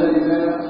الحمد لله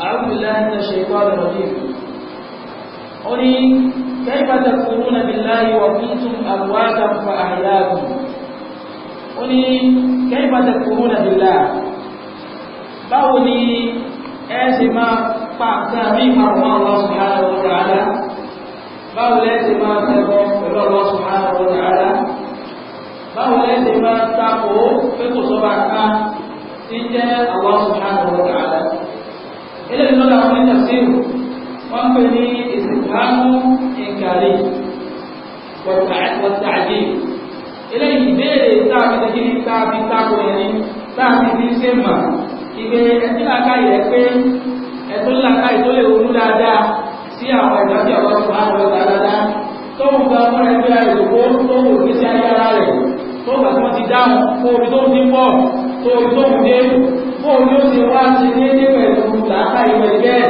أعوذ بالله من الشيطان الرجيم قولي كيف تكفرون بالله وكنتم أمواتا فأحياكم قولي كيف تكفرون بالله báwo ni ẹ ṣe máa pa nǹkan mí àwọn Allah subhanahu wa ta'ala báwo lẹ́ ṣe máa tẹ̀kọ́ pẹ̀lú Allah subhanahu wa ta'ala báwo lẹ́ ṣe máa tako pé kò sọ́ba ká tí jẹ́ Allah subhanahu wa ta'ala eléyìí lọ́dọ̀ àwọn ẹ̀tọ́ sí ìlú wọ́n pè ní ìsìnkánu ìkàrí wọ̀tàdì eléyìí ìbéèrè táàbí tẹ́kí ní táàbí táàbí ẹni táàbí ní ṣe mà ìgbé ẹtí làkàyè ẹ pé ẹtún làkàyè tó lè ronú dáadáa sí àwọn ìdájọ́ àwọn ọ̀sán àwọn ọ̀sán dáadáa tó ń gba ọmọ ẹgbẹ́ ìdòwò tó wò ní sí ayé ara rẹ̀ tó gbà ti dáhùn fún omi tó ń dín pọ̀ tó tó dé fóun yóò ti wá sí ní ní pẹ̀lú làákà ìwé jẹ́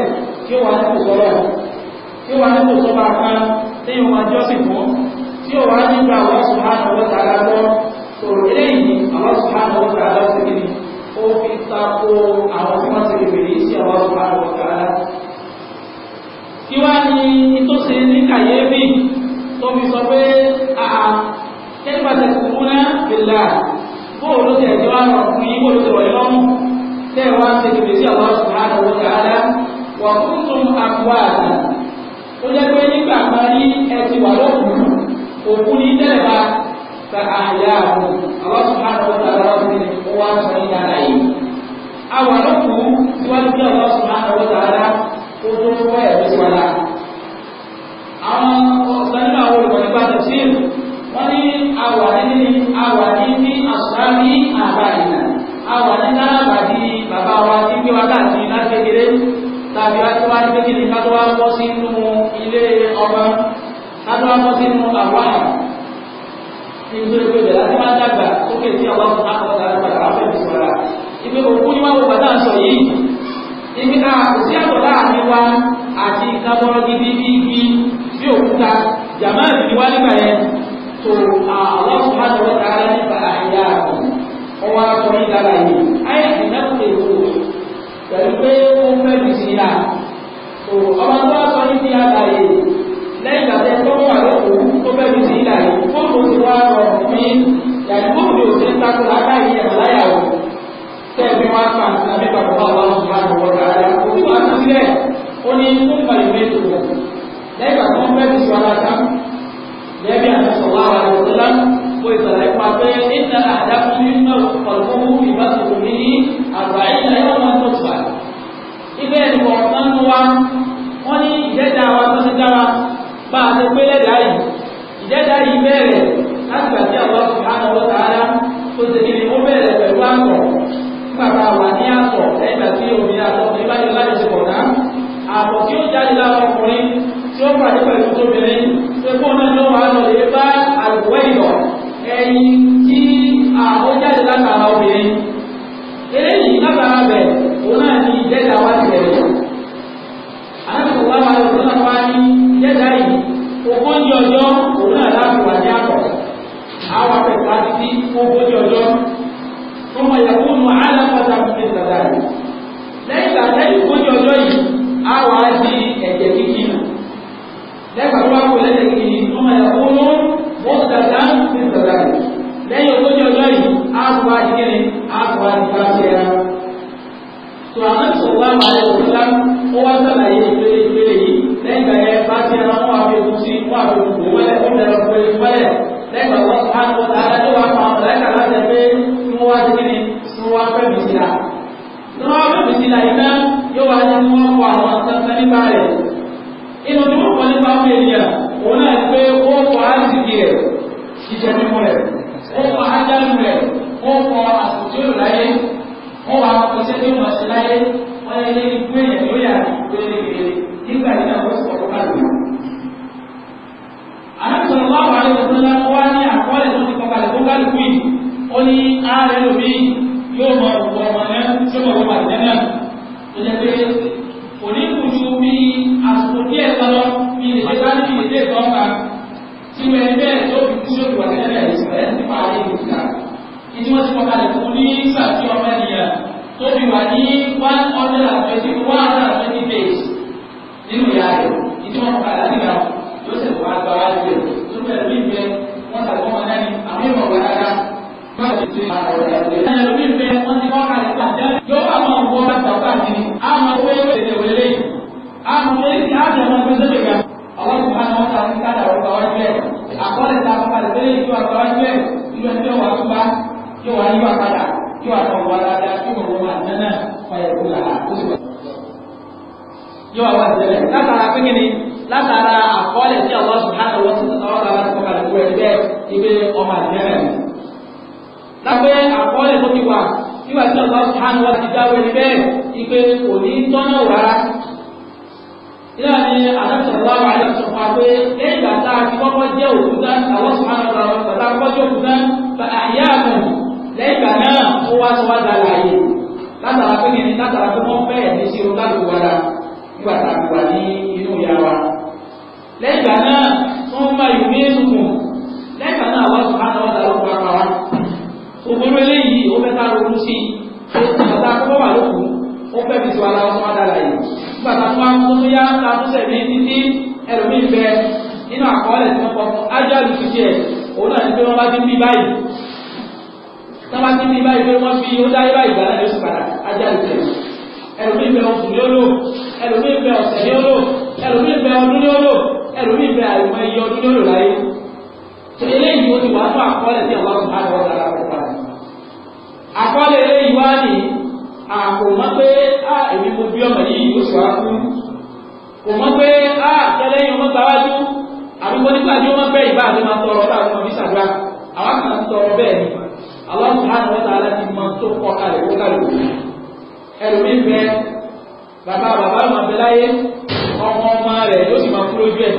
kí wà ní tòsọ́rọ̀ kí wà ní tòsọ́bà kan tí ìwà jọ́sìn fún tí ò wá nígbà wọ́n sùn á lọ́wọ́ tààrà lọ tó eléyìí àwọn sùn á lọ́wọ́ tààrà lọ sí kìíní ó fi tako àwọn tí wọ́n bóòlù ló tẹ̀sí wá rọ̀ fún yín bóòlù tẹ̀wọ̀ lọ́rùn tẹ̀ wá ṣe kìbè sí àwọn subhanahu wa ta'ala wà fún tún àkùwà àdá ó jẹ́ pé nígbà kan ní ẹ ti wà lọ́kùn òkú ní tẹ́lẹ̀ ta àyà àwọn àwọn subhanahu wa ta'ala ó wá sọ ní dáadáa yìí a wà lọ́kùn síwájú bí àwọn subhanahu wa ta'ala ó tó fọ́ ẹ̀rọ sí wa láà àwọn ọ̀sán nínú àwọn olùkọ́ nípa tẹ̀síìlì wọ́n ní àwà nínú àwà ní bá ìlà a wà ní lárabà tí bàbá wa ti gbé wa káàkiri láti kékeré tàbí wá tí wá ní kékeré ká tó wá bọ́ sínú ilé ọmọ ká tó wá bọ́ sínú àwọn àyà nítorí pé bẹ̀rẹ̀ láti máa dàgbà sókè tí ọba fún akọ̀ọ̀ta padà wá fẹ́ bisọ̀ra ibi òkú ni wọ́n wọ bàtà sọ yìí ibi a kò sí àtọ̀ láàrin wa àti ìkábọ̀rọ̀ gidi bí bí òkúta jàmáà ti wá nígbà yẹn tó àwọn ọ̀sán àti ọ̀rẹ́ta ara wọ́n wá sọ ní dára yìí ayé ìnáwó lè wò pẹ̀lú pé ó ń fẹ́ bìsí ya tó ọba tó wá sọ ní bí ara yìí lẹ́yìn ìgbà tẹ tó wà lóko tó fẹ́ bìsí ya yìí fóònù ti wá rọ mí yàtí fóònù yóò ṣe ń takò láká yìí ẹ̀rọ láyà o tẹ́ ẹ fi wá pa àbí bàbá wa wá sùn láti wọ́n dára sílẹ̀ ó ní fún ìbàlẹ̀ mẹ́tò lẹ́yìn ìgbà tó bìsí wa ببطنه أربعين يوما نطفة ibẹ̀ ni wọ́n máa ń wá wọ́n ní ìdẹ́dà wa tó ti dára bá a ti pé lẹ́dàá yìí ìdẹ́dà yìí bẹ̀rẹ̀ láti gbà tí àwọn subhanahu wa ta'ala tó ti di ni ó bẹ̀rẹ̀ pẹ̀lú àtọ̀ bàbá wa ní àtọ̀ ẹgbà tí omi àtọ̀ ní bá yẹn láti ṣèpọ̀ dá àtọ̀ tí ó jáde lára ọkùnrin tí ó pàdé pẹ̀lú tóbi rẹ̀ pé kó náà ló wà lọ lè bẹ́ẹ̀ ní àwọn obìnrin eléyìí látara bẹ̀ òun náà ní ìjẹ́jà wá ti bẹ̀rẹ̀ aláṣọ wa máa lọ sọ́nà wá ní ìjẹ́jà yìí ogójì ọjọ́ òun náà láti wà ní àpọ̀ àwọn apẹ̀tẹ̀ àti ogójì ọjọ́. àlẹ́ òkúta ó wá sàlàyé ìpele ìpele yìí lẹ́yìn ìgbà yẹn bá ti ẹran wọn àfi òkú sí wọn àfi òkú wọlé ó bẹ̀rẹ̀ òkú ẹni wọlé lẹ́yìn ìgbà wọn á lọ sára tó wà pa ọ̀rẹ́ kà láti ẹgbẹ́ tí wọ́n wá ti kí ni tí wọ́n wá fẹ́ bìsílà. tí wọ́n wá fẹ́ bìsílà yìí náà yóò wá ní wọ́n kọ àwọn sẹ́sẹ́ nípa ọ̀rẹ́ ilé ní fún èèyàn lórí àti lórí ìgbèrè nígbà tí àwọn ọ̀sọ̀ ọ̀rọ̀ bá lò wọ́n. àrẹ́sọ̀rọ̀ wá wà lẹ́yìn tó lọ́wọ́ wá ní àkọọ́lẹ̀ tó ti kọkalẹ̀ tó bá lùkù yìí ó ní ààrẹ lómi yóò mọ òwò ọmọ náà tí ó mọ òwò àjẹ náà tó jẹ pé kò ní kù ju bí àsìkò díẹ̀ lọ bí ìdílé bá ní ìdílé kan kan tí wọ́n ẹni bẹ́ẹ̀ tó fi kú sóòtù àjẹ náà ìsìnkú ẹ̀ nípa ayé ìgbà ìdí wọ́n ti kọkalẹ̀ fún ní sàtì ọmọ ènìyàn tó fi wà ní one hundred and twenty one hundred and twenty days nínú ìyá rẹ̀ ìdí wọn fà láti ra yóò sì wá gba wá lórí rẹ̀ tó bẹ̀rẹ̀ bí bẹ wọ́n sàkó wọn náà ní àwọn ìmọ̀ wà rárá bá a ti ṣe àwọn ọ̀rẹ́ àti ẹ̀rọ ẹ̀rọ bí bẹ wọ́n ti wọ́n kàlẹ́ pàdé yóò bá wọn wọ́n bá tàbá sí i àwọn owó ẹ̀rọ ìdè wẹ̀lẹ́ àwọn èsì àti àwọn ẹgbẹ́ sẹ́gbẹ̀ẹ́ àwọn ìgbà wọn ta ní kádà ọ̀rọ̀ àwọn ẹgbẹ́ àkọọ́lẹ̀ ta àkọọ́lẹ̀ tẹ́lẹ̀ ìjọ àkọọ́lẹ̀ ìjọ ẹgbẹ́ wà tó bá yóò wá yíwá padà kí wàá tọ̀ wá dáadáa kí wọ́n wọ́n àdáná fàyà kú là á kó sì wà. yóò wá wá sílẹ̀ látara pé kíni látara àkọọ́lẹ̀ tí àwọn sùhánà wọ́n ti tọ́ ọ́ra wá sí ọkọ̀ àdúgbò ẹ̀ bẹ́ẹ̀ ibi ọmọ àdìyẹ́rẹ̀ mi. lápẹ́ àkọọ́lẹ̀ tó ti wà nígbà tí ọ̀gá sùhánà wọ́n ti dáwọ́ ẹ̀ bẹ́ẹ̀ ipe kò ní tọ́nà rárá. ìyá ni àdàtúndà wà lẹ́yìn ìgbà náà ó wá sọ wá da láàyè látara pé yẹn látara pé wọ́n bẹ́ẹ̀ ní sí irun láti wá da nígbà tá a ti wà ní inú ìyá wa lẹ́yìn ìgbà náà wọ́n máa yòó ní ètùkùn lẹ́yìn ìgbà náà wá sọ wá náà wá da lóko apá wa òbúrú eléyìí ó fẹ́ ká ronú sí i bàtà kókó wà lóko ó fẹ́ fi sọ aláwọ̀ sọ wá da láàyè bàtà tó wá tó tó yá ta tó sẹ̀ ní títí ẹlòmíì bẹ nínú àkọọ́lẹ̀ tí wọ́n kọ fún ájá lùsùn tiẹ̀ sábà tí bí báyìí pé wọ́n fi ó dáyé báyìí gbà láti oṣù padà ajá ìtẹ̀ ẹlòmíì bẹ oṣù ní olò ẹlòmíì bẹ ọ̀sẹ̀ ní olò ẹlòmíì bẹ ọdún ní olò ẹlòmíì bẹ àìmọ̀ iye ọdún ní olò láyé tó eléyìí ó ti wà fún àkọọ́lẹ̀ tí àwọn ọ̀sán àwọn ọ̀sán àwọn ọ̀sán àkọọ́lẹ̀ eléyìí wá ní àpò mọ́ pé á èmi mo bí ọmọ yìí ó sì wá fún kò mọ́ pé á tẹ́lẹ́yìn ọmọ gbáwájú àbíkọ́ nígbà tí ó mọ́ bẹ́ẹ̀ ìbá àti máa tọrọ láàrin ọmọ bí sàdúrà àwọn kan tọrọ bẹ́ẹ̀ ni Allah subhanahu wa ta'ala ti mọ tó kọ kalẹ̀ kó kalẹ̀ kò ẹlòmíì bẹ bàbá bàbá ma bẹ láyé ọmọ ọmọ rẹ yóò sì máa kúrò jù ẹ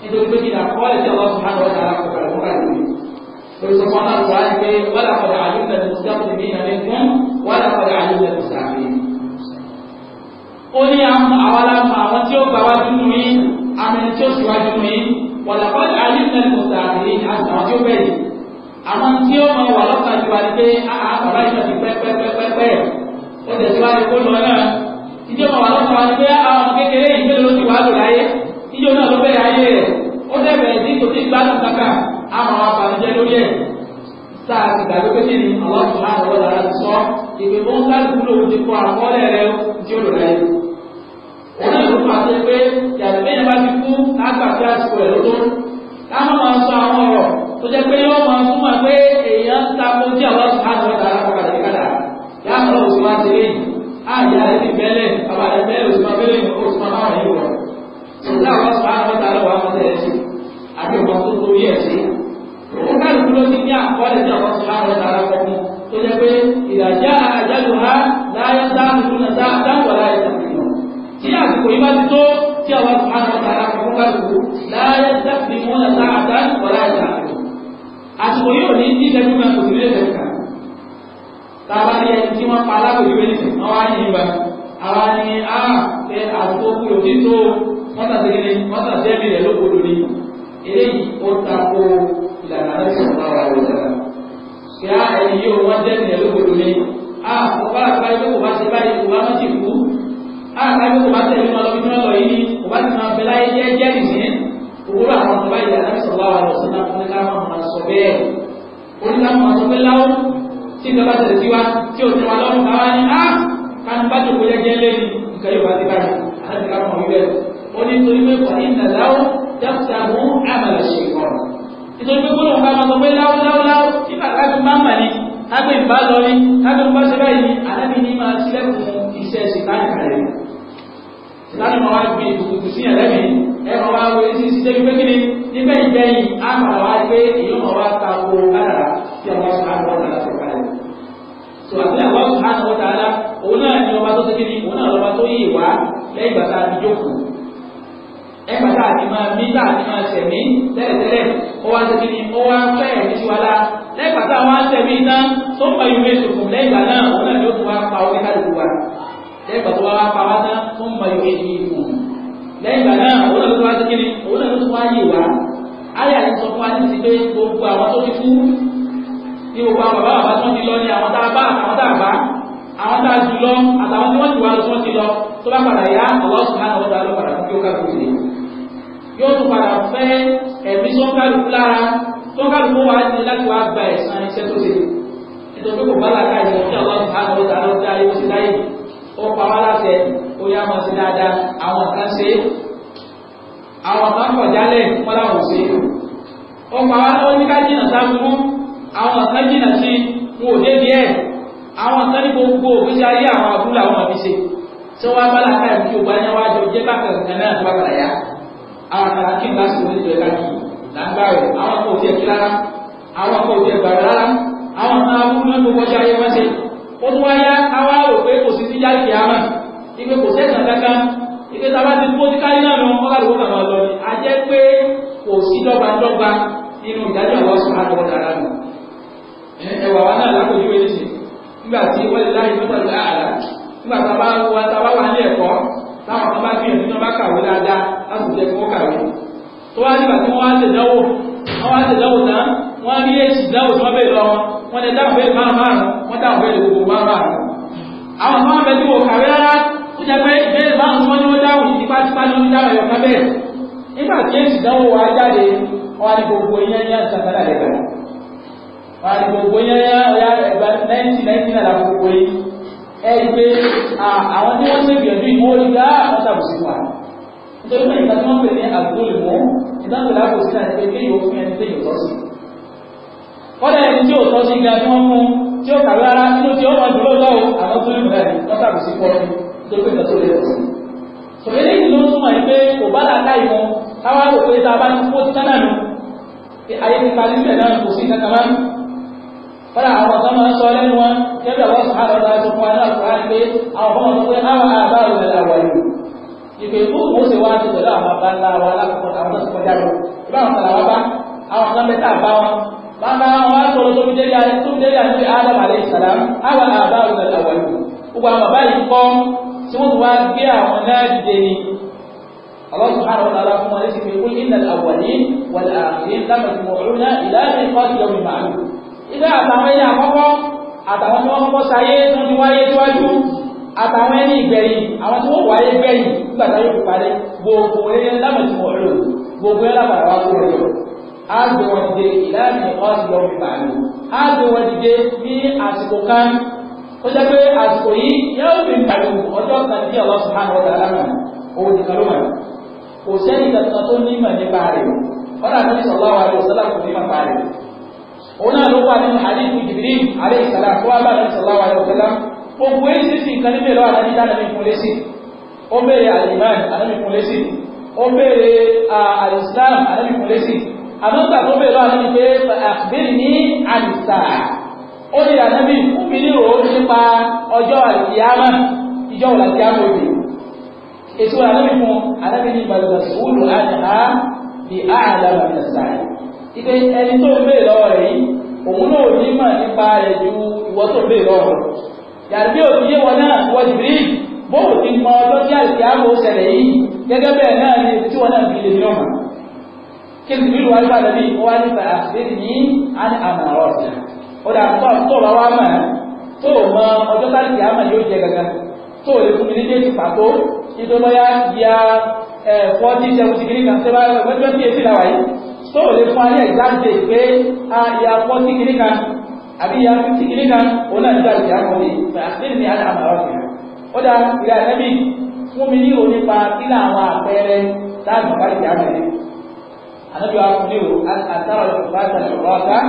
nítorí pé kìlà kọ́ ẹ̀ tí Allah subhanahu wa ta'ala kọ kalẹ̀ kó kalẹ̀ kò lórí sọ fún aláàbò wáyé pé wàlà kọ̀dà àdúgbò tó ti dákùn ní ìyàrá ẹ̀kún wàlà kọ̀dà àdúgbò tó sàmì. ó ní àwọn àwọn tí ó gbà wájú nù yín àmì tí ó sì wájú nù yín wàlà kọ̀dà àdúgbò tó sàmì àti àwọn tí ó bẹ̀rẹ̀ àwọn tí ó máa wà lọ́kàn ti wá ní pé àá ah, ah, bàbá yìí náà ti pẹ́ pẹ́ pẹ́ pẹ́ pẹ́ ó tẹ̀síwájú kó lọ náà ìjọ máa wà lọ́kàn wá ní pé ah, àwọn ọmọ kékeré yìí mélòó ti wá lò láyé ìjọ náà ló bẹ̀rẹ̀ ayé rẹ̀ ó dẹ̀bẹ̀rẹ̀ sí tòsí ìgbádùn kàkà àwọn abàmìjẹ lórí ẹ̀ sáà ti gbàgbé pé kí ni àwọn ọ̀sán àwọn ti sọ ìgbè ká má máa sọ àwọn ọ̀rọ̀ tó jẹ́ pé yóò máa túmọ̀ pé èèyàn ń ta kó tí àwọn sùn láti wọ́n tààrà kọ́kàdà ní kàdà yá lọ òsì máa ti lẹ́yìn àyà rẹ̀ ti bẹ́lẹ̀ bàbá rẹ̀ bẹ́lẹ̀ òsì máa bẹ́lẹ̀ òsì máa máa yìí wọ̀ ṣùgbọ́n àwọn sùn láti wọ́n tààrà wà mọ́tẹ́ ẹ̀ sí àti ọmọ tó torí ẹ̀ sí. òun ká lùkú ló ti ní àkọọ́lẹ̀ tí àwọn sùn láti wọ́n tààrà kálukú láyé dábì mú ẹ sáà dá wọlé ẹ sáà tó àsìkò yóò ní ní ìdájú máa kò sí lé lẹ́ka tábà ní ẹni tí wọ́n pa aláwòye wẹ́lẹ̀ sí wọ́n wá ní ìgbà àwa ni a ẹ àtúntò kú yòókì tó wọ́n tà sí wọ́n tà sí ẹ̀mí rẹ̀ lókodo ni eléyìí ó ta ko ìlànà rẹ̀ sọ̀rọ̀ náà wà lọ́sẹ̀ náà kí á ẹni yóò wọ́n jẹ́ ẹ̀mí rẹ̀ lókodo ni a kò bá àgbáyé kó kò bá ṣe báyìí kò bá má ti kú a àgbáyé kò bá tẹ̀lé wọn lọ bí wọ́n lọ yìí kò bá ti máa bẹ láyé jẹ́ nìyí òwúrò àwọn ọmọ báyìí àti sọ̀rọ̀ àwọn ọ̀sán náà fún ká máa sọ bẹ́ẹ̀ ó ní láwọn ọmọ pé láwọn tí ìjọba tẹ̀lé sí wa tí ò tẹ̀wá lọ́rùn káwá ní á kánú bá jòkó jẹ́jẹ́ lé ní nǹkan yóò bá ti báyìí àti ká máa wí bẹ́ẹ̀ ó ní torí pé wà ní ìlà láwọn dákúta mú àmàlà ṣe ìkọ̀ nítorí pé gbọ́dọ̀ ká máa sọ pé láwọn láwọn láwọn tí bàtà fi máa mà ní kágbé ìbá lọ ní kágbé ìbá ṣe báyìí àlábì ní máa sílẹ̀kùn iṣẹ́ ìsìnkáyà rẹ̀ ìlànà máa wá gbé ìbùkún sí ẹ̀lẹ́mìí ẹ̀rọ wa wo ní sísè pé kí ni níbẹ̀ ìgbẹ̀yìn á máa wá pé èyí máa wá ta ko kádàrà tí àwọn sọ àwọn ọ̀dà láti ọ̀kadà rẹ̀. sọ àti àwọn sọ àwọn ọ̀dà àlá òun náà ni ọba tó ti kí ni òun náà lọ́ba tó yè wá lẹ́yìn bàtà àbíjókòó ẹgbà tá a ti máa mí tá a ti máa sẹ̀mí tẹ́lẹ̀tẹ́lẹ̀ ó wá ṣe kíni ó wá fẹ́ ẹ̀mí sí wa lá lẹ́gbà tá a wá ìwé ìṣòfò lẹ́gbà náà òun náà ni ó wa lẹ́gbà tó wá wá pa wá lẹ́yìn ìgbà náà òun náà ló tó wá sí kíni òun náà ló tó wá yè wá ayé àti sọ fún wa ní ti pé gbogbo àwọn tó ti kú ní gbogbo àwọn bàbá bàbá tó ti lọ ní àwọn tá a bá àwọn tá a bá àwọn tá a jù lọ àtàwọn tí wọ́n ti wá lọ tó ti lọ tó bá padà yá ọ̀wọ́ sùn náà wọ́n ta ló padà fún kí ó ká gbogbo ìdè yóò tún padà fẹ́ ẹ̀mí sọ́kàlùkù lára sọ́kàlùkù wa ní láti wá gba ẹ̀san iṣẹ́ tó ṣe nítorí pé kò bá làkà ó pa wá láṣẹ ó yá máa ṣe dáadáa àwọn kan ṣe é àwọn kan kọ̀ jálẹ̀ wọ́n láwọn ṣe é ó pa wá ó ní ká jìnà sáfúrú àwọn kan jìnà sí wọn ò débi ẹ̀ àwọn kan ní gbogbo òfin ṣe ayé àwọn abúlé àwọn àfi ṣe tí wọ́n bá láta ìlú tí ó bá yẹn wájú jẹ́ bákan kan náà tó bá yá àwọn kan kí n bá sì wọlé ìjọba kí làǹgbà àwọn kan ò tiẹ̀ kí rárá àwọn kan ò tiẹ̀ gbàgbé rárá àwọn kan abúlé gbogbo ṣe ayé wọ́n ṣe ó tún wáyá káwá rò pé kò sí síjà ìkè àmà ipe kò sẹ́sàn kankan ipe tá a bá ti kó sí káyé náà lọ wọ́n bá lòó kàmá lọ ni a jẹ́ pé kò sí dọ́gbadọ́gba nínú ìdájọ́ àwọn sùn àtọ̀ dára nù ẹwà wa náà lákòjú wẹ́lẹ́ sí nígbà tí wọ́n lè láyé tó tàbí àlá nígbà tá a bá wà tá a bá wà ní ẹ̀kọ́ táwọn kan bá gbìyànjú náà bá kàwé dáadáa láti jẹ́ kó kàwé tó wá nígbà tí wọ́n wá lè dáwò wọ́n wá lè wọ́n ní èsì ìdánwò tí wọ́n bèèrè lọ wọ́n lè dáhùn bèèrè márùn márùn wọ́n dáhùn bèèrè gbogbo márùn márùn. àwọn kan bẹ tí wò kàwé rárá ó jẹ pé ìbéèrè márùn tí wọ́n ní wọ́n dáhùn tipátipá ní wọ́n dáhùn ẹ̀yọ̀ká bẹ́ẹ̀. nígbà tí èsì ìdánwò wa jáde wọ́n á ní gbogbo yẹn ní àtàkàlà lẹ́gbẹ̀ẹ́ wọ́n á ní gbogbo yẹn ní ọ̀yà ẹ̀gbà 1919 náà gbogbo yìí ẹ̀rí pé àwọn tí wọ́n ṣe gbìyànjú ìwọ́ ah, ìgbà kọ́dà ẹni tí ó tọ́ sí ga tí wọ́n mú tí ó kàwé ara nínú tí ó mọ̀ dúró lọ́wọ́ àwọn tó lùmọ̀ rẹ̀ lọ́tà kò sí pọ́ tó pé nǹkan tó lè rọ̀. sọ̀rọ̀ eléyìí ló ń túmọ̀ yìí pé kò bá làákà ìmọ̀ káwá rò pé tá a bá ní kó ti tán náà nù ayé ti parí nílẹ̀ náà kò sí kankan máa ń kọ́dà àwọn kan máa ń sọ lẹ́nu wọn yẹ́dà wọ́n sọ àlọ́ láti fún wa náà kọ́ á pé àwọn ọmọ pé àwọn àbá rò lẹ́la wà lò ìpè fún òun ṣe wá ti pẹ̀lú àwọn bá ńlá wa alákọ̀ọ́kọ́ àwọn náà ti kọjá lọ ìbáwọn kan làwọn bá àwọn kan bẹ́ẹ̀ tá bàbá wọn á sọ̀rọ̀ tóbi délé àti tóbi délé àti pé adam alayhi salam àwọn àbá òun náà wà lóko gbogbo àwọn bàbá yìí kọ́ tí wọ́n ti wá gbé àwọn náà dìde ni Allah subhanahu wa ta'ala fún wọn létí pé kul innal awwalin wal akhirin lamad'una ila miqati yawmin ma'lum ibẹ̀ àtàwọn ẹni àkọ́kọ́ àtàwọn tí wọ́n kọ́kọ́ sáyé tó ti wáyé á gbé wọn dìde ìlànà ìkọ́sí lọ́wọ́ fi bàálù á gbé wọn dìde ní àsìkò kan tó jẹ́ pé àsìkò yìí yóò fi bàálù ọjọ́ kan tí Allah subhanahu wa ta'ala òun nìkan ló mọ̀ kò sẹ́ni kankan tó ní ìmọ̀ nípa rẹ̀ ọ̀nà àti sallallahu alaihi wasallam kò ní ìmọ̀ nípa rẹ̀ òun náà ló wà nínú hadithu Jibril alayhi salam tó wà bá àti sallallahu alaihi wasallam gbogbo èsìsì nǹkan níbẹ̀ lọ́wọ́ àti dáadáa ní ìfúnlẹ́sì ó béèrè àlìmáà àdáni ìfúnlẹ́sì ó béèrè àlìsílámù àdáni ìfúnlẹ́sì àmọ́gbà tó bèèrè lọ́wọ́ níbi pé àbírí ní àdìsá ó ní ànábì fúnmi ní òun nípa ọjọ́ àlìkìyámà ìjọ àlìkìyámà òde èso ànábì fún ànábì ní ìbàdàn sùúrù àdìhá bí àdà àdìsá ipe ẹni tó bèèrè lọ́wọ́ rẹ̀ yìí òun náà ní mà nípa rẹ̀ ju ìwọ tó bèèrè lọ́wọ́ rẹ̀ yàrá bí òbí yé wọn náà wọ́n jìbìrì bóòdì ni tí wọn náà kí ni bílù wáyé bàdé bíi wọ́n á ní sàá àbẹ́rẹ́ ní àní àmà ọ̀sẹ̀ O da tó tó bá wá mà o mọ ọjọ́ táyì àmà yóò jẹ gàgà tó lè fún mi ní déètì pàtó ìdọ́lọ́yà ya ẹ̀ fọ́tí sẹ́wọ́tì kìíní kan sẹ́wọ́n ẹgbẹ́ tí èsì làwà yìí tó lè fún ayé ìdáǹdè pé a ya fọ́tí kìíní kan àbí ya fífi kìíní kan o náà nígbà tí a kọ́ ni àbẹ́rẹ́ ní àní àmà ọ̀sẹ̀ ó dà ìrẹ́ àtẹ́bí fún mi ní ònípa kí làwọn àpẹẹrẹ anabi wa kudiru an atara lufata lurata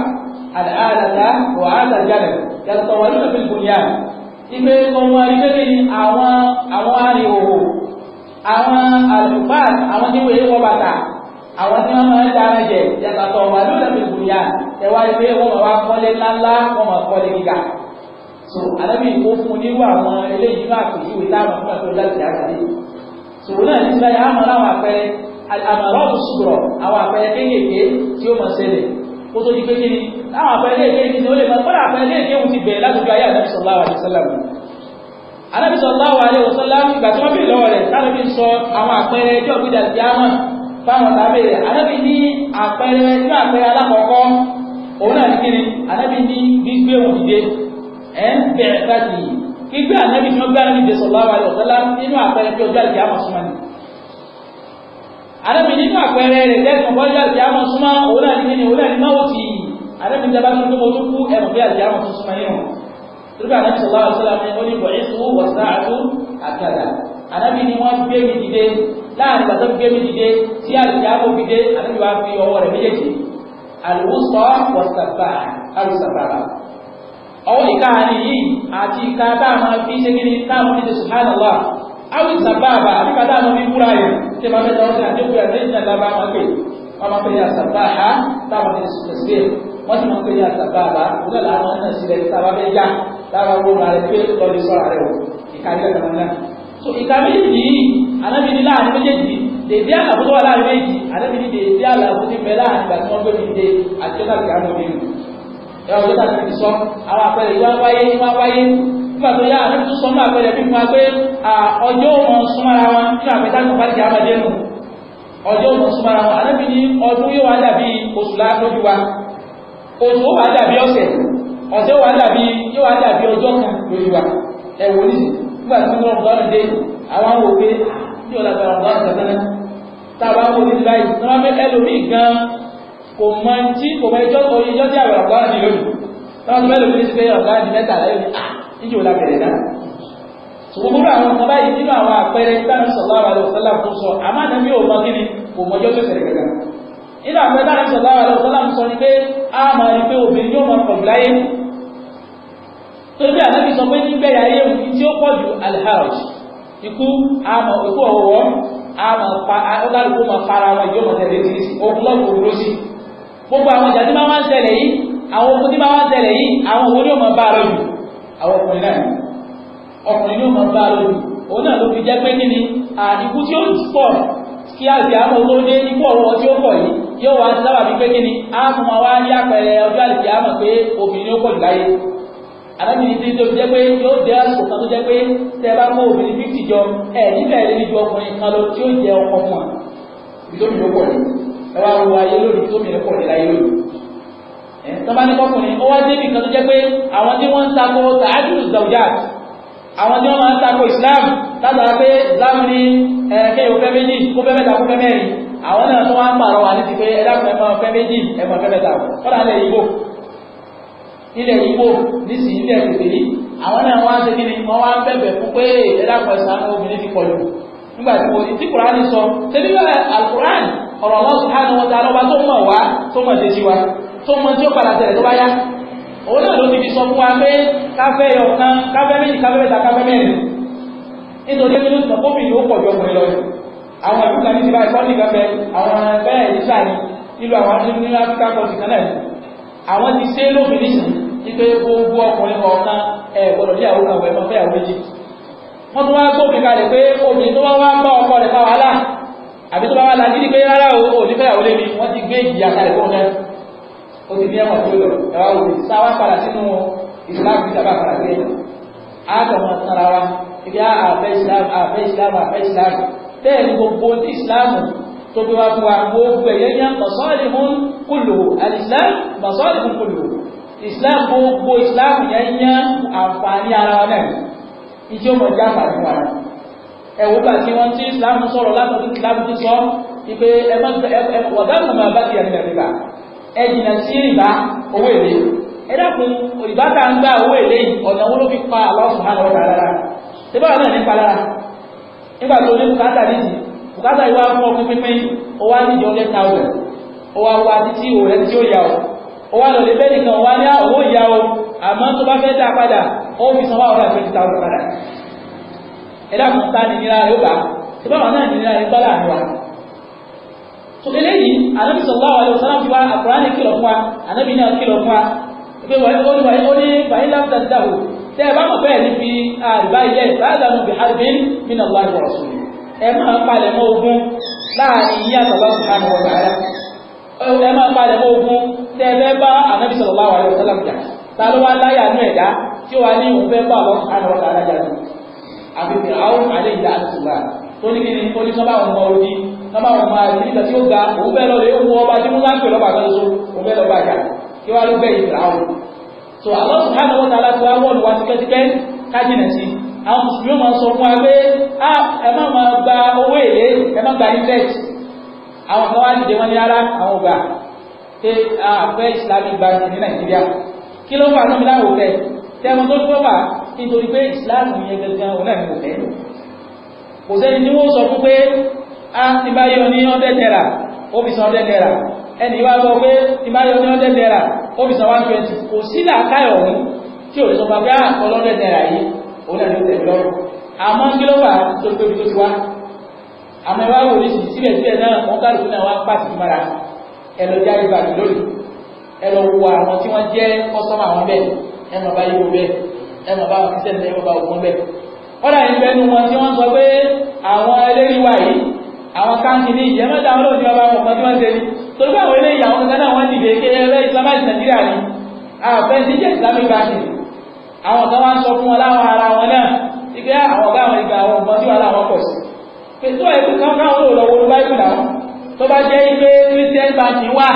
al'adata wa ala janet yàtọ̀wọ̀lú ló يتطورون gbòyà ipe ohun àrígbẹ́lẹ̀ ni àwọn àwọn arìnwòwò àwọn àlùfáà àwọn tí wòye wọ bàtà àwọn tí wọn máa ń dára jẹ yàtọ̀wọ̀lú ló fi gbòyà ẹwà ipe wọn máa wá kọ́lé ńláńlá wọn máa kọ́lé gíga so anabi kò fún nírú àwọn eléyìí náà kò sí ìwé táwọn fún àtọ́jú láti àgbáyé so náà ní sọ́yà á láwọn àpẹẹrẹ àmàlọ́ọ̀tù sùgbọ̀rọ̀ àwọn àpẹẹrẹ kéékèèké tí ó máa ṣẹlẹ̀ ó tó di pé kí ni àwọn àpẹẹrẹ kéékèèké ni ó lè máa kọ́lá àpẹẹrẹ kéékèèké ti bẹ̀rẹ̀ láti ayé ànábì sallallahu alaihi wasallam ànábì sallallahu alaihi wasallam ìgbà tí wọ́n bèèrè lọ́wọ́ rẹ̀ láti sọ àwọn àpẹẹrẹ ẹjọ́ gbígbà tí a mọ̀ fáwọn tàbí rẹ̀ ànábì ní àpẹẹrẹ ní àpẹẹrẹ alákọ̀ọ́kọ́ òun náà ní kí ni ànábì ní gbígbé òun dìde ẹ̀ ń bẹ̀rẹ̀ láti gbígbé ànábì tí wọ́n gbé ànábì sallallahu alaihi wasallam nínú àpẹẹrẹ tí ọjọ́ àti àrẹ́mi nínú àpẹẹrẹ rẹ̀ tẹ́sán bọ́jú àti àmọ́ súnmọ́ òun náà ní òun náà ní máa wòtí àrẹ́mi jẹba tó tó tó kú ẹ̀rọ bí àti àmọ́ súnmọ́ yìí wọn. Turka Anabi sallallahu alaihi wasallam ni ó ní bọ̀ ìṣú wọ̀ sáàtú àkàdà. Anabi ni wọ́n gbé mi dìde láàrin bàtọ́ gbé mi dìde tí àti àmọ́ fi dé Anabi wa fi ọwọ́ rẹ̀ méjèèjì. Àlùwùsọ wọ̀ sàbà àlùsàbàbà. Ọwọ́ tí ma mẹ́ta ọ̀sẹ̀ àti òkú ẹ̀rẹ́ ìjìnlẹ̀ lábá wọn pè wọ́n máa pè é àṣàbá ha táwọn ní ṣùgbẹ́sẹ̀ wọ́n sì máa pè é àṣàbá àbá òun náà àwọn náà sílẹ̀ táwa bẹ́ yá táwa wọ́n máa rẹ̀ pé lọ́ọ̀lì sọ̀rọ̀ rẹ̀ wọ̀ ìkàlẹ̀ kan náà. so ìka méjì yìí alábi ní láàrin méjèèjì dèdé àlàbò tó wà láàrin méjì alábi ní dèdé àlàbò ti bẹ láàrin ìgbà tí wọ́n gbé mi dé àti ọ̀tà nígbà tó yá àti tún sọmọ àpẹẹrẹ bí fún wa pé ọjọ́ òun súnmọ́ra wọn nínú àpẹẹrẹ tó bá ti àwọn ẹ̀jẹ̀ nù ọjọ́ òun súnmọ́ra wọn anábì ní ọdún yóò wá dàbí oṣù lójú wa oṣù ó wá dàbí ọ̀sẹ̀ ọ̀sẹ̀ ó wá dàbí yóò wá dàbí ọjọ́ kan lójú wa ẹ̀wò ní nígbà tí wọ́n bọ́ dé àwọn wò pé yóò lágbára ọ̀gá ọ̀sẹ̀ náà táwa ní báyìí tí wọ́n fẹ́ ẹlòmíì níjò lábẹ̀rẹ̀ náà ṣùgbọ́n àwọn ọmọ báyìí nínú àwọn àpẹẹrẹ ìbánu sallallahu alaihi wasallam tó sọ àmọ́ ànábì ò mọ kíni kò mọjọ́ tó ṣẹlẹ̀ gẹ́gẹ́ nínú àpẹẹrẹ ìbánu sallallahu alaihi wasallam sọ ni pé a máa rí pé obìnrin yóò máa pọ̀jù láyé tó bí ànábì sọ pé nígbẹ̀yà ayé òun tí ó pọ̀ ju alharaj ikú àmọ́ ikú ọ̀wọ́ àmọ́ ọ̀gálùkù máa fara wọn yóò máa tẹ̀lé sí ọ̀pọ̀lọpọ̀ òwúrọ̀sì gbogbo òwúrọ̀ máa bá àwọn ọkùnrin náà ni ọkùnrin yóò máa bá a lórí òun náà ló fi jẹ́ pé kí ni àdìkú tí ó pọ̀ kí àti àmọ́ tó dé ikú ọ̀wọ́ tí ó pọ̀ yìí yóò wá sábà fi pé kí ni àmọ́ wá ní àpẹẹrẹ ọjọ́ àti àmọ́ pé obìnrin ó pọ̀ jù láyé alábìnrin tí tó fi jẹ́ pé yóò jẹ́ àsìkò kan tó jẹ́ pé tẹ bá kó obìnrin fífì jọ ẹ̀ nígbà ilé níbi ọkùnrin kan lọ tí ó jẹ ọkọ fún wa tọ́ba ní kọkùnrin ó wá débi kan tó jẹ́ pé àwọn tí wọ́n ń takò tààjú zawjat àwọn tí wọ́n máa ń takò islam látara pé islam ní ẹ̀ẹ́kẹ́ ìwò fẹ́ méjì kó fẹ́ mẹ́ta kó fẹ́ mẹ́rin àwọn náà tó wá ń pààrọ̀ wà ní ti pé ẹ̀dàkùn ẹ̀mọ fẹ́ méjì ẹ̀mọ fẹ́ mẹ́ta kọ́dà ilẹ̀ ìgbò ilẹ̀ ìgbò nísì ilẹ̀ kìtìrí àwọn náà wá ń ṣe kíni wọ́n wá ń bẹ̀bẹ̀ fún pé ẹ̀dàkùn ẹ̀sán obìnrin ti pọ̀lù nígbà tí mo ti kùránì sọ ṣe tó mọ tí ó padà tẹ̀lé tó bá yá òun náà ló ti fi sọ fún wa pé káfẹ́ yọ kan káfẹ́ méjì káfẹ́ mẹ́ta káfẹ́ mẹ́rin nítorí pé lóṣù tọ́kọ́ bìnrin ó pọ̀ jọ ọkùnrin lọ àwọn ìlú kan ní ti báyìí sọ́ọ́nì kan bẹ àwọn bẹ́ẹ̀ ní sáà ní ìlú àwọn arúgbó ní áfíríkà kọ́ọ̀tì kan náà àwọn ti ṣe lófin nísìnyí ipe gbogbo ọkùnrin kọ̀ọ̀kan ẹ̀ gbọ́dọ̀ ní àwọn ọmọ ẹ̀mọ́ fẹ́ àwọn méjì wọ́n tún wá gbófin kalẹ̀ pé obìnrin tó bá wá bá ọkọ rẹ̀ fáwọn alá àbí tó bá wá la gidi pé rárá o ò ní fẹ́ àwọn olè mi wọ́n ti gbé ìyá kalẹ̀ fún ọ ó ti ní ẹ̀wọ̀n tó lọ ẹ̀wà òbí sáwá padà sínú ìsìláàmù ìjàmbá padà sí ẹ̀yìn àtọ̀ wọn tara wa ibi àfẹ́ ìsìláàmù àfẹ́ ìsìláàmù àfẹ́ ìsìláàmù bẹ́ẹ̀ ni gbogbo ti ìsìláàmù tó bí wá fún wa gbogbo ẹ̀yẹ́ yẹn mọ̀sọ́ọ̀lì mú kùlù àlìsìláàmù mọ̀sọ́ọ̀lì mú kùlù ìsìláàmù gbogbo ìsìláàmù yẹn yẹn àǹfààní ara wa náà ìjọ mọ̀ já àǹfààní wa ẹ̀wọ́n gbà tí wọ́n ti ìsìláàmù sọ̀rọ̀ látọ̀tún ìsìláàmù ti sọ ipe ẹ̀mọ́ ẹ̀mọ́ wọ̀dà ẹ jìnà sí rìbá owó èlé ẹ dákun òrìbá tá à ń gbà owó èlé ọ̀nà owó ló fi pa Allah subhanahu wa ta'ala síbá náà nípa lára nígbà tó ní bùkátà nídìí bùkátà yìí wá fún ọkùnrin pínpín ó wá nídìí ọdẹ táwọn ó wá wá títí òwò rẹ tí ó yà ó ó wá lọlé bẹ́ẹ̀ nìkan wá ní ah, owó ìyá o àmọ́ tó bá fẹ́ dá padà ó fi san wá ọ̀rẹ́ àfẹ́ títà ọ̀rẹ́ padà ẹ̀dá so eléyìí anabi sallallahu alaihi wasallam fi wá àkùránì kìlọ̀ fún wa anabi náà kìlọ̀ fún wa pé wọ́n ó ní wọ́n ó ní báyìí láti dáhù tẹ́ ẹ bá mọ̀ bẹ́ẹ̀ ní fi àrùbá ilé ìbáàdàmù bí harbin min Allah wa rasul ẹ máa palẹ̀ mọ́ ogun láàrin yíyá sọ̀lá subhanahu wa ta'ala ẹ máa palẹ̀ mọ́ ogun tẹ́ ẹ fẹ́ bá anabi sallallahu alaihi wasallam jà ta ló wá láyà nú ẹ̀dá tí ó wá ní òun fẹ́ bá Allah subhanahu wa ta'ala jà lọ àfihàn àwọn àlẹ́ ìdá àtúntò kábà wọn máa rí ìgbà tí ó ga òun bẹ́ẹ̀ lọ lè wọ ọba tí múlá ń pè lọ́ba kan so òun bẹ́ẹ̀ lọ́ba jà kí wàá ló bẹ́ẹ̀ ìgbà wọn. so Allah subhanahu wa ta'ala wá wọ́ọ̀lù wa tipẹ́tipẹ́ kájìnà sí àwọn mùsùlùmí máa sọ fún wa pé ẹ má máa gba owó èlé ẹ má gba interest àwọn kan wá dìde wọn ní ara àwọn ògbà pé àfẹ́ Islamic bank ní Nàìjíríà kí ló fà á lómi láwò fẹ́ tẹ́wọ́n tó tó fà nítorí pé Islam yẹn gẹ́gẹ́ òun náà ní òfẹ́ kò sẹ́ni tí wọ́n sọ fún pé a ah, ti bá yọ ní ọdẹ tẹ̀ra ó fi san ọdẹ tẹ̀ra ẹnì wá sọ pé ti bá yọ ní ọdẹ tẹ̀ra ó fi san one twenty kò sí làákàyọ̀ ọ̀hún tí ò lè sọ pé a kọ́ lọ́dẹ tẹ̀ra yìí òun náà ló tẹ̀ lọ́rùn àmọ́ kí ló fà á tó tóbi tó ti wá àmọ́ ẹ wò ní síbẹ̀síbẹ̀ náà wọ́n kálukú náà wá pàṣẹ mọ́ra ẹ lọ jẹ́ àyíbàdì lónìí ẹ lọ wo àwọn tí wọ́n jẹ́ kọ́sọ́mà àwọn ẹlẹ́rìí wà yìí àwọn káńtì ní ìyẹ́mẹ́ta wọn lòdì ọba wọn kan tí wọ́n ṣe ní torí pé àwọn eléyìí àwọn náà wọ́n dìde ké ẹgbẹ́ islamite nàìjíríà ni àfẹ́ ti jẹ́ islamic banking àwọn kan wá ń sọ fún wọn láwọn ara wọn náà ìgbé ah, àwọn ọ̀gá àwọn ìgbà àwọn nǹkan tí wọ́n láwọn pọ̀ sí pé tó ẹ̀kú kankan wọn lò lọ́wọ́ báyìí làwọn tó bá jẹ́ pé christian banking wà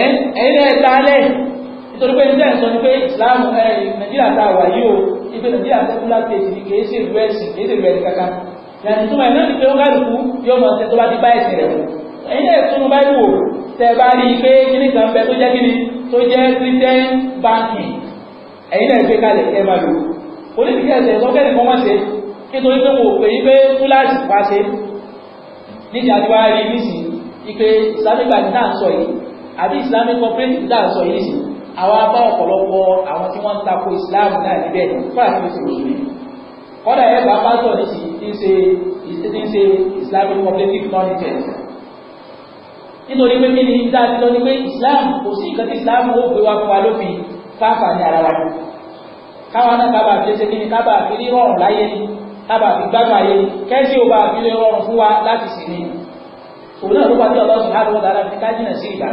ẹ̀yin náà ta lẹ̀ nítorí pé nígbà sọ ni pé islam nàìjíríà ta wà yìí o ìgbé nàìjíríà secular state ni kì í sì rú ẹ̀sìn kì í sì rú kankan yàtì túmọ̀ ẹ̀ náà ni pé ó kálukú yóò mọ̀ ṣe tó bá ti bá ẹ̀sìn rẹ̀ mu ẹ̀yin náà tún bá wò tẹ́ bá rí i pé kíní kan bẹ tó jẹ́ kíní tó jẹ́ christian banking ẹ̀yin náà gbé kalẹ̀ ẹ̀ máa lò oníṣìṣẹ́ ẹ̀sẹ̀ ìsọ́kẹ́ni kan wọ́n ṣe nítorí pé mo pè é pé túláàsì wá ṣe níjà tí wàá rí nísìn ipe islamic bank náà sọ yìí àbí islamic cooperative náà sọ yìí nísìn àwọn abá ọ̀pọ̀lọpọ̀ àwọn tí wọ́n ń tako islam náà níbẹ̀ fún àti oṣù òṣèlú kọ́dà ẹ̀ bá pásítọ̀ ní sí ti ń ṣe islamic public non-intent nítorí pé kí ni dájú lọ ni pé islam kò sí nǹkan tí islam ó gbé wá fún wa lófin fáfà ní ara wa káwa náà kábà fi ṣe kí ni kábà fi rí rọrùn láyé ni kábà fi gbádùn ayé ni kẹ́sì ò bá fi lè rọrùn fún wa láti sìn ni òun náà ló wá bí ọlọ́sùn láti wọ́n dára fi ká jìnà sí ìgbà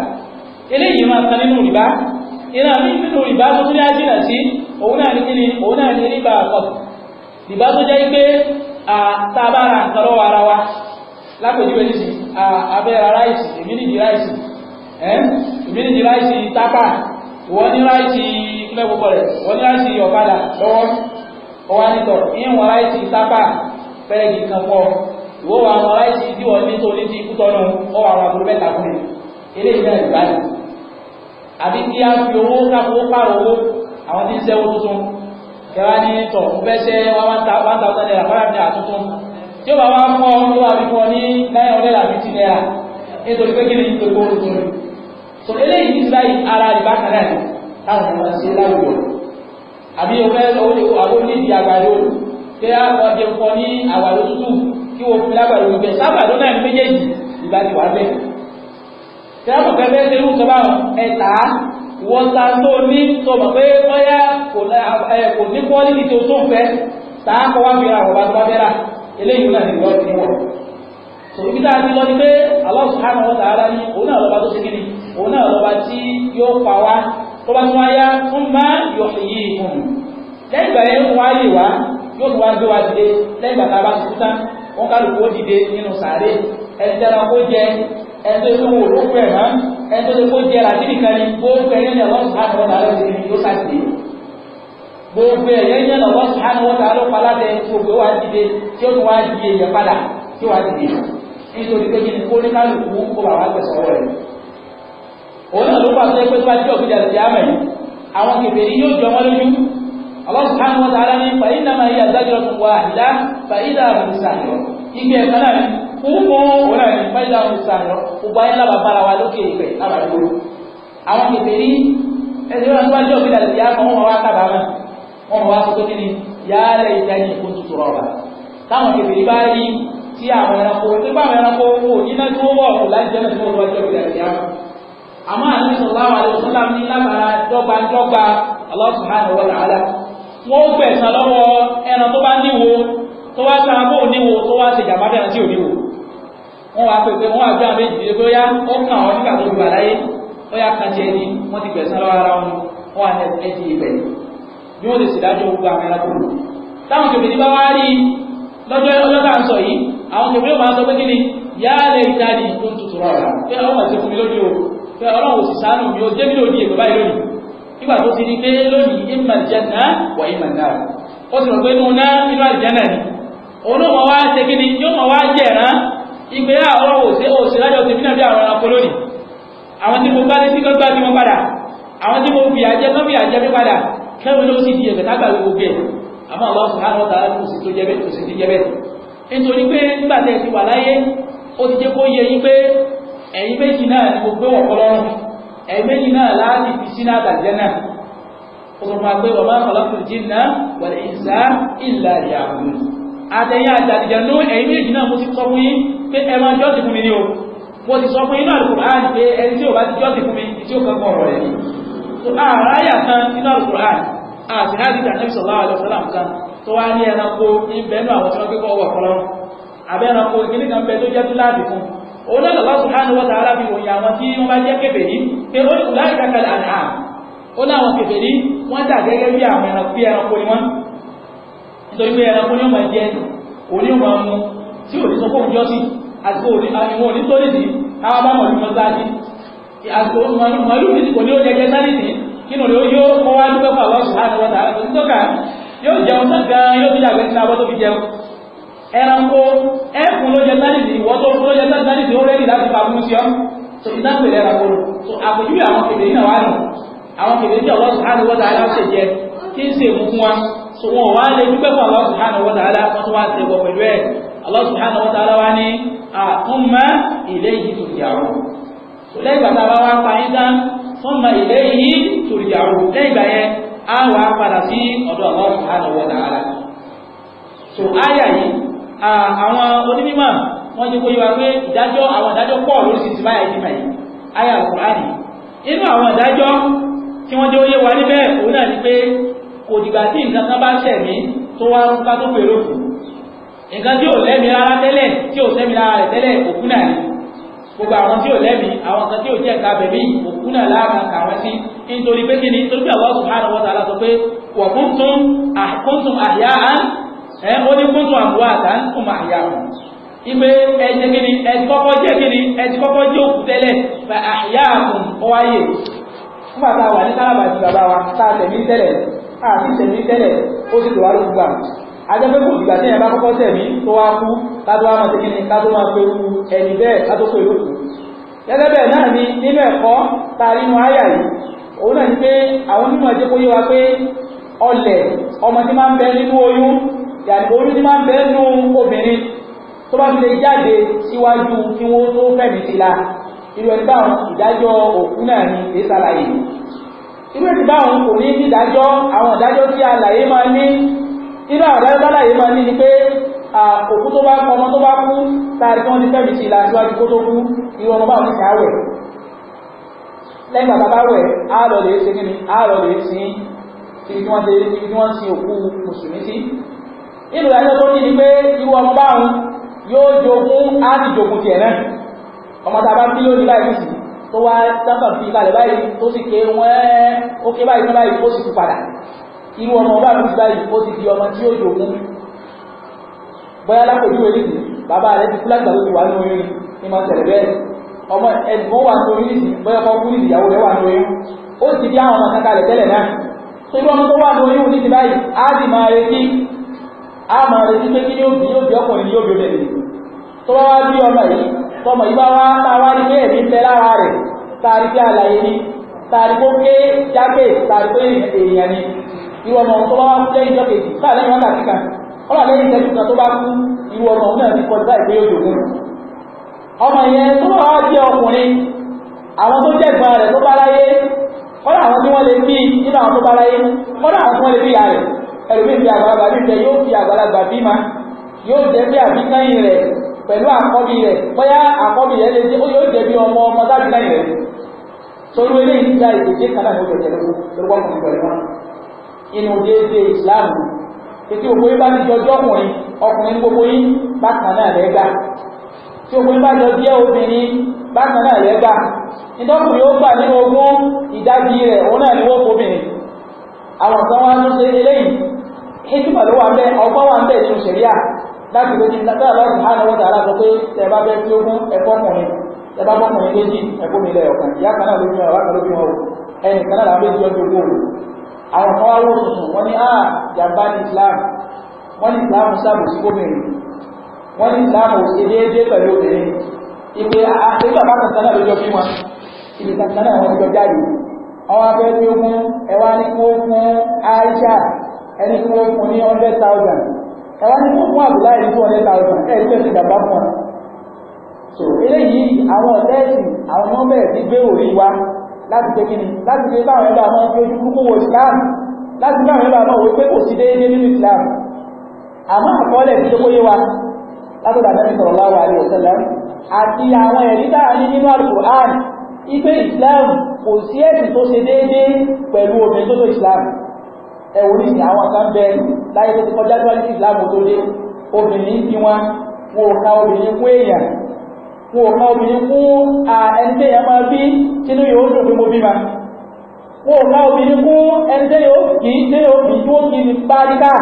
eléyìí máa tan nínú rìbá ìlànà nínú rìbá tó tún ní ni òun ìbá tó jẹ́ pé àtàbára nǹkan lọ́wọ́ ara wa lápèjúwe nísì abẹ́ra ráìsì èmi nìdí ráìsì èmi nìdí ráìsì tápà wọ́n ní ráìsì kílẹ̀ púpọ̀ rẹ̀ wọ́n ní ráìsì ọ̀kadà lọ́wọ́ ọwá nítọ̀ ìwọ̀n ráìsì tápà pẹ́ẹ́gì kan pọ̀ ìwọ́ wa àwọn ráìsì tí wọ́n ní tó ní ti kútọ́nù ọwọ́ àwọn àbúrò mẹ́ta fún mi kẹwa ní tọ̀ mo fẹ́ ṣẹ́ one thousand naira five hundred tuntun tí ó bá wá fọ́ ló wà fífọ́ ní nine hundred and fifty naira nítorí pé kí ni gbogbo olùkọ́ rẹ̀ so eléyìí ti sáyé ara rẹ̀ bákan náà ni táwọn ọmọ ṣe láwùjọ àbí o fẹ́ àwọn onídìí àgbàdo pé a kọ́ jẹun kọ́ ní àwàdo tútù kí wọ́n fi lágbàdo gbẹ sábàdo náà ní méjèèjì ìgbà tí wàá a mọ̀ fẹ́ fẹ́ ṣerú nǹkan báwọn ẹ̀ wọ́n ta tó ní tó mọ̀ pé bọ́yá kò ní quality tó tó fẹ́ tààkọ̀ wá fi ra ọ̀bá tó bá fẹ́ rà eléyìí náà nìyọ́ ti wọ̀ sòbí tá a ti lọ ni pé Allah subhanahu wa ta'ala ní òun náà lọ́ba tó ṣe kíni òun náà lọ́ba tí yóò pa wá tó bá tún wá yá fún má yọ̀ yí fún un lẹ́yìn ìgbà yẹn wọ́n á lè wá yóò tún wá gbé wa dìde lẹ́yìn ìgbà tá ẹni tó lè kó jẹ làtìrì kan ní gbogbo ẹ̀yẹ́ ní ọlọ́sùn hàn wọ́n tààrọ̀ sí yóò sá sí gbogbo ẹ̀yẹ́ ní ọlọ́sùn hàn wọ́n tààrọ̀ palátẹ gbogbo wa dìde tí ó tún wá di èèyàn padà tí ó wá dìde nítorí pé kí ni kó ní kálukú kó bàbá gbẹ̀sọ̀ wọ̀ rẹ̀ òun náà ló pàṣẹ pé tó bá jẹ́ òkúta ti àmà yìí àwọn kèfèrí yóò jọ wọ́n lójú Allah subhanahu wa ta'ala ní fàyínàmà yìí àdájọ́ tó wà àdá fàyínàmà yìí sàkọ̀ ìgbẹ́ ẹ̀ka náà òun náà ní fáyidà ọ̀sán lọ gbogbo ayé lábàá bára wa lókè ìfẹ́ lábàá ìgboro àwọn kèfèrí ẹni wọn wá jọ bílẹ̀ ìyá kan wọn wá kábà mọ́ wọn wá sọ kí ni yálẹ̀ ìdájí kó tutù rọ̀bà táwọn kèfèrí bá rí tí àwọn ẹranko nípa àwọn ẹranko wò níná tí wọ́n wọ̀ kò láti jẹ́ mẹ́tí wọ́n wá jọ bílẹ̀ ìyá kan àmọ́ àti sallallahu alaihi wasallam ní lábàá dọ́gba dọ́gba Allah subhanahu wa ta'ala wọ́n gbẹ̀sán lọ́wọ́ ẹran tó bá níwo tó wá sanwó níwo tó wá ṣèjàmbá wọ́n wá pèsè wọ́n wá gbá méjì lé bóyá ó kàn wọ́n nígbà tó gbà láyé ó yá kan tiẹ̀ ní wọ́n ti gbẹ̀sán lọ́wọ́ ara wọn wọ́n wá ní ẹ̀sìn ibẹ̀ ni wọ́n lè sì dájọ́ gbogbo àwọn ẹranko lò. táwọn kèmí ní bá wá rí lọ́jọ́ lọ́jọ́ à ń sọ yìí àwọn kèmí yóò máa sọ pé kí ni yáàlẹ̀ ìjáde tó ń tutù rọra pé ọlọ́run àti fún mi o pé ọlọ́run òsì ìgbé àwọn òṣè òṣè lájọ ti fínà bí àwọn ọkọ lónìí àwọn tí mo bá ní síkọ́ gbá tí mo padà àwọn tí mo fìyà jẹ tó fìyà jẹ mi padà kẹrin ló sì di ẹ̀gbẹ̀ tágbà gbogbo ẹ̀ àmọ́ àwọn ọ̀sán àwọn ọ̀tà ló sì tó jẹ bẹ́ẹ̀ tó sì ti jẹ bẹ́ẹ̀ nítorí pé nígbà tẹ́ ti wà láyé ó pé ẹ máa jọ́sìn fún mi ní o mo ti sọ fún inú Al-Qur'an pé ẹni tí ò bá ti jọ́sìn fún mi tí ó kankan ọ̀rọ̀ ẹ̀ ni so àráyà kan inú Al-Qur'an àti hadith Ànábì sallallahu alaihi wasallam kan tó wá ní ẹranko ìbẹ̀nú àwọn tí wọ́n gbé kọ́ wọ̀ fọlọ́run àbẹ́ ẹranko ìkíní kan bẹ tó jẹ́ túláàbì fún òun náà lọ́wọ́ subhanahu wa ta'ala fi ròyìn àwọn tí wọ́n bá jẹ́ kèfèrí pé ó ní ulaika kal an'am ó láwọn kèfèrí wọ́n dà gẹ́gẹ́ bí àwọn ẹranko ẹranko ni wọ́n nítorí pé ẹranko ni ó máa jẹ òní ó máa tí ò ní sọ fóun jọ́sìn àsìkò òní àwọn òní tó nìsí káwá bá mọ̀lú mọ́sáàjì àsìkò mọ̀lú nìsí kò ní ó jẹjẹ sáré sí kí nù yó kọ́ wá dúpẹ́ fún àwọn sùn àti wọ́tà àti tókà yóò jẹun tán gan yóò fi jàgbé sínú abọ́ tó fi jẹun ẹranko ẹkùn ló jẹ sáré sí ìwọ tó ló jẹ sáré sí ó rẹ́dì wa so wọn ò wá lè dúpẹ́ fún àwọn sùn Allah subhanahu wa ta'ala wá ní àtúnmá ilé yìí tó yàrá lẹ́yìn ìgbà tá a bá wá pa yín dán thumma ilayhi turja'un lẹ́yìn ìgbà yẹn á wà padà sí ọ̀dọ̀ Allah subhanahu wa ta'ala. so áyà yìí àwọn onímọ̀ wọ́n ti kó yíwa pé ìdájọ́ àwọn ìdájọ́ pọ̀ lóríṣiríṣi báyà yìí mà áyà al inú àwọn ìdájọ́ tí wọ́n jẹ́ oyé wa níbẹ̀ òun náà ni pé kò dìgbà tí nǹkan kan bá ṣẹ̀ tó wá rúpa tó pè lókùn nǹkan tí ò lẹ́mi rárá tẹ́lẹ̀ tí ò sẹ́mi rárá rẹ̀ tẹ́lẹ̀ òkú náà ni gbogbo àwọn tí ò lẹ́mi àwọn nǹkan tí ò jẹ́ ẹ̀ka bẹ̀mí òkú náà láàrín àkà wọn sí nítorí pé kí ni nítorí pé Allah subhanahu wa ta'ala sọ pé wa kuntum ah, kuntum ahya'an ẹ ó ní kuntum amwatan thumma ahya'akum ìgbé ẹjẹ kí ni ẹtì kọ́kọ́ jẹ́ kí ni ẹtì kọ́kọ́ jẹ́ òkú tẹ́lẹ̀ fa ahya'akum ọwáyé nígbà tá a wà ní sálábàtì bàbá wa tá a tẹ̀mí tẹ́lẹ̀ ajẹ́pẹ́ kò dìgbà tí ẹ̀ bá kọ́kọ́ tẹ̀mí tó wá kú kátó wá máa ṣe kíni kátó máa pe irú ẹni bẹ́ẹ̀ kátó pé yóò kú gẹ́gẹ́ bẹ́ẹ̀ náà ni nínú ẹ̀kọ́ ta nínú àyà yìí òun náà ni pé àwọn onímọ̀ ẹ̀jẹ̀ kó yé wa pé ọlẹ̀ ọmọ tí máa ń bẹ nínú oyún yàtọ̀ oyún tí ni inú àdáyébálà yìí máa ní ni pé òkú tó bá ọmọ tó bá kú láàrin tí wọ́n ti fẹ́bi sí ìlànà síwájú kó tó kú irú ọmọ báwọn ti àwẹ̀ lẹ́yìn bàbá bá wẹ̀ àárọ̀ lè ṣe kíni àárọ̀ lè sin ibi wọ́n ti òkú mùsùlùmí sí inú ìdájọ́ tó ní ni pé irú ọmọ báwọn yóò jogún á ti jogún tiẹ̀ náà ọmọ tá a bá bí yóò ní báyìí sí tó wá sábà fi kalẹ̀ báyìí tó sì ké wọ́n ó ké báyìí irú ọmọ ọba àti báyìí ó ti di ọmọ tí ó jogún bóyá lápòjú rẹ̀ nìyí bàbá rẹ̀ ti fúlàgbà ló ti wà nínú oyún ni máa tẹ̀lé bẹ́ẹ̀ ọmọ ẹ̀gbọ́n wà nínú oyún nìyí bóyá kọ́ kú nìyí ìyàwó rẹ̀ wà nínú oyún ó ti di àwọn ọmọ kankan rẹ̀ tẹ́lẹ̀ náà tó irú ọmọ tó wà nínú oyún ní báyìí á sì máa retí á máa retí pé kí ni òbí yóò bí ọkùnrin yóò bí obìnrin tó wá ìwọ ọmọ tó bá wá lẹ́yìn ìjọ kejì báà lẹ́yìn wákàtí kan ọ̀rọ̀ lẹ́yìn ìjẹ́jú kan tó bá kú ìwọ ọmọ náà ti kọjá ìgbé òjò fún ọmọ yẹn tó bá wá jẹ́ ọkùnrin àwọn tó jẹ́ ìgbọ́n rẹ̀ tó bá láyé kọ́dà àwọn tí wọ́n lè bí nínú àwọn tó bá láyé kọ́dà àwọn tí wọ́n lè bí ìyá rẹ̀ ẹlòmíì fi àgbàlagbà bí ìjẹ yóò fi àgbàlagbà bí ma yóò jẹ́ bí àbíkáyìn rẹ̀ pẹ̀lú àkọ́bí rẹ̀ bóyá àkọ́bí rẹ̀ lè jẹ́ ó yóò jẹ́ bí ọmọ ọmọ tábìkáyìn rẹ̀ torí eléyìí ń gba ìgbésẹ̀ kan náà ní ó bẹ̀rẹ̀ lọ́wọ́ lọ́wọ́ kùnrin pẹ̀lú wọn inú déédéé islam títí òpó yín bá ti jọjọ́ ọkùnrin ọkùnrin ní gbogbo yín bákan náà lẹ́gbà tí òpó yín bá jọ jẹ́ obìnrin bákan náà lẹ́gbà nítorí ó gbà nínú ogún ìdájí rẹ̀ òun náà ni wọ́n fobìnrin àwọn kan wá ló ṣe eléyìí hikima ló wà bẹ́ẹ̀ ọgbọ́n wà bẹ́ẹ̀ nínú ṣẹ̀ríà láti ló ti lábẹ́ àlọ́sùn hàn wọ́n tààrà sọ pé tẹ̀bá bẹ́ẹ̀ tí ogún ẹ̀kọ́ ọkùnrin tẹ̀bá bọ́kùnrin méjì ẹ̀kọ́ mi lẹ̀ ọ̀kan ìyá kan náà ló fi hàn wákan ló fi hàn ẹnì kan náà làwọn méjì ọjọ́ ogún àwọn kan wá wó tuntun wọ́n ní à ah, jàmbá ní Islam wọ́n ní Islam sábò sí gómìnà wọ́n ní Islam ò ṣe déédéé pẹ̀lú obìnrin ìpè àtẹ́gbà ah, ah, bá kan sánà lójọ bímọ ìpè kan sánà wọn lójọ jáde àwọn abẹ́ ní ogún ẹwà ní kó fún Aisha ẹni kó fún ní hundred thousand ẹwà ní kó fún Abdullahi ní two hundred thousand ẹ̀ ní pẹ̀lú ìdàgbà fún wọn. so eléyìí àwọn ọ̀tẹ́ẹ̀sì àwọn ọmọ bẹ̀rẹ̀ sí gbé òrí wa láti jẹ́ kíni láti jẹ́ láwọn ẹ̀dà àwọn ẹgbẹ́ ojú kúkú wo islam láti jẹ́ àwọn ẹ̀dà àwọn òwe pé kò sí déédéé nínú islam àmọ́ àkọọ́lẹ̀ tí ó kóyé wa látọ̀dà Ànábì sallallahu alaihi wasallam àti àwọn ẹ̀rí tá a ní nínú Al-Qur'an ipe islam kò sí ẹ̀sìn tó ṣe déédéé pẹ̀lú obìnrin tó tó islam ẹ̀wò ní àwọn kan bẹ láyé islam tó dé obìnrin tí wọn wọn ò ka obìnrin wọn ò kọ obìnrin fún ẹnitẹ́ yẹn máa bí tínú yóò dùn fún mo bí ma wọn ò kọ obìnrin fún ẹnitẹ́ yóò kì í tẹ́ yóò bí tó kì í bá rí ká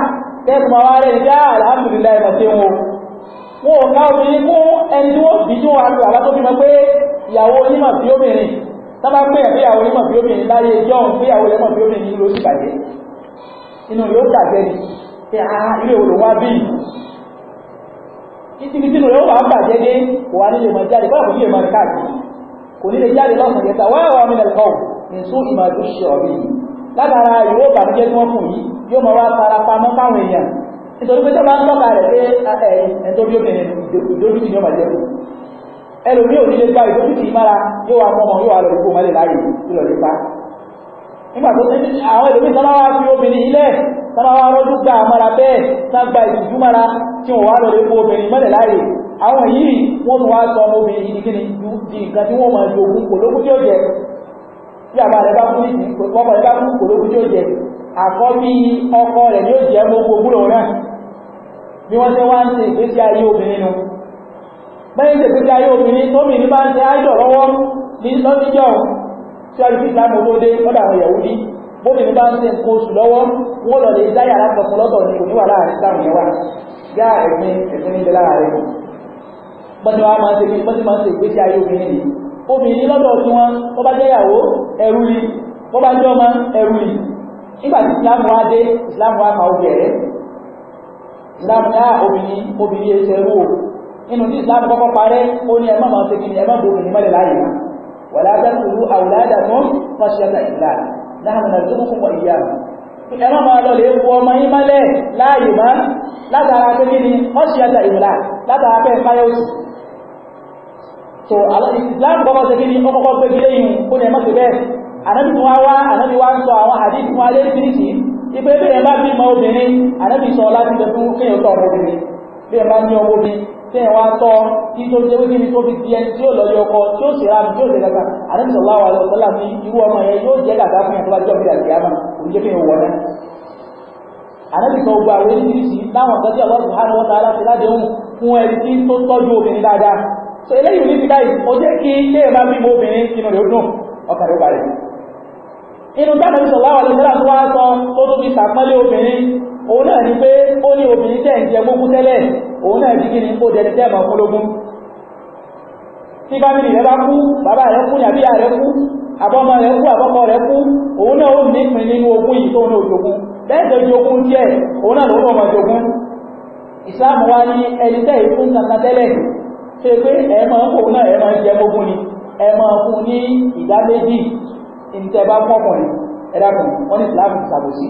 tẹ́sí máa wá rẹ̀ ní bá àlàáfíìlá ẹ̀mọ̀ tí wọn wọn ò kọ obìnrin fún ẹni tí wọ́n bí tí wọ́n àti bàbá tó bí ma pé ìyàwó onímọ̀ bí obìnrin tó bá pè ẹ̀fẹ́ ìyàwó onímọ̀ bí obìnrin láyé john pé ìyàwó lẹ́mọ̀ bí obìnrin ló sì bàjẹ́ inú yóò dàgbẹ́ níbi tí ìròyìn wà ń bàjẹ́ dé kò wá nílé máa jáde báwo nílé máa káàkiri kò nílé jáde lọ́sàn yẹta wá wà mí lẹ́kọ̀ọ́ nìṣó ìmàdù ṣe ọ̀rí látara ìwé ìbànújẹ́ tí wọ́n fún yìí yóò máa wá tara pamọ́ fáwọn èèyàn nítorí pé tó ń tọ́ka rẹ̀ pé ẹ̀ẹ́n obìnrin ìdójútì ni ó máa jẹ́ kù ẹlòmíì ò nílé gba ìdójútì nígbà tó ṣe àwọn ìlú mìíràn wá fi obìnrin ilẹ̀ sára wá rọ́jú gba àmàrà bẹ́ẹ̀ ságbà ìtìjú mara tí wọ́n wá lọ́lẹ́ fún obìnrin mọ́lẹ̀ láàyè àwọn yìí wọ́n tún wá sọ obìnrin yìí kíni di nǹkan tí wọ́n máa di ogun kò lókun tí ó jẹ bí àbá rẹ bá fún ìsìn ọkọ rẹ bá fún kò lókun tí ó jẹ àkọ́ bí ọkọ rẹ̀ yóò jẹ́ gbogbo gbúrò náà bí wọ́n ṣe wá ń ṣe ìgbésí ayé obìnrin nu bẹ́ẹ̀ ń ṣe ìgbésí ayé obìnrin tómìnrin bá ń ṣe áìdọ̀ lọ́wọ́ ní síwájú sí ìsìlámù tó dé lọ́dọ̀ àwọn ìyàwó bí bóbi ní bá ń ṣe nǹkan oṣù lọ́wọ́ wọ́n lọ lè dáyà lápọ̀sọ̀ lọ́dọ̀ ní kò níwà láàrin sáàmù yẹn wà yá ẹ̀gbin ẹ̀gbin ní ìbẹ̀lá rẹ̀ bọ́sí wọn máa ń ṣe bọ́sí máa ń ṣe ìgbésí ayé obìnrin ni obìnrin lọ́dọ̀ tí wọn tó bá jẹ́ ìyàwó ẹrú ni tó bá jẹ́ ọmọ ẹrú ni nígbà tí ìsìlámù wá dé ìsìlámù wá máa ojú ẹ̀rẹ́ ìsìlámù ní ah, obìnrin obìnrin ni ẹ má ولا تقتلوا أولادكم خشية إملاق نحن نرزقكم وإياكم ẹ̀rọ máa lọ lè wo ọmọ yí mọ́lẹ̀ láàyè má látara pé kí ni ọ́sì ẹ̀ta ìmìlá látara pé fáyọ̀ sí so islam kọ́kọ́ sí kí ni ó kọ́kọ́ pé gílé yìí ó ní ẹmọ́sí bẹ́ẹ̀ anábì fún wa wá anábì wá ń sọ àwọn hadith tẹ́ wá tọ́ kí tó jẹ́ wíkí ni tó fi di ẹni tí ó lọ yọ ọkọ tí ó sì ra mi tí ó sì gàgà àdébí sọ̀lá wa lọ́wọ́ sọ́lá mi irú ọmọ yẹn yóò jẹ́ gàgà fún yẹn tó bá jọ bí àti àmà kò jẹ́ kéèyàn wọ̀ náà. àdébí sọ gbogbo àwọn oríṣiríṣi láwọn nǹkan tí ọlọ́run bá lọ́wọ́ ta aláṣẹ láti ohun fún ẹni tí tó tọ́jú obìnrin dáadáa. sọ eléyìí ní fìdáyì ó jẹ́ kí ilé ẹ̀ máa bímọ obìnrin inú rẹ̀ ó dùn ọkàn rẹ̀ ó balẹ̀. inú táwọn ìṣọ̀lá wa lọ́wọ́ òun náà ni pé ó ní obìnrin tẹ́ ń jẹ gbógún tẹ́lẹ̀ òun náà ti kíni ó dẹni tẹ́ mọ̀ ọkọlógún tí fámìlì rẹ bá kú bàbá rẹ kú ní àbíyá rẹ kú àbọ́mọ rẹ kú àbọ́kọ rẹ kú òun náà ó nípìn nínú ogún yìí tóun náà jogún bẹ́ẹ̀ tó díẹ̀ òun náà lòun náà jogún Islam wa ní ẹni tẹ́ ìfún kankan tẹ́lẹ̀ ṣe pé ẹ máa náà ẹ jẹ gbógún ni ẹ fún ní ìdá méjì ìtẹ́ bá pọ̀ ni Islam ṣàbòsí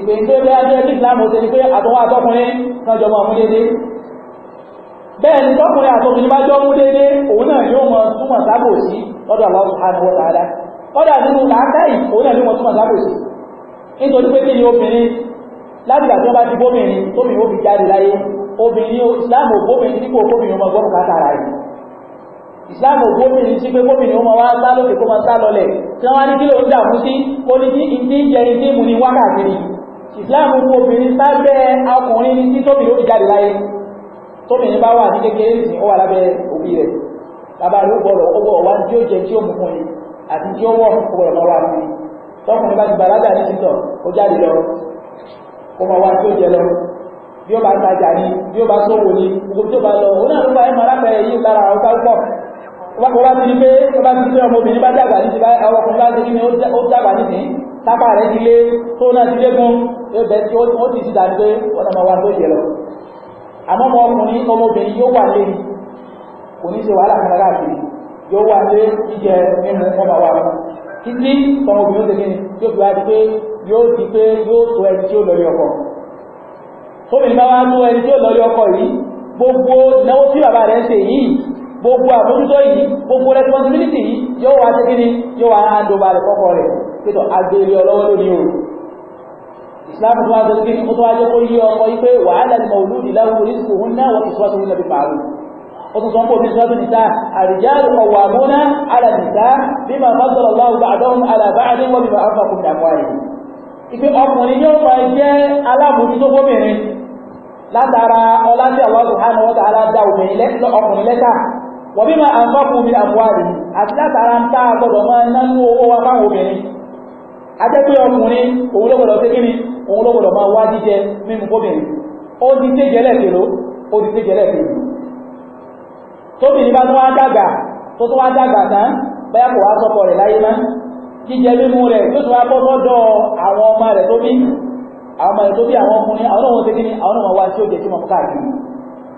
ìpè ìpè bẹ́ẹ̀ ajẹ́ sí ìsìlámù ṣe ni pé àtọwọ́ àtọkùnrin náà jọmọ ọmú dédé bẹ́ẹ̀ ni tọkùnrin àtọkùnrin bá jọmú dédé òun náà yóò mọ túmọ̀ sábò sí lọ́dọ̀ Allah subhanahu wa ta'ala kọ́dà nínú làákàyè òun náà yóò mọ túmọ̀ sábò sí nítorí pé kí ni obìnrin láti gbà tí wọ́n bá ti bómìnrin tómìnrin ó fi jáde láyé obìnrin islam ògbómìnrin nígbò gómìnrin ọmọ gbọ́nù kátàrà rẹ̀ islam ògbómìnrin sí pé gómìnrin ọmọ wá sá lókè kó máa sá lọlẹ̀ tí wọ́n wá ní kí ló ń dààmú sí ó ní kí ìdí jẹ ìdí mu ní wákàtí ìsìláàmù kó obìnrin sábẹ́ ọkùnrin ní tí tóbi ó jáde láyé tóbi ní bá wà ní kékeré ní ó wà lábẹ́ òbí rẹ̀ bàbá rẹ̀ ó gbọ́dọ̀ ó gbọ́dọ̀ wá tí ó jẹ tí ó mú fún ni àti tí ó wọ̀ gbọ́dọ̀ máa wà sí tọkùnrin bá ti bàlágà ní títọ̀ ó jáde lọ kó máa wá tí ó jẹ lọ bí ó bá tajà ni bí ó bá sówò ni gbogbo tí ó bá lọ òun náà ló bá ẹmọ alápẹ̀rẹ̀ yìí lára àwọn ẹbẹ̀ tí ó ti síta ní pé wọ́n náà wá tó yẹ lọ àmọ́ ọmọ ọkùnrin ọmọbìnrin yóò wà lé kò ní ṣe wàhálà kan káàkiri yóò wà lé jíjẹ mímu ọmọ wa títí ọmọbìnrin ó ti kí ni yóò fi wá di pé yóò di pé yóò tó ẹni tí ó lọ rí ọkọ tóbìnrin bá wá tó ẹni tí ó lọ rí ọkọ yìí gbogbo ìnáwó tí bàbá rẹ̀ ń ṣe yìí gbogbo àbójútó yìí gbogbo responsibility yìí yóò wá ṣe kí ni yóò wá hand over rẹ̀ kọ́kọ́ rẹ̀ pẹ̀tọ̀ agbèrè ọlọ́wọ́ lónìí o ìsìláàmù tó wá jẹ́ pé ó tó wá jẹ́ kó yí ọkọ̀ yí pé wàhálà ni mọ̀lúdì láwùjọ oríṣìkò hún náà wọ́n ti sọ́tún على bí pààrọ̀ ó tún sọ́n pò ní sọ́tún níta àrìjáàlù ọ̀wà múná ala nisa bí màá bá sọ̀rọ̀ láwù bá àdọ́run alàbá àdé wọ́n bí màá fà kún dàpọ̀ rẹ̀ ìpé ọkùnrin yóò máa jẹ́ alábòójútó gómìnrin látara ọlá tí àwọn subhanahu wa ta'ala dá ọkùnrin lẹ́tà wọ́n bí màá fà bí àpò àti látara ń tá àgbọ̀dọ̀ máa nánú owó wa fáwọn obìnrin ajẹ́pẹ́ ọkùnrin òun lọ́gbọ̀dọ̀ sí kíni òun lọ́gbọ̀dọ̀ máa wá jíjẹ mímu gómìnà ó di tẹ́jẹ̀lẹ̀ kèrò ó di tẹ́jẹ̀lẹ̀ kèrò tóbìnrin bá tún wá dàgbà tó tún wá dàgbà tán bẹ́ẹ̀ kò wá sọ́kọ rẹ̀ láyé mọ́ jíjẹ mímu rẹ̀ tó tún wá bọ́ sọ́dọ̀ àwọn ọmọ rẹ̀ tó àwọn ọmọ rẹ̀ tó àwọn ọkùnrin àwọn ọmọ tẹ́kíní àwọn ọmọ wa tí ó jẹ́ tí wọ́n káàkiri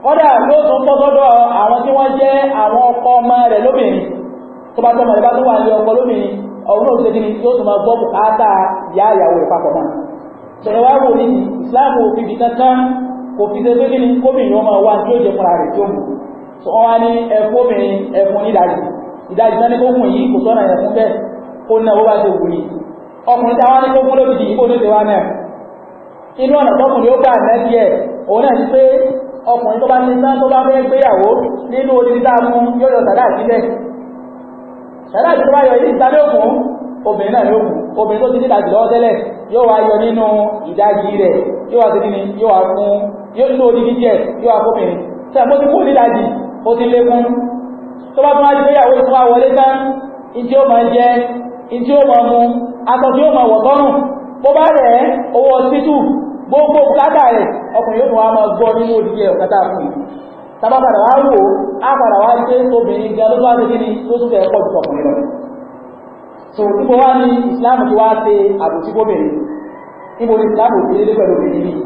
kọ́dà yóò tún bọ́ sọ́dọ̀ àwọn tí wọ́n jẹ́ àwọn ọkọ ọmọ rẹ̀ lóbìnrin tó bá tọ́mọ̀ ìbá tó wà ní ọkọ̀ lómìnir ọ̀run náà ṣe kíni yóò tún máa gbọ́ bùkátà ìyá ìyàwó ìpapọ̀ náà sọ̀rọ̀ wá wò ní ìsìláàmù òfin bí kankan kò fi ṣe pé kíni kómìnir ọmọ wa tí ó jẹ fúnra rẹ̀ tí ó mú sọ wá ní ẹfún obìnrin ẹfún ìdajì ìdajì náà ní kó kùn yìí kò sọ́nà ẹ̀fún bẹ́ẹ̀ kó náà ó bá ṣe wù ní ọkùnrin táwa ní kó kún lóbi di ìbónúṣe wa náà inú ọ̀nà tọkùnrin ó gbà mẹ́bí ẹ̀ òun náà ti pé ọkùnrin tó bá ní sán tó bá fẹ́ gbéyàwó nínú orí tá a mú yóò yọ sàdá sílẹ̀ ṣẹ̀dá ìjọba yọ ilé ìta lókun obìnrin náà lókun obìnrin tó ti ní ìdájì lọ́wọ́ tẹ́lẹ̀ yóò wá yọ nínú ìdájì rẹ̀ yóò wá tẹ́lẹ̀ yóò wá fún yóò ní odidi díẹ̀ yóò wá fóbìnrin ṣe àmọ́ ti kú nídájì ó ti lékún tó bá tún wá jẹ́ ìyàwó ìtura wọlé tán ìdí ó máa jẹ ìdí ó máa mu aṣọ tí ó máa wọ̀ tọ́rùn bó bá rẹ̀ owó ọsítù gbogbo bùkátà rẹ̀ ọkùnrin yóò tún wá máa gbọ́ nínú odidi ẹ̀ tábà padà wá wò á padà wá pé obìnrin gan ló bá ti kí ni tó tún fẹ́ pọ̀ ju ọkùnrin lọ so níbo wá ní islam ti wá ṣe àbòsí gómìnir níbo ní islam ti lé pẹ̀lú obìnrin yìí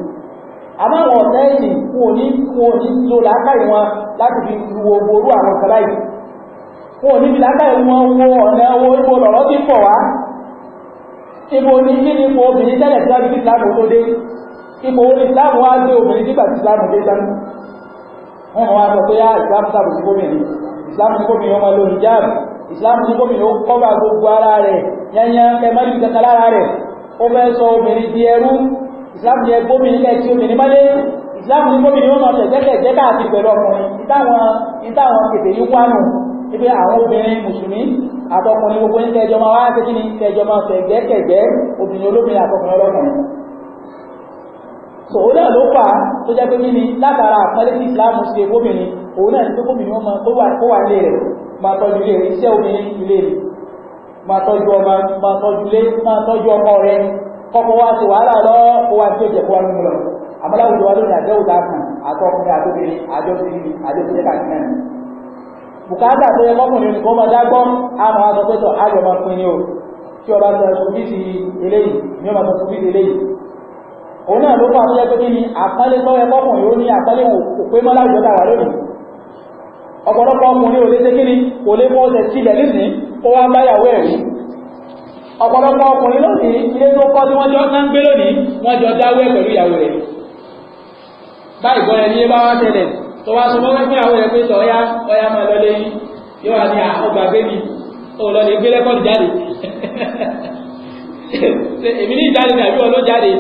àmọ́ àwọn ọ̀tẹ́ ẹ̀sìn kò ní kò ní lo làákàyè wọn láti fi wo orú àwọn kan láì wọn ò ní fi làákàyè wọn wo ọ̀nà owó ibo lọ̀rọ̀ ti pọ̀ wá ibo ní kí ni ipò obìnrin tẹ́lẹ̀ tí wọ́n fi islam tó dé ipò wo ni islam wá gbé obìnrin nígbà tí islam dé sáńtì wọ́n mọ̀ wá sọ pé islam sábò sí gómìnà islam sí gómìnà ọmọ ló hijab islam sí gómìnà ó kọ́bà gbogbo ara rẹ̀ yányá ẹmọ́lì kankan lára rẹ̀ ó fẹ́ sọ obìnrin di ẹrú islam yẹ gómìnà ilẹ̀ tí obìnrin má lé islam sí gómìnà ó máa tẹ̀jẹ́tẹ̀jẹ́ káàkiri pẹ̀lú ọkùnrin ìtàwọn kèfè yìí wánu ibi àwọn obìnrin mùsùlùmí àtọkùnrin gbogbo ní tẹjọ máa wá kékeré tẹjọ máa tẹ̀gbẹ́kẹ̀gbẹ́ obìnrin olóbìnrin àtọkùnrin ọlọ́kùnrin so òun náà ló fà á tó jẹ́ pé kí ni látara àpẹẹrẹ tí ìsìláàmù ṣe gómìnir òun náà ní pé gómìnir wọn tó wà kó wà ilé rẹ̀ máa tọ́jú ilé rẹ̀ iṣẹ́ obìnrin ilé rẹ̀ máa tọ́jú ọmọ máa tọ́jú ilé máa tọ́jú ọkọ rẹ̀ kọ́kọ́ wá sí wàhálà lọ kó wá sí òjẹ̀kọ́ wọn lọ àmọ́láwùjọ wa lónìí àjẹ́wò dákù àtọkùnrin àtobìnrin àjọ sí àjọ sí àjọ máa pin ní o tí ọba sọ ẹ̀sùn bíi ti eléyìí ní ọba sọ ẹ̀sùn bíi ti eléyìí òun náà ló fà tó jẹ́ pé ní àpọ́nlé tọ́wọ́ ẹkọ́kùn yóò ní àpọ́nlé òpé mọ́ láwùjọ tàwà lónìí ọ̀pọ̀lọpọ̀ ọkùnrin ò lè kí ni kò lè fọ́ ọ̀sẹ̀ tilẹ̀ nísìn ó wá báyàwó ẹ̀rí ọ̀pọ̀lọpọ̀ ọkùnrin lónìí ilé tó kọ́ tí wọ́n jọ ń gbé lónìí wọ́n jọ dáwẹ́ pẹ̀lú ìyàwó rẹ̀ báyìí gbọ́n ẹni bá wá tẹ̀lẹ̀ tó wá sọmọ́ fún ìyàwó rẹ̀ pé tọ́ya ọya máa lọ lé yóò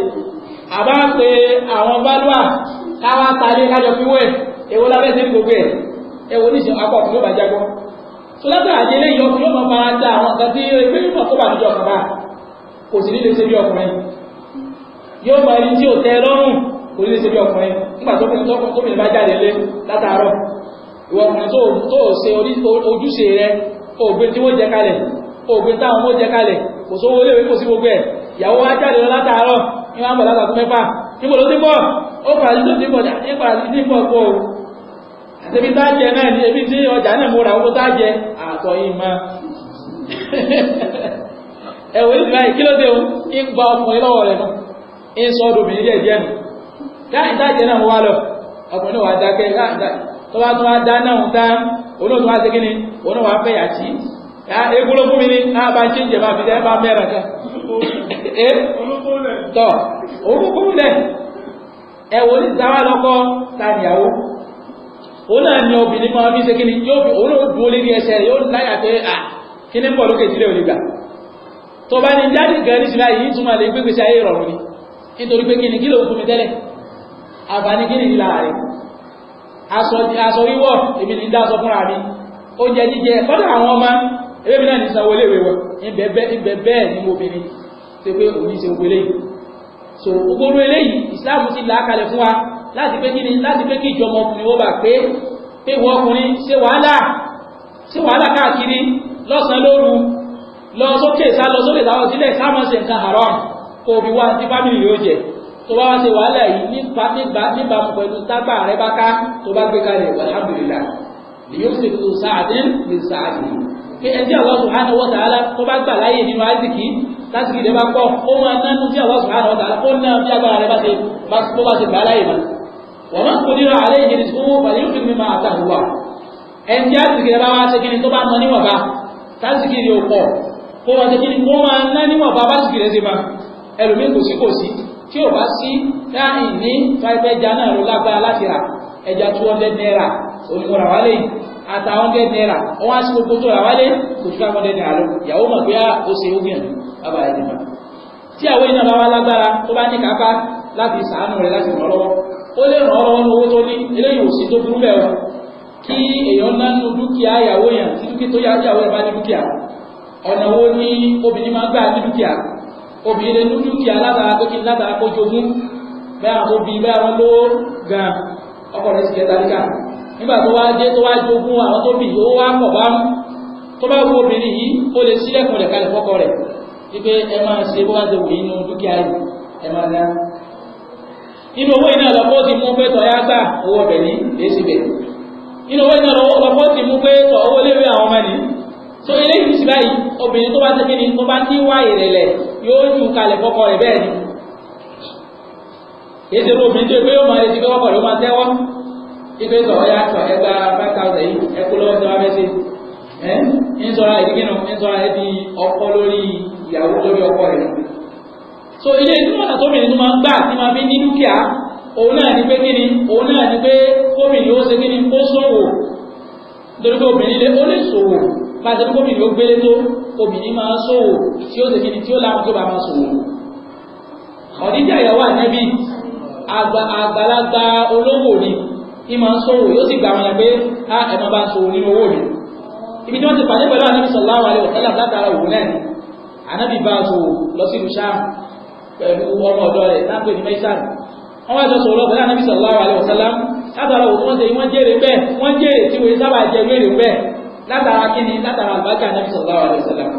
wá ní àbá pé àwọn bálúà káwá tàbí kájọ fi wẹ̀ èwo lábẹ́ sí gbogbo ẹ̀ èwo níṣẹ́ apá ọ̀tún ló bá jágbọ́ tó látà àjẹ lẹ́yìn ọkùnrin yóò máa fara da àwọn nǹkan tí ẹgbẹ́ mímọ̀ tó bá níjọ ọkàn bá kò sì nílé ṣe bí ọkùnrin yóò máa rí tí ò tẹ́ lọ́rùn kò nílé ṣe bí ọkùnrin nígbà tó kùnrin tó kùnrin bá jáde lé látàárọ̀ ìwọ ọkùnrin tó ṣe ojúṣe rẹ ògbé tí wọ́n jẹ kalẹ̀ ògbé táwọn mọ́ jẹ kalẹ̀ kò sówó léwé kò sí gbogbo ẹ̀ ìyàwó wá jáde lọ látàárọ̀ ní wọn bàlágà tó mẹ́fà níbo ló ti bọ̀ ó fà ló ti bọ̀ nípa ti bọ̀ pọ̀ o àtẹ̀bí tá a jẹ náà ní ebi tí ọjà náà mo ra owó tá a jẹ àtọ̀ yìí mọ́ ẹ̀wọ̀ ìgbà yìí kí ló dé o ń gba ọkùnrin lọ́wọ́ rẹ̀ mọ́ ń sọ ọdún obìnrin díẹ̀ díẹ̀ nù láì ni òun náà wà á fẹ́ yà sí egbólógún mi ni á bá ń ṣe tọ̀ orúkú lẹ̀ ẹ̀wọ̀n ní ìdáwà lọ́kọ́ tàníyàwó òun náà ni obìnrin máa fi ṣe kí ni yóò fi òun náà dúró lórí ẹsẹ̀ rẹ̀ yóò láyà pé à kí ni pọ̀ lókè sílẹ̀ òní gbà tó bá ní jáde gan ní sílá yìí túmọ̀ lè gbé gbèsè ayé ìrọ̀rùn ni nítorí pé kí ni kí ló ń fún mi tẹ́lẹ̀ àǹfààní kí ni ìlà rẹ̀ aṣọ wíwọ̀ èmi ní dá aṣọ fúnra mi oúnjẹ jíjẹ kọ́dọ̀ àwọn ọmọ ẹgbẹ́ mi náà ní sanwó léwe wọ ìbẹ̀ bẹ́ẹ̀ ni mo ṣe pé òun ṣe gbogbo eléyìí so gbogbo eléyìí islam ti là á kalẹ̀ fún wa láti pé kí ni láti pé kí ìjọba ọkùnrin ó bà pé pé ìwọ ọkùnrin ṣe wàhálà ṣe wàhálà káàkiri lọ́sàn-án lóru lọ sókè sá lọ sókè sáwọn sílẹ̀ sáwọn ṣe nǹkan haram kó o fi wá sí fámìlì yóò jẹ tó bá wá ṣe wàhálà yìí nípa nígbà nípa pẹ̀lú tágbà rẹ bá ká tó bá gbé kalẹ̀ alhamdulillah yóò ṣe tó tó bá gbà láti kìí dẹ́gbà pọ̀ ó máa nánú tí àwọn sùn àrùn ọ̀tà ó náà bí agbára rẹ̀ bá ṣe bó bá ṣe gbà láyè mọ́. wọ́n máa ń kó nírọ̀ àlẹ́ ìjẹ́ni tó wọ́n bàlẹ́ yóò fi mímọ àtàwùwà ẹni tí láti wá ṣe kíni tó bá mọ níwọ̀nba láti kìí yóò pọ̀ kó wọ́n ṣe kíni kó máa ná níwọ̀nba bá sì kìí rẹ̀ ṣe máa ẹlòmíì kò sí kò sí tí ò bá sí láì ní fáìfẹ́ já náà ló lágbára láti rà ẹja two hundred naira ata hundred naira ọwọ́n á sí gbogbo tó rà wálé kò fi five hundred naira lọ ìyàwó mọ̀ pé ah, ó ṣe ó gbìyànjú bàbá ẹ̀ nípa tí àwọn èèyàn bá wá lágbára tó bá ní kápá láti sàánú rẹ̀ láti ràn lọ́wọ́ ó lè ràn lọ́wọ́ ní owó tó ní eléyìí ò sí tó burú bẹ́ẹ̀ wọn kí èèyàn ná nu dúkìá ìyàwó èèyàn tí dúkìá tó yá ìyàwó ẹ̀ bá ní dúkìá wo ni obìnrin máa gbà ní dúkìá obìnrin lè ní dúkìá látara pé kí n látara kó bẹ́ẹ̀ àwọn tó bẹ́ẹ̀ wọn ló gan ọkọ̀ rẹ̀ sì kẹta níkà nígbà tó wá dé tó wá jogún àwọn tó bì ó wá pọ̀ bá mú tó bá wo obìnrin yìí ó lè sílẹ̀kùn rẹ̀ kalẹ̀ fọ́kọ rẹ̀ wípé ẹ máa ṣe bó bá ṣe wù nínú dúkìá yìí ẹ máa dá. inú owó iná lọ́pọ̀ ti mú pé tọ́ yáta owó ọbẹ̀ ní èsì bẹ̀. inú owó iná lọ́pọ̀ ti mú pé tọ́ owó léwé àwọn ọmọ ni. so eléyìí sì báyìí obìnrin tó bá ṣe kíni tó bá ní wá ìrẹ̀lẹ̀ yóò ju kalẹ̀ fọ́kọ rẹ̀ bẹ́ẹ̀ ni ipe sọ ọ yà sọ ẹgbà five thousand yìí ẹkú lọ́wọ́ sọ wàá mẹ́sẹ̀ ẹ́ ń sọ ẹ̀dí kínú ń sọ lórí ìyàwó lórí ọkọ rẹ̀ so ilé ìtumọ̀ ọ̀nà tómi nínú máa gbà tí máa fi ní dúkìá òun náà ni pé kíni òun náà ni pé gómìnà ó ṣe kíni ó ṣòwò nítorí pé obìnrin lé ó lè ṣòwò bá a ṣe pé gómìnà ó gbélé tó ni máa ṣòwò tí ó ṣe kíni tí ó láwọn tó bá máa ṣòwò ọ̀dídí àyàwó ànẹ́bí àgbàlagbà olówó ni ìmọ̀ ń sọ̀rọ̀ yóò sì gbà wọn pé á ẹ̀mọ́ bá ń sọ̀rọ̀ nínú owó mi ibi tí wọ́n ti pàdé pẹ̀lú anábì sallallahu alaihi wasallam látara òun náà ni anábì bá a sọ̀rọ̀ lọ sí ìlú sáà pẹ̀lú ọmọ ọ̀dọ́ rẹ̀ lápẹ̀ ní mẹ́sàn wọ́n wá jọ sọ̀rọ̀ pẹ̀lú anábì sallallahu alaihi wasallam látara òun wọ́n ṣe wọ́n jèrè bẹ́ẹ̀ wọ́n jèrè tí wọ́n sábà jẹ wéré bẹ́ẹ̀ látara kíni látara àlùbákà anábì sallallahu alaihi wasallam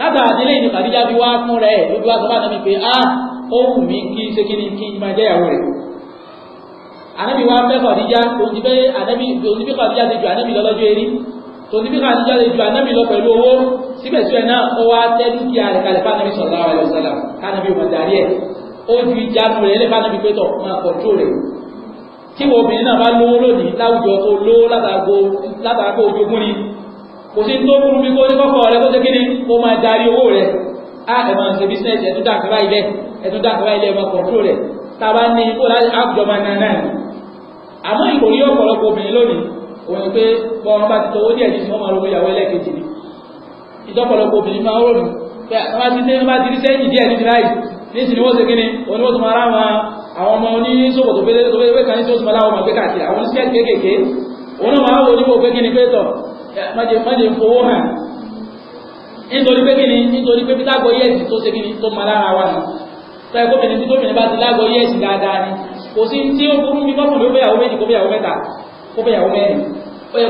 látara àdílé ìnù kàdíjá bí wá fún rẹ̀ lójú wá sọ bá anábì pé á ó wù mí kí ṣe kíni ànábì wa fẹ́ kọ̀díjá tòun ti bí kọ̀díjá ti ju ànábì lọ lọ́jọ́ eré tòun ti bí kọ̀díjá ti ju ànábì lọ pẹ̀lú owó síbẹ̀síbẹ̀ náà ó wá tẹ́ dúkìá rẹ̀ kalẹ̀ fáànàbì sallallahu alaihi wasallam kánàbì wọn darí ẹ̀ ó ju ìjánu rẹ̀ lẹ́ fáànàbì pétọ̀ máa kọ̀tó rẹ̀ tí wo obìnrin náà bá lówó lónìí láwùjọ tó lówó látàgbó ojogún ni kò sí tó burú bí kó ní kọ́kọ́ rẹ kó tẹ́ kí ni ó máa darí owó rẹ̀ á ẹ̀ máa ṣe bísíǹsì ẹ̀tún dàkúrá ilẹ̀ ẹ̀tún dàkúrá ilẹ̀ ẹ̀ máa kọ̀tó rẹ̀ tá a bá ní kó láti àwùjọ máa nà náà àmọ́ ìròrí ọ̀pọ̀lọpọ̀ obìnrin lónìí òun pé bọ́ọ̀rọ̀ bá ti tọwó díẹ̀ jù sí wọ́n máa rówó ìyàwó ẹlẹ́ẹ̀kejì ni ìtọ́pọ̀lọpọ̀ obìnrin máa ń pé àwọn ti ní bá ti rí sẹ́yìn díẹ̀ níbi láì ní ni wọ́n ṣe kí ni òun ni wọ́n tún máa rá wọn àwọn ọmọ oníṣòwò tó fẹ́lẹ́ tó fẹ́lẹ́ kan ní tí ó tún máa láwọn ọmọ pé káàkiri àwọn oníṣẹ́ kéékèèké òun náà máa wò níbo pé kí ni pé tọ̀ májè ń fowó hàn nítorí pé kí nítorí pé lágbọ́ yẹ́sì tó ṣe kí tó máa lára wa nù. ni kò sí tí ó burú bí kọ́kùnrin ó bẹ̀yàwó méjì kó bẹ̀yàwó mẹ́ta kó bẹ̀yàwó mẹ́rin ó yẹ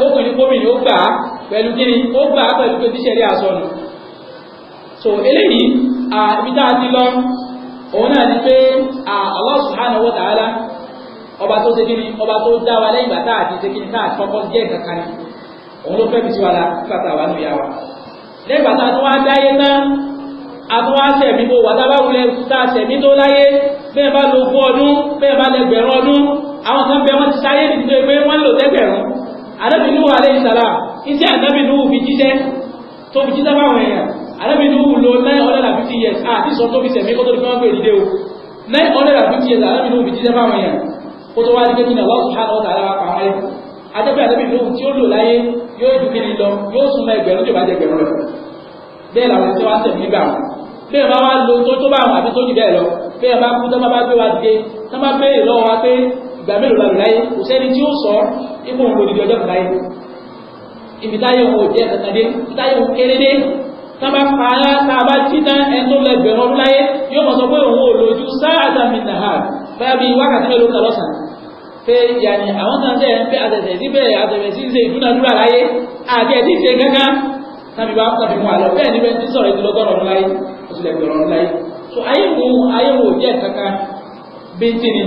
kókùnrin kóbìnrin ó gbà á pẹ̀lú kíni ó gbà á pẹ̀lú pé tíṣẹ̀rí àsọnù so eléyìí ibi tá a ti lọ òun náà ni pé Allah subhanahu wa ta'ala ọba tó ṣe kíni ọba tó dá wa lẹ́yìn ìgbà tá a ti ṣe kíni tá a kọ́kọ́ jẹ́ kankan ni òun ló fẹ́ fi sí wa la nígbà tá a wà nù yà wa lẹ́yìn ìgbà tá a tó wá dáyé náà àtúnwá sẹ̀mí tó wà lábáwulẹ̀ ta sẹ̀mí tó láyé bẹ́ẹ̀ bá lo ogún ọdún bẹ́ẹ̀ bá lẹgbẹ̀rún ọdún àwọn kan bẹ wọ́n ti sáyé nítorí pé wọ́n lò lẹ́gbẹ̀rún arábìnrin wà lẹ́yìn sàrà iṣẹ́ àtàbìnrin wù fi jíṣẹ́ tó fi jíṣẹ́ fáwọn èèyàn arábìnrin wù lo nine hundred and fifty years àti sọ tó fi sẹ̀mí kó tó di fún wọn pé ìdílé o nine hundred and fifty years arábìnrin wù fi jíṣẹ́ fáwọn èèyàn kó tó wá di kékin náà lọ́sùn hàn ọ̀tà ara pàwọn ẹ̀ adébẹ̀ arábìnrin wù tí ó lò láyé yóò dùn kí ni lọ yóò súnmọ́ ẹgbẹ̀rún bẹ́ẹ̀ làwọn tí wọ́n tẹ̀mí gbà wọn bẹ́ẹ̀ bá wá lo tó tó bá wọn àbí tó jù bẹ́ẹ̀ lọ bẹ́ẹ̀ bá kú tán bá gbé wa dé tán bá béèrè lọ́wọ́ wa pé ìgbà mélòó la lò láyé kò sẹ́ni tí ó sọ ipò òun òdìdí ọjọ́ kan láyé ibi táyé òun ò jẹ́ kankan dé ibi táyé òun kéré dé tán bá pa á tá a bá jí tán ẹni tó lọ ẹgbẹ̀rún ọdún láyé yóò mọ̀ sọ pé òun ò lòjú sáà àtàmì nàá báyà bíi wákàtí mélòó kan lọ́sàn-án pé yàní àwọn kan tẹ̀ ń fẹ́ àtẹ̀tẹ̀ síbẹ̀ tàbí wá tàbí mú àlọ́ bẹ́ẹ̀ ni bẹ́ẹ̀ tí sọ̀rọ̀ ìdí lọ́gọ́rọ̀ ọ̀run láyé ó sì lẹ́gbẹ̀ẹ́ ọ̀run láyé so ayéwo ayéwo jẹ́ kankan bíntín ni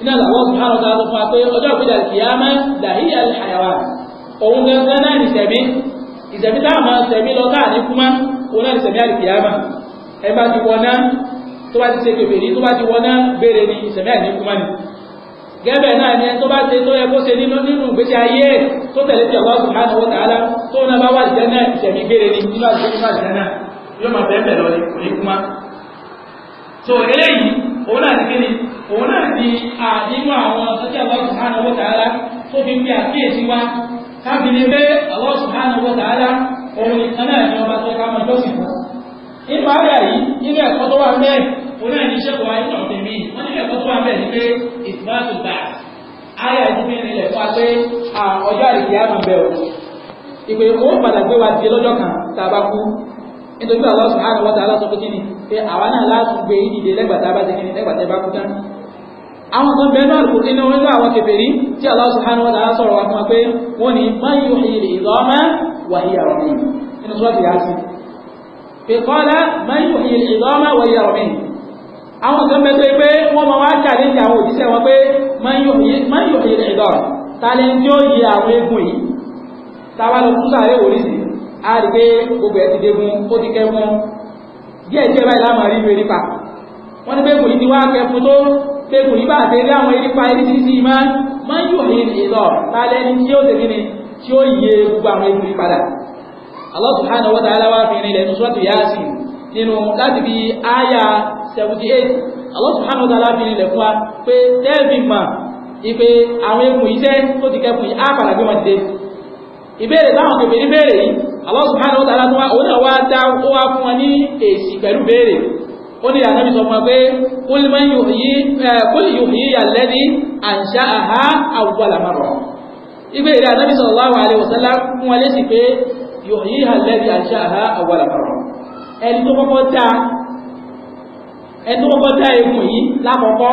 iná làwọn sùn àrùn tààtò fún wa pé ọjọ́ ìpínlẹ̀ kìyàmá dàhíyà àyàwá òun gangan náà ní sẹ̀mí ìsẹ̀mí táwọn máa sẹ̀mí lọ káà ní kúmá òun náà ní sẹ̀mí àlìkìyàmá ẹ bá ti wọná tó bá ti ṣe kèfèrí tó bá ti wọná béèrè ní ìsẹ̀mí àlìkúmá ni gẹ́bẹ̀ náà ni tó bá ṣe tó yẹ kó ṣe nínú nínú ìgbésí ayé tó tẹ̀lé ti Allah subhanahu wa ta'ala tó náà bá wà jẹ́ náà ìṣẹ̀mí gbére ni nínú àjẹ́ náà yóò máa bẹ́ẹ̀ bẹ̀rẹ̀ lọ ní kúmá so eléyìí òun náà ti kí ni òun náà ti àdínú àwọn sọ́jà Allah subhanahu wa ta'ala tó fi ń bí àkíyèsí wa kábìlì ni ọba tó ká máa jọ́sìn fún òun náà ní sẹ́kọ̀ọ́ wa ìgbà òde mi wọ́n ní ẹ̀kọ́ tó wà bẹ́ẹ̀ ni pé ìsìláàtù bá ayé àdúgbò ní ilẹ̀ fún wa pé ọjọ́ àdìgbì á máa bẹ̀ o ìpè òun padà gbé wa di lọ́jọ́ kan tá a bá kú nítorí Allah subhanahu wa ta'ala sọ pé kí ni pé àwa náà láti gbé ìdìde lẹ́gbàtà bá ti kí lẹ́gbàtà bá kú tán àwọn kan bẹ̀rẹ̀ náà kùn nínú wíńdà àwọn kèfèrí tí Allah subhanahu wa ta'ala sọ̀rọ̀ wa fún wa pé wọ́n ní àwọn kan bẹ tó yẹ pé wọ́n máa wá challenge àwọn òjíṣẹ́ wọn pé máa ń yọ ìrìn ìdọ̀ ta ni tí ó yẹ àwọn eegun yìí ta wá lọ fún sáré oríṣi a rí pé gbogbo ẹ ti dégun ó ti kẹ́gun díẹ̀ díẹ̀ báyìí láwọn rí ìwé nípa wọ́n ní gbẹ́gùn yìí ti wá kẹ́kun tó gbẹ́gùn yìí bá àti rí àwọn erípa eríṣiríṣi ìmọ̀ máa ń yọ ìrìn ìdọ̀ ta lẹni tí ó tẹ̀lé ni tí ó yẹ gbogbo àwọn eegun yìí padà Allah subhanahu wa ta'ala wa fi ní ilẹ̀ nusratu yasin nínú láti bí àyà 78 Allah subhanahu wa ta'ala fi ilẹ̀ fún wa pé tẹ́ẹ̀bì mà ìpè àwọn egun iṣẹ́ tó ti kẹ́kùn yìí á padà bí wọ́n ti dé ìbéèrè táwọn kò béèrè béèrè yìí Allah subhanahu wa ta'ala tó wá òun náà wá dá ó wá fún wọn ní èsì pẹ̀lú béèrè ó ní ànábì sọ fún wa pé qul man yuhyi qul yuhyiha alladhi ansha'aha awwala marra ìgbé ìrẹ́ ànábì sallallahu alaihi wasallam fún wa lé sí pé yuhyiha alladhi ansha'aha awwala marra ẹni tó kọ́kọ́ dá ẹni tó kọ́kọ́ dá egun yìí lákọ̀ọ́kọ́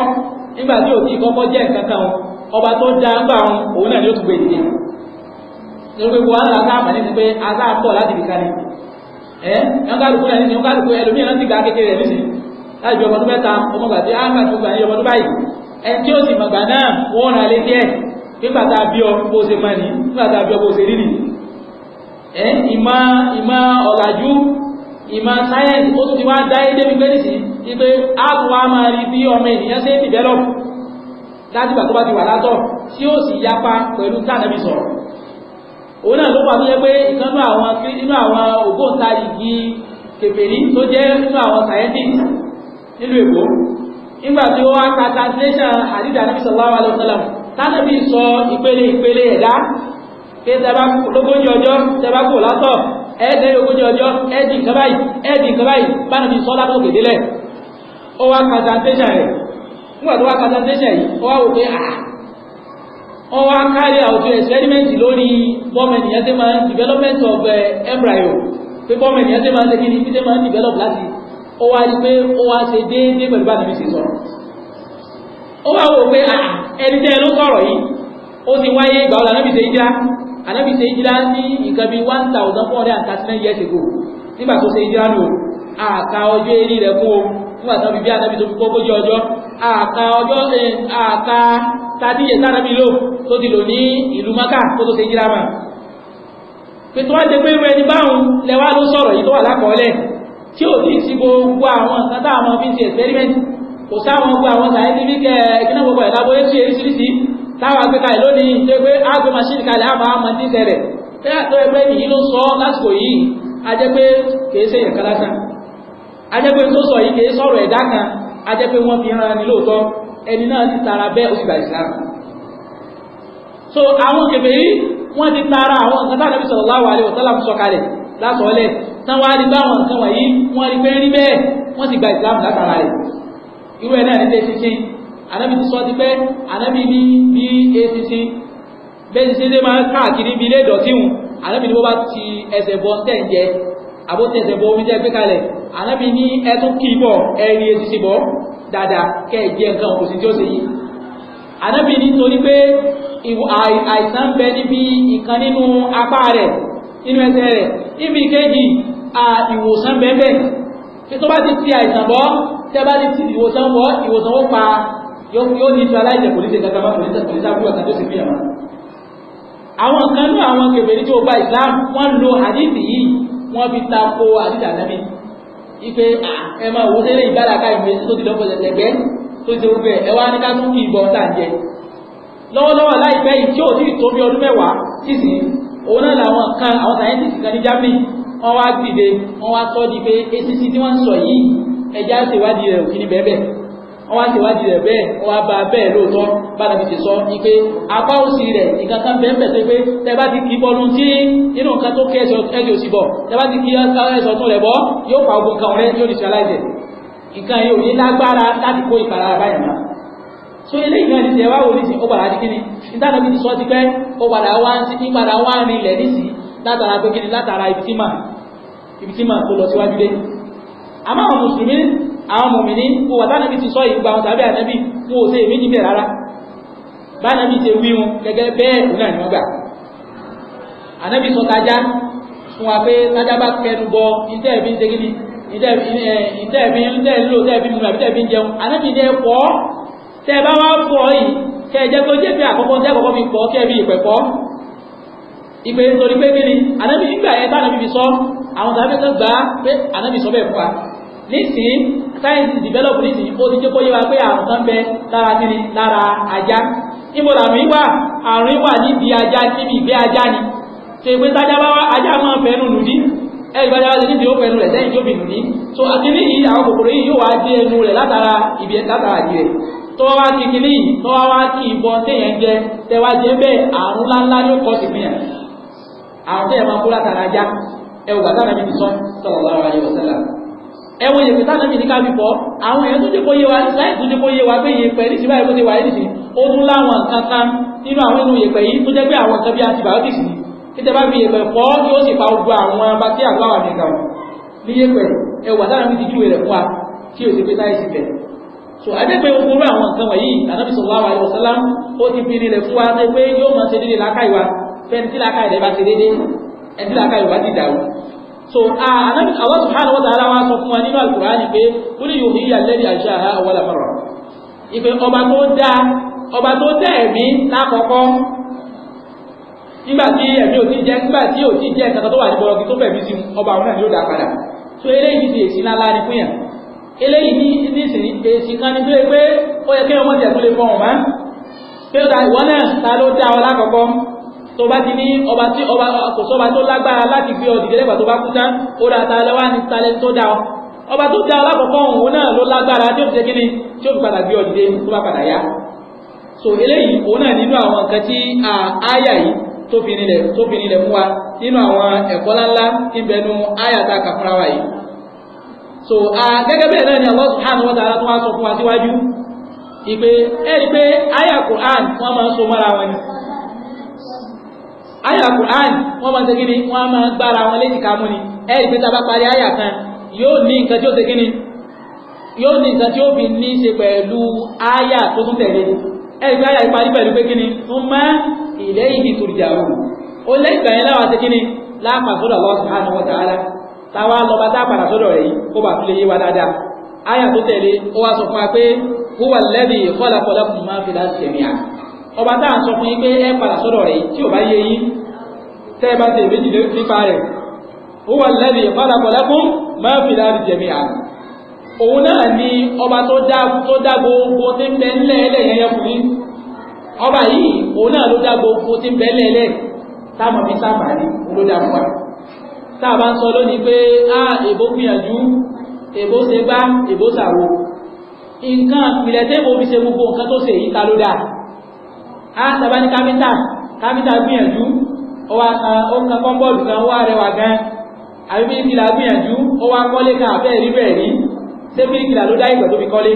nígbà tí ò tí kọ́kọ́ jẹ́ nǹkan kan ọba tó dá ń gbà wọn òun náà ni ó tún gbé ìdílé nínú gbogbo wàhálà sáàmà nínú pé azá pọ̀ láti fi kalẹ̀ ẹ yọkàlùkù náà nínú yọkàlùkù ẹlòmíì náà ti ga kékeré rẹ̀ nísìnyí láti fi ọmọdún mẹ́ta ọmọgbà tí áńgbà tó gbà ní ọmọdún báyìí ẹ tí ó sì mọ̀gbà náà wọ́n rà lé díẹ̀ nígbà tá a bí ọ bó ṣe mọ̀ ní nígbà tá a bí ọ bó ṣe rírì ẹ ìmọ̀ ìmọ̀ ọ̀làjú ìmọ̀ sáyẹ́ǹsì ó tún ti wá dáyé débi pé nìsín ti pé áàpù wa máa rí bí ọmọ ènìyàn ṣe ń dìbẹ́lọ̀pù láti ìgbà tó bá ti wà látọ̀ tí ó sì yapa pẹ̀lú tánàbí sọ̀rọ̀ òun náà ló wà tó yẹ pé ìkanú àwọn nínú àwọn ògbóǹtarìgì kèfèrí tó jẹ́ nínú àwọn scientist nínú èkó nígbà tí ó wá ka translation àdídà níbi sallallahu alaihi wasallam tánàbí sọ ìpele ìpele ẹ̀dá pé tẹ́bá lógójì ọjọ́ tẹ́bá kò látọ̀ ẹ̀ẹ́dẹ̀rẹ̀ ogójì ọjọ́ ẹ̀ẹ́dì nǹkan báyìí ẹ̀ẹ́dì nǹkan báyìí bánà mi sọ lábẹ́ òkè délẹ̀ ó wá kàtàntẹ́ṣà rẹ̀ nígbà tó wá kàtàntẹ́ṣà yìí ó wá wò pé à ah! ó wá kárí àwùjọ experiment lórí bọ́mẹ̀nì yẹn tẹ́ máa ń development of eh, embryo pé bọ́mẹ̀nì yẹn tẹ́ máa develop láti ó wá rí pé ó wá ṣe déédéé pẹ̀lú bánà mi sì anabi ṣe ìjìlá ní nǹkan bíi one thousand four hundred and thirty nine years ago nígbà tó ṣe ìjìlá nù àka ọjọ́ eré rẹ̀ fún o nígbà tó fi bí anabi tó fi kókójì ọjọ́ àka ọjọ́ àka eh, thirty years anabi lò tó ti lò ní ìlú maka tó tó ṣe ìjìlá mà pètò wá ṣe pé irú ẹni báwọn lẹwà ló sọ̀rọ̀ yìí tó wà lákọọ́lẹ̀ tí ò ní sí gbogbo àwọn nǹkan táwọn fi ń ṣe experiment kò sáwọn gbogbo àwọn scientific ẹ̀ eh, kí náà gbogbo ẹ̀ lábọ́ yẹn ṣe oríṣiríṣi táwa gbé kalẹ̀ lónìí ṣe pé ágbé machine kalẹ̀ àmọ́ àmọ́ tí ṣẹlẹ̀ tẹ́lẹ̀ tó ẹgbẹ́ yìí ló sọ lásìkò yìí ajẹ́ pé kìí ṣe ìyẹ̀kan lásán ajẹ́ pé tó sọ yìí kìí sọ̀rọ̀ ẹ̀dá kan ajẹ́ pé wọ́n fi hàn ní lóòótọ́ ẹni náà ti tara bẹ́ẹ̀ ó sì gbà ìsìlámù so àwọn kèfè yìí wọ́n ti tara àwọn nǹkan táwọn ẹbí sallallahu alaihi wasallam sọ kalẹ̀ lásọ̀ọ́lẹ̀ tán wá rí bá àwọn nǹkan wọ̀nyí wọ́n rí pé rí bẹ́ẹ̀ wọ́n sì gba ìsìlámù látara rẹ̀ irú ẹ̀ náà ní tẹ́sí ànábì ti sọ ti pẹ́ ànábì ní bí acc bẹ́ẹ̀ ti ṣe máa ń káàkiri bí ilé ìdọ̀tí hùn ànábì ní bó bá ti ẹsẹ̀ bọ́ tẹ̀ǹjẹ àbó ti ẹsẹ̀ bọ́ omi tẹ́ gbé kalẹ̀ ànábì ní ẹtún kì í bọ̀ ẹ̀rí acc bọ̀ dáadáa kẹ́ ẹ̀ jẹ́ nǹkan òkùnsin tí ó ṣe yìí ànábì ní torí pé àìsàn bẹ níbi ìkan nínú apá rẹ̀ nínú ẹsẹ̀ rẹ̀ níbi ìkejì ìwòsàn bẹ́ẹ̀ bẹ́ẹ̀ tó bá ti ti àìsàn bọ́ tẹ́ bá ti ti ìwòsàn bọ́ ìwòsàn ó pa yóò ní neutralize kò ní ṣe kankan kò ní ṣe kò ní ṣe àbúrò kan tó sì fìyàmà. àwọn kan ní àwọn kèbèrè tí ó bá Islam wọ́n lo àdìsí yìí wọ́n fi ta ko àdìsí ànábì ipe ẹ máa wo ṣẹlẹ̀ ìbáraka ìwé tó ti lọ́pọ̀ ṣẹ̀ṣẹ̀gbẹ́ tó ti rúbẹ̀ ẹ wá ní ká tún kí ìbọn tá à ń jẹ lọ́wọ́lọ́wọ́ láìpẹ́ yìí tí ò tí ì tó bí ọdún mẹ́wàá sísìn òun náà làwọn kan àwọn sáyẹ́ntìsì kan ní Germany wọ́n wá dìde wọ́n wá sọ di pé acc tí wọ́n ń sọ yìí ẹja ṣèwádìí rẹ̀ òfin bẹ́ẹ̀ bẹ́ẹ̀ wọ́n wá tẹ̀wájú rẹ̀ bẹ́ẹ̀ wọ́n wá bá bẹ́ẹ̀ lóòótọ́ bára fi ṣe sọ wípé apá òsì rẹ̀ nǹkan kan bẹ́ẹ̀ bẹ́ẹ̀ tó pé tẹ bá ti kí bọ́ọ̀lù tí inú nǹkan tó kẹ́ ẹ̀jẹ̀ òsì bọ̀ tẹ bá ti kí ẹ̀sọ̀ tún rẹ̀ bọ́ yóò pa ogun kan rẹ̀ yóò ní ṣaláìsẹ̀ nǹkan yóò ní lágbára láti kó ìpalára báyìí náà so eléyìí náà ní ti ẹwà wò ní sí ó padà di kíni ìdáná bí ti sọ ti pẹ́ ó padà wá ń sí padà wá ń rinlẹ̀ nísìí látara pé kíni látara ibi tí mà ibi tí mà tó lọ síwájú dé àwọn mùmìnì wọ́n wà tánàbí ti sọ ìgbà wọn tàbí ànábì wọn ò sí níbẹ̀ rárá bánàbí ti wí wọn gẹ́gẹ́ bẹ́ẹ̀ òun náà ni wọ́n gbà sọ tajá fún wa pé tajá bá kẹnu bọ ń ń lò ń jẹun ẹ̀kọ́ tẹ́ ẹ bá wá pọ̀ yìí kẹ́ ẹ jẹ́ jẹ́ pé àkọ́kọ́ bí nísìnyí sáyẹ́ǹsì dìvẹ́lọ́pù nísìnyí ó ti jẹ́ kó yé wa pé àrùn kan bẹ lára kiri lára ajá níbo làrùn yìí wà àrùn yìí wà níbi ajá níbi ìgbé ajá ni ṣe pé tájá bá wá ajá máa ń fẹnu nù ní ẹ̀rí bá dáwọ́ níbi ó fẹnu rẹ̀ sẹ́yìn tó fi nù ní so àkíní yìí àwọn kòkòrò yìí yóò wá dé ẹnu rẹ̀ látara ibi látara àdì rẹ̀ tó wá ti kíní yìí tó wá wá kí ìbọn téèyàn jẹ tẹwàá jẹ bẹ́ẹ̀ àrùn ńláńlá ló kọ́ sí fìyàn àrùn téèyàn máa kó látara ajá ẹ̀wù bàtà nàbí ti sọ sallallahu alaihi wasallam ẹwọ yẹ̀pẹ̀ tá nàbì ní ká fi bọ́ àwọn èèyàn tó jẹ́ kó yé wa láì tó jẹ́ kó yé wa pé yẹ̀pẹ̀ ní síbáyé tó ti wà ní sí ó tún láwọn nǹkan kan nínú àwọn inú yẹ̀pẹ̀ yìí tó jẹ́ pé àwọn nǹkan bí antibiotics ni títẹ bá fi yẹ̀pẹ̀ fọ́ kí ó sì fa gbogbo àwọn bacteria tó wà nìkan ní yẹ̀pẹ̀ ẹwà tá nàbì ti júwe rẹ̀ fún wa tí o sì fi sáyẹ̀sì tẹ̀ so adẹ́gbẹ́ ogoro àwọn nǹkan wọ̀nyí ànábì sallallahu alaihi wasallam ó ti fi rinlẹ̀ fún wa pé yóò máa ṣe déédéé lákàìwá fẹ́ni tí lákàìwá bá ti déédéé ẹni tí lákàìwá ti dàrú so anabi ah, Allah subhanahu wa ta'ala wa sọ fún wa nínú alukur'ani pé ó ní yòóhì alladhi ansha'aha awwala marra ìpè ọba tó dá ọba tó dá ẹ̀mí lákọ̀ọ́kọ́ nígbà tí ẹ̀mí ò ti jẹ́ nígbà tí ò ti jẹ́ kankan tó wà níbọ̀ ọ̀gbìn tó fẹ̀mí sí ọba òun náà ni ó dá padà so eléyìí ti èsì ńlá ní fún yàn eléyìí ní nísìnyí èsì kan ní pé ó yẹ kí ọmọ tẹ̀ lè fọ ọ̀hún pé ó náà ta ló dá ọ lákọ̀ọ́kọ́ tó bá ti ní ọba tí ọba kò sọba tó lágbára láti gbé ọ dìde lẹ́gbàá tó bá kú tán ó dà ta lẹ́wà ní talẹ́ tó dá ọ ọba tó dá alákọ̀ọ́kọ́ òun náà ló lágbára tí ó fi ṣe kí ni tí ó fi padà gbé ọ tó bá padà yá so eléyìí òun náà nínú àwọn nǹkan tí àáyà yìí tó fi nílẹ̀ tó fi nílẹ̀ fún wa nínú àwọn ẹ̀kọ́ ńláńlá tí ń bẹnu àáyà tá a kà fúnra wa yìí so gẹ́gẹ́ bẹ́ẹ̀ náà ni Allah subhanahu wa ta'ala tó wá sọ fún wa síwájú ìpè ẹ̀rí pé àáyà wọ́n àyà Qur'an wọ́n máa ń segin ni wọ́n máa ń gbára wọn léjì ká mú ni ẹ rí pé tábà parí àyà kan yóò ní nǹkan tí ó segin ni yóò ní nǹkan tí ó fi ní ṣe pẹ̀lú àyà tó tún tẹ̀lé ẹ rí pé àyà ìparí pẹ̀lú pé kíni fún mọ́ ilé ìdí tòrìjàrò ó lẹ́yìn ìgbà yẹn segin ni láàpà sọ́dọ̀ Allah subhanahu wa ta'ala táwa lọ́ba tá a padà sọ́dọ̀ rẹ̀ yìí kó bàa tún yé wa dáadáa àyà tó tẹ̀lé ó wá sọ fún wa pé huwa alladhi khalaqa lakum ma fil ardi ọba tá à ń sọ fún yín pé ẹ padà sọ́dọ̀ rẹ̀ tí ò bá yé yín tẹ́ ẹ bá ti èméjì nípa rẹ̀ ó wà lẹ́bi ìfọ́dàkọ̀lẹ́kùn máa fi láti jẹ̀mí àná òun náà ni ọba tó dá tó dá gbogbo tí ń bẹ ńlẹ̀ ẹlẹ́ yẹn yẹn fún yín ọba yìí òun náà ló dá gbogbo tí ń bẹ ńlẹ̀ ẹlẹ́ táwọn fi sábà ní ló dá fún wa tá a bá ń sọ lónìí pé a èbó gbìyànjú èbó ṣe gbá èbó ṣàwo nǹkan ìpìlẹ̀ tẹ́bó fi ṣe gbogbo nǹkan tó ṣe yìí ta ló dáa á tàbá ní kámítà kámítà gbìyànjú ó wá kan kọ́ńbọ́ọ̀lù kan ó wá rẹwà gan àbí bíríkìlà gbìyànjú ó wá kọ́lé kan àbẹ́ẹ̀ rí bẹ́ẹ̀ rí ṣé bíríkìlà ló dá ìgbà tó fi kọ́lé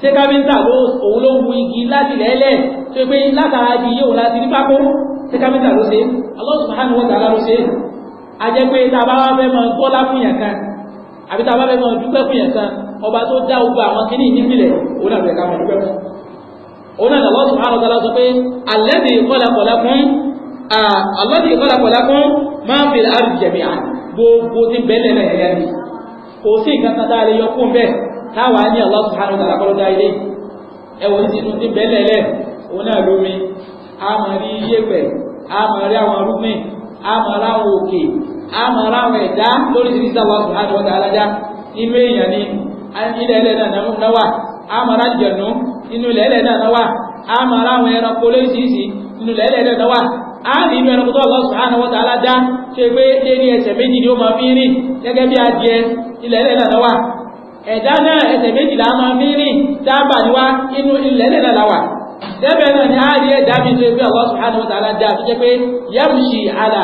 ṣé kámítà ló òun ló wu igi láti lẹ́lẹ̀ tó pé látara igi yóò láti rí pákó ṣé kámítà ló ṣe Allah subhanahu wa ta'ala ló ṣe a jẹ́ pé tá a bá wá fẹ́ mọ gbọ́lá fún yàn kan àbí tá a bá fẹ́ mọ dúpẹ́ fún yàn kan ọba tó dá gbogbo àwọn kíní ìnípìlẹ̀ òun àbẹ̀ká mọ dúpẹ́ fún ọ̀nà Allah subhanahu wa ta'ala sọ pé alladhi khalaqa lakum alladhi khalaqa lakum ma fil ardi jami'an gbogbo ti bẹ́lẹ̀ náà yẹ̀yẹ́ ni kò sí nǹkan kan tá a lè yọ kún bẹ́ẹ̀ táwa ní Allah subhanahu wa ta'ala kọ́ ló dá ilé ẹ̀wọ̀n ní sinú ti bẹ́lẹ̀ lẹ̀ òun náà lómi a máa rí yẹ̀pẹ̀ a máa rí àwọn arúgbìn a máa rá àwọn òkè a máa rá àwọn ẹ̀dá lóríṣiríṣi Allah subhanahu wa ta'ala dá inú èèyàn ni ilẹ̀ ẹlẹ́ náà a máa rá jẹ̀nu inú lẹ́lẹ̀ náà náà wà á máa ráwọn ẹranko lóríṣiríṣi inú lẹ́lẹ̀ náà náà wà á rí inú ẹranko tó Allah subhanahu wa ta'ala dá ṣe pé dé ní ẹsẹ̀ méjì ni ó máa fi rìn gẹ́gẹ́ bí adìẹ ilẹ̀lẹ̀ náà náà wà ẹ̀dá náà ẹsẹ̀ méjìlá máa fi rìn dábà níwá inú ilẹ̀lẹ̀ náà náà wà dẹ́bẹ̀ náà ni á rí ẹ̀dá mi ṣe pé Allah subhanahu wa ta'ala dá ṣe pé yamshi ala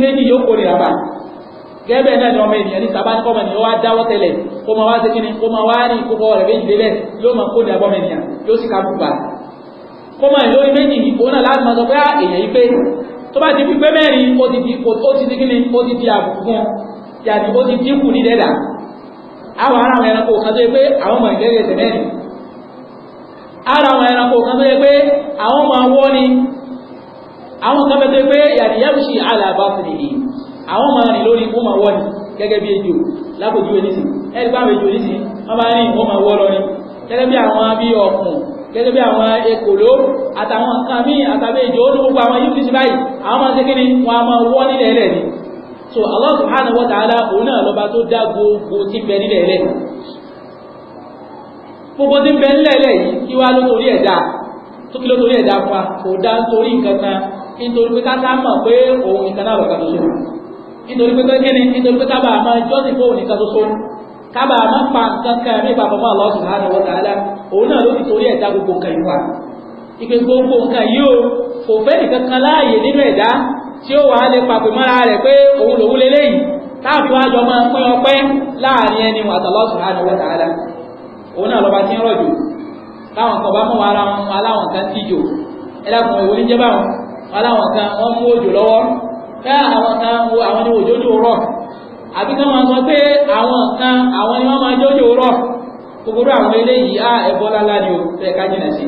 méjì yóò kórìíra báyìí gẹ́gẹ́ náà ni ọmọ ènìyàn ní sábàtì kọ́mọ ènìyàn wá dáwọ́ tẹ́lẹ̀ kó máa wá sí kíni kó máa wá ní kókó rẹ̀ méjì délẹ̀ yóò máa kó ní abọ́mọ ènìyàn yóò sì ká bùbà kó máa ní lórí méjì yìí òun náà láti máa sọ pé ah, èèyàn yìí pé tó bá ti fi pé mẹ́rin ó ti di ó ti di kíni ó ti di àbùkù fún yàtì ó ti dínkù ní dẹ́dà àwọn àwọn ẹranko kan tó yẹ pé àwọn ọmọ ìgbẹ́rẹ̀ mẹ́rin ara àwọn ẹranko kan tó yẹ pé àwọn ọmọ àwọn ọmọ rìn lórí ó máa wọ́ ni gẹ́gẹ́ bí ejò lápòjú onísìn ẹni bá àwọn ejò onísìn wọ́n máa rìn ó máa wọ́ lọ ni gẹ́gẹ́ bí àwọn bí ọ̀kùn gẹ́gẹ́ bí àwọn ekòló àtàwọn nǹkan àtàwọn ejò ó ní gbogbo àwọn yìí ti báyìí àwọn máa ṣe kíni wọn a máa wọ́ nílẹ̀ ẹlẹ́ ni so Allah subhanahu wa ta'ala òun náà lọ́ba tó dá gbogbo tí bẹ nílẹ̀ ẹlẹ́ gbogbo tí bẹ nílẹ̀ ẹlẹ́ yìí kí wá ló torí ẹ̀dá tó kí ló torí ẹ̀dá fún wa kò dá nítorí nǹkan kan nítorí pé ká sá mọ̀ pé òun nìkan náà tó ṣe nítorí pé kíni nítorí pé kábàá máa jọ́sìn fóun nìkan ṣoṣo kábàá máa pa nǹkan kan ní bàbá máa Allah subhanahu wa ta'ala òun náà ló ti torí ẹ̀dá gbogbo nǹkan yìí wà ìpè gbogbo nǹkan yìí o kò fẹ́ nìkan kan láàyè nínú ẹ̀dá tí ó wà á lè papè mọ́ra rẹ̀ pé òun lòun leléyìí táàbí wá jọ máa pín ọpẹ́ láàrin ẹni Allah subhanahu wa ta'ala òun náà lọ́ba tí ń rọ̀jò táwọn kan bá mú ara wọn aláwọn kan tíjò ẹlẹ́kùnrin òun ní wọ́n mú ká àwọn kan wo àwọn ni òjòjò rọ̀ àbí kan máa sọ pé àwọn kan àwọn ni wọ́n máa jójò rọ̀ gbogbo àwọn eléyìí á ẹ̀bọ́ lálá ni ó fẹ́ ká jìnà sí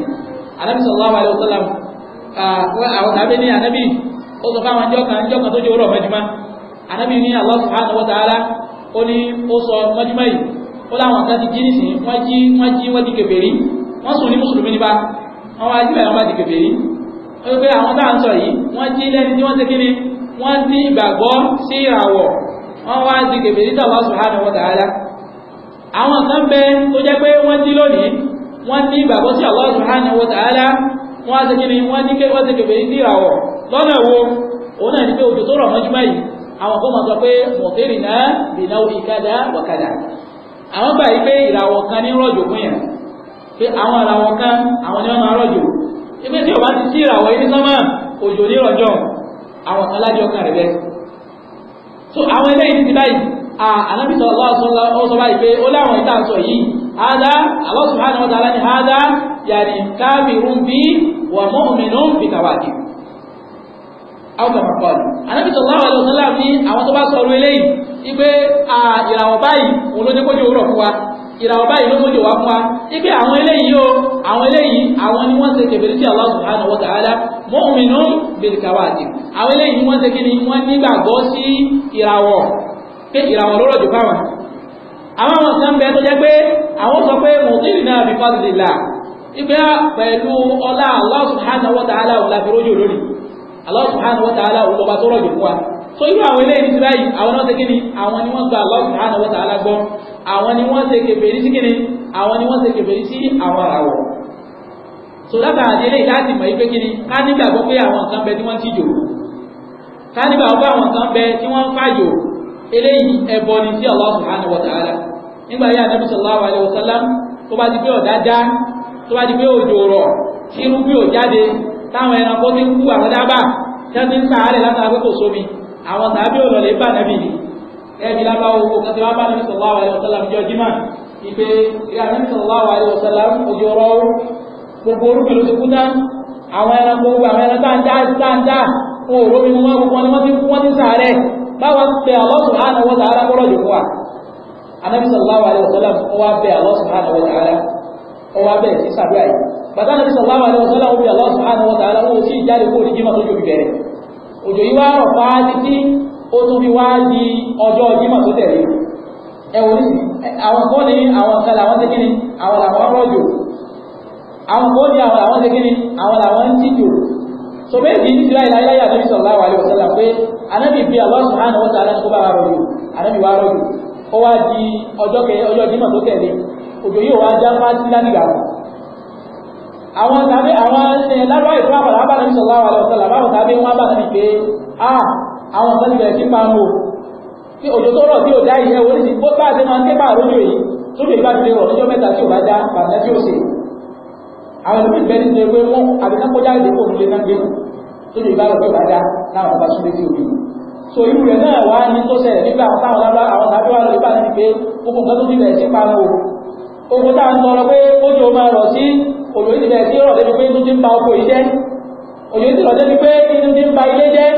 anábì sallallahu Allah subhanahu wa ta'ala ó ní ó sọ mọ́júmá yìí ó láwọn kan ti jí nísìn wọ́n jí wọ́n jí wọ́n di kèfèrí wọ́n sùn wá jí báyìí wọ́n bá di ó pé àwọn táà ń sọ yìí wọ́n jí lẹ́ni tí wọ́n ti kíni wọ́n ní ìgbàgbọ́ sí ìràwọ̀ wọ́n wá di kèfèrí sí Allah subhanahu wa ta'ala àwọn kan bẹ tó jẹ́ pé wọ́n dí lónìí wọ́n ní ìgbàgbọ́ sí Allah subhanahu wa ta'ala wọ́n á segin wọ́n ní wọ́n ti kèfèrí sí ìràwọ̀ lọ́nà wo òun náà ní pé òjò tó rọ̀ mọ́júmọ́ yìí àwọn kan sọ pé mọ̀tẹ́rì náà orí kádà àwọn gbà pé àwọn kan lájọ kan rẹ̀ bẹ́ẹ̀ so àwọn eléyìí ti báyìí ànábì sallallahu alaihi wasallam ó sọ báyìí pé ó láwọn ìta sọ yìí hada Allah subhanahu wa ta'ala ni hada yàní kafirun bí wa mu'minun bí kàwáàdì àwọn kan pàpọ̀ ni ànábì sallallahu alaihi wasallam ní àwọn tó bá sọ ọ̀rọ̀ eléyìí ipe ìràwọ̀ báyìí òun ló ní kó ní òwúrọ̀ fún wa ìràwọ̀ báyìí ló mọ́jọ wá fún wa ipé àwọn eléyìí o àwọn eléyìí àwọn ni wọ́n ṣe kèbèrè sí Allah subhanahu wa ta'ala mu'minun bil kawakib àwọn eléyìí wọ́n ṣe kí wọ́n nígbàgbọ́ sí ìràwọ̀ pé ìràwọ̀ ló rọ̀jù fáwọn àwọn àwọn kan bẹ tó jẹ́ pé àwọn sọ pé mọ̀tíìrì náà bí fadlillah ipé la fi rójò lónìí Allah subhanahu wọ́n gba àwọn ni wọ́n ṣe kèfèrí sí kíni àwọn ni wọ́n ṣe kèfèrí sí àwọn àràwọ̀ so látàrí àdélé láti mọ̀ ipé kíni ká nígbàgbọ́ pé àwọn nǹkan bẹ tí wọ́n ti jò ká nígbàgbọ́ pé àwọn nǹkan bẹ tí wọ́n fàyò eléyìí ẹbọ ni sí Allah subhanahu wa ta'ala nígbà yá Nabi sallallahu alaihi wasallam tó bá ti pé ọ̀dá já tó bá ti pé òjò rọ̀ tí irúgbìn ò jáde táwọn ẹranko ti ń kú àwọn dábà tí ń sàárẹ̀ látara kò sómi àwọn tàbí òlọ̀lẹ́ bá nàbì ẹbí lábá owó kàtí wá bá nàbí sallallahu alaihi wasallam jẹ́ ọjímà ìpè ìrànàbí sallallahu alaihi wasallam ojú ọrọ̀ gbogbo orúkẹ ló ti kú tán àwọn ẹran gbogbo àwọn ẹran táńdá táńdá fún òró mi wọn gbogbo wọn ti wọn ti sàárẹ báwa bẹ Allah subhanahu wa ta'ala kọlọ fún wa anabi sallallahu alaihi wasallam ó bẹ Allah subhanahu wa ta'ala bẹ sí yìí ó tún fi wá di ọjọ́ jímọ̀ tó tẹ̀lé ẹ̀wọ̀n ní àwọn kan ní àwọn kan làwọn ṣe kíni àwọn làwọn rọ̀jò àwọn kan ní àwọn làwọn ṣe kíni àwọn làwọn ń tìjò so méjì ní ìsirá ìlà ìlà ìyàtọ̀ sallallahu alaihi wasallam pé anábì bí Allah subhanahu wa ta'ala kó bá wa rọ̀jò anábì wa rọ̀jò ó wá di ọjọ́ jímọ̀ tó tẹ̀lé òjò yóò wá já fásitì lánìgbà àwọn tàbí àwọn lárúbáyé tó wà pàdé abánàbí sallallahu alaihi wasallam báwọn tàbí wọn abánàbí pé A. Ah, àwọn ọ̀sán ìbẹ̀rẹ̀ sí máa ń wò tí òjò tó rọ̀ tí ò dá ìyẹn orí sí bóta àti máa ń tẹ́pà lójú èyí tó lè bá ti rọ̀ lọ́jọ́ mẹ́ta tí ò bá dá bàtà tí ò sè àwọn ìlú ìbẹ́ ní pé wọ́n àbíká kó jáde kó nílé náà gbé tó lè bá rọ̀ pé bá láwọn ọba súnlé tí ò bí so irú rẹ̀ náà wá ní tó ṣẹlẹ̀ nígbà táwọn lábá àwọn tàbí wà lórí báyìí pé gbogbo nǹkan tó ti sí máa ń wò oko tá à ń tọrọ pé kójú máa rọ̀ sí òjò ìdìbẹ̀ sí rọ̀ débi pé tó ti ń ba oko yìí jẹ́ òjò ìdìbẹ̀ débi pé tó ti ń ba ilé jẹ́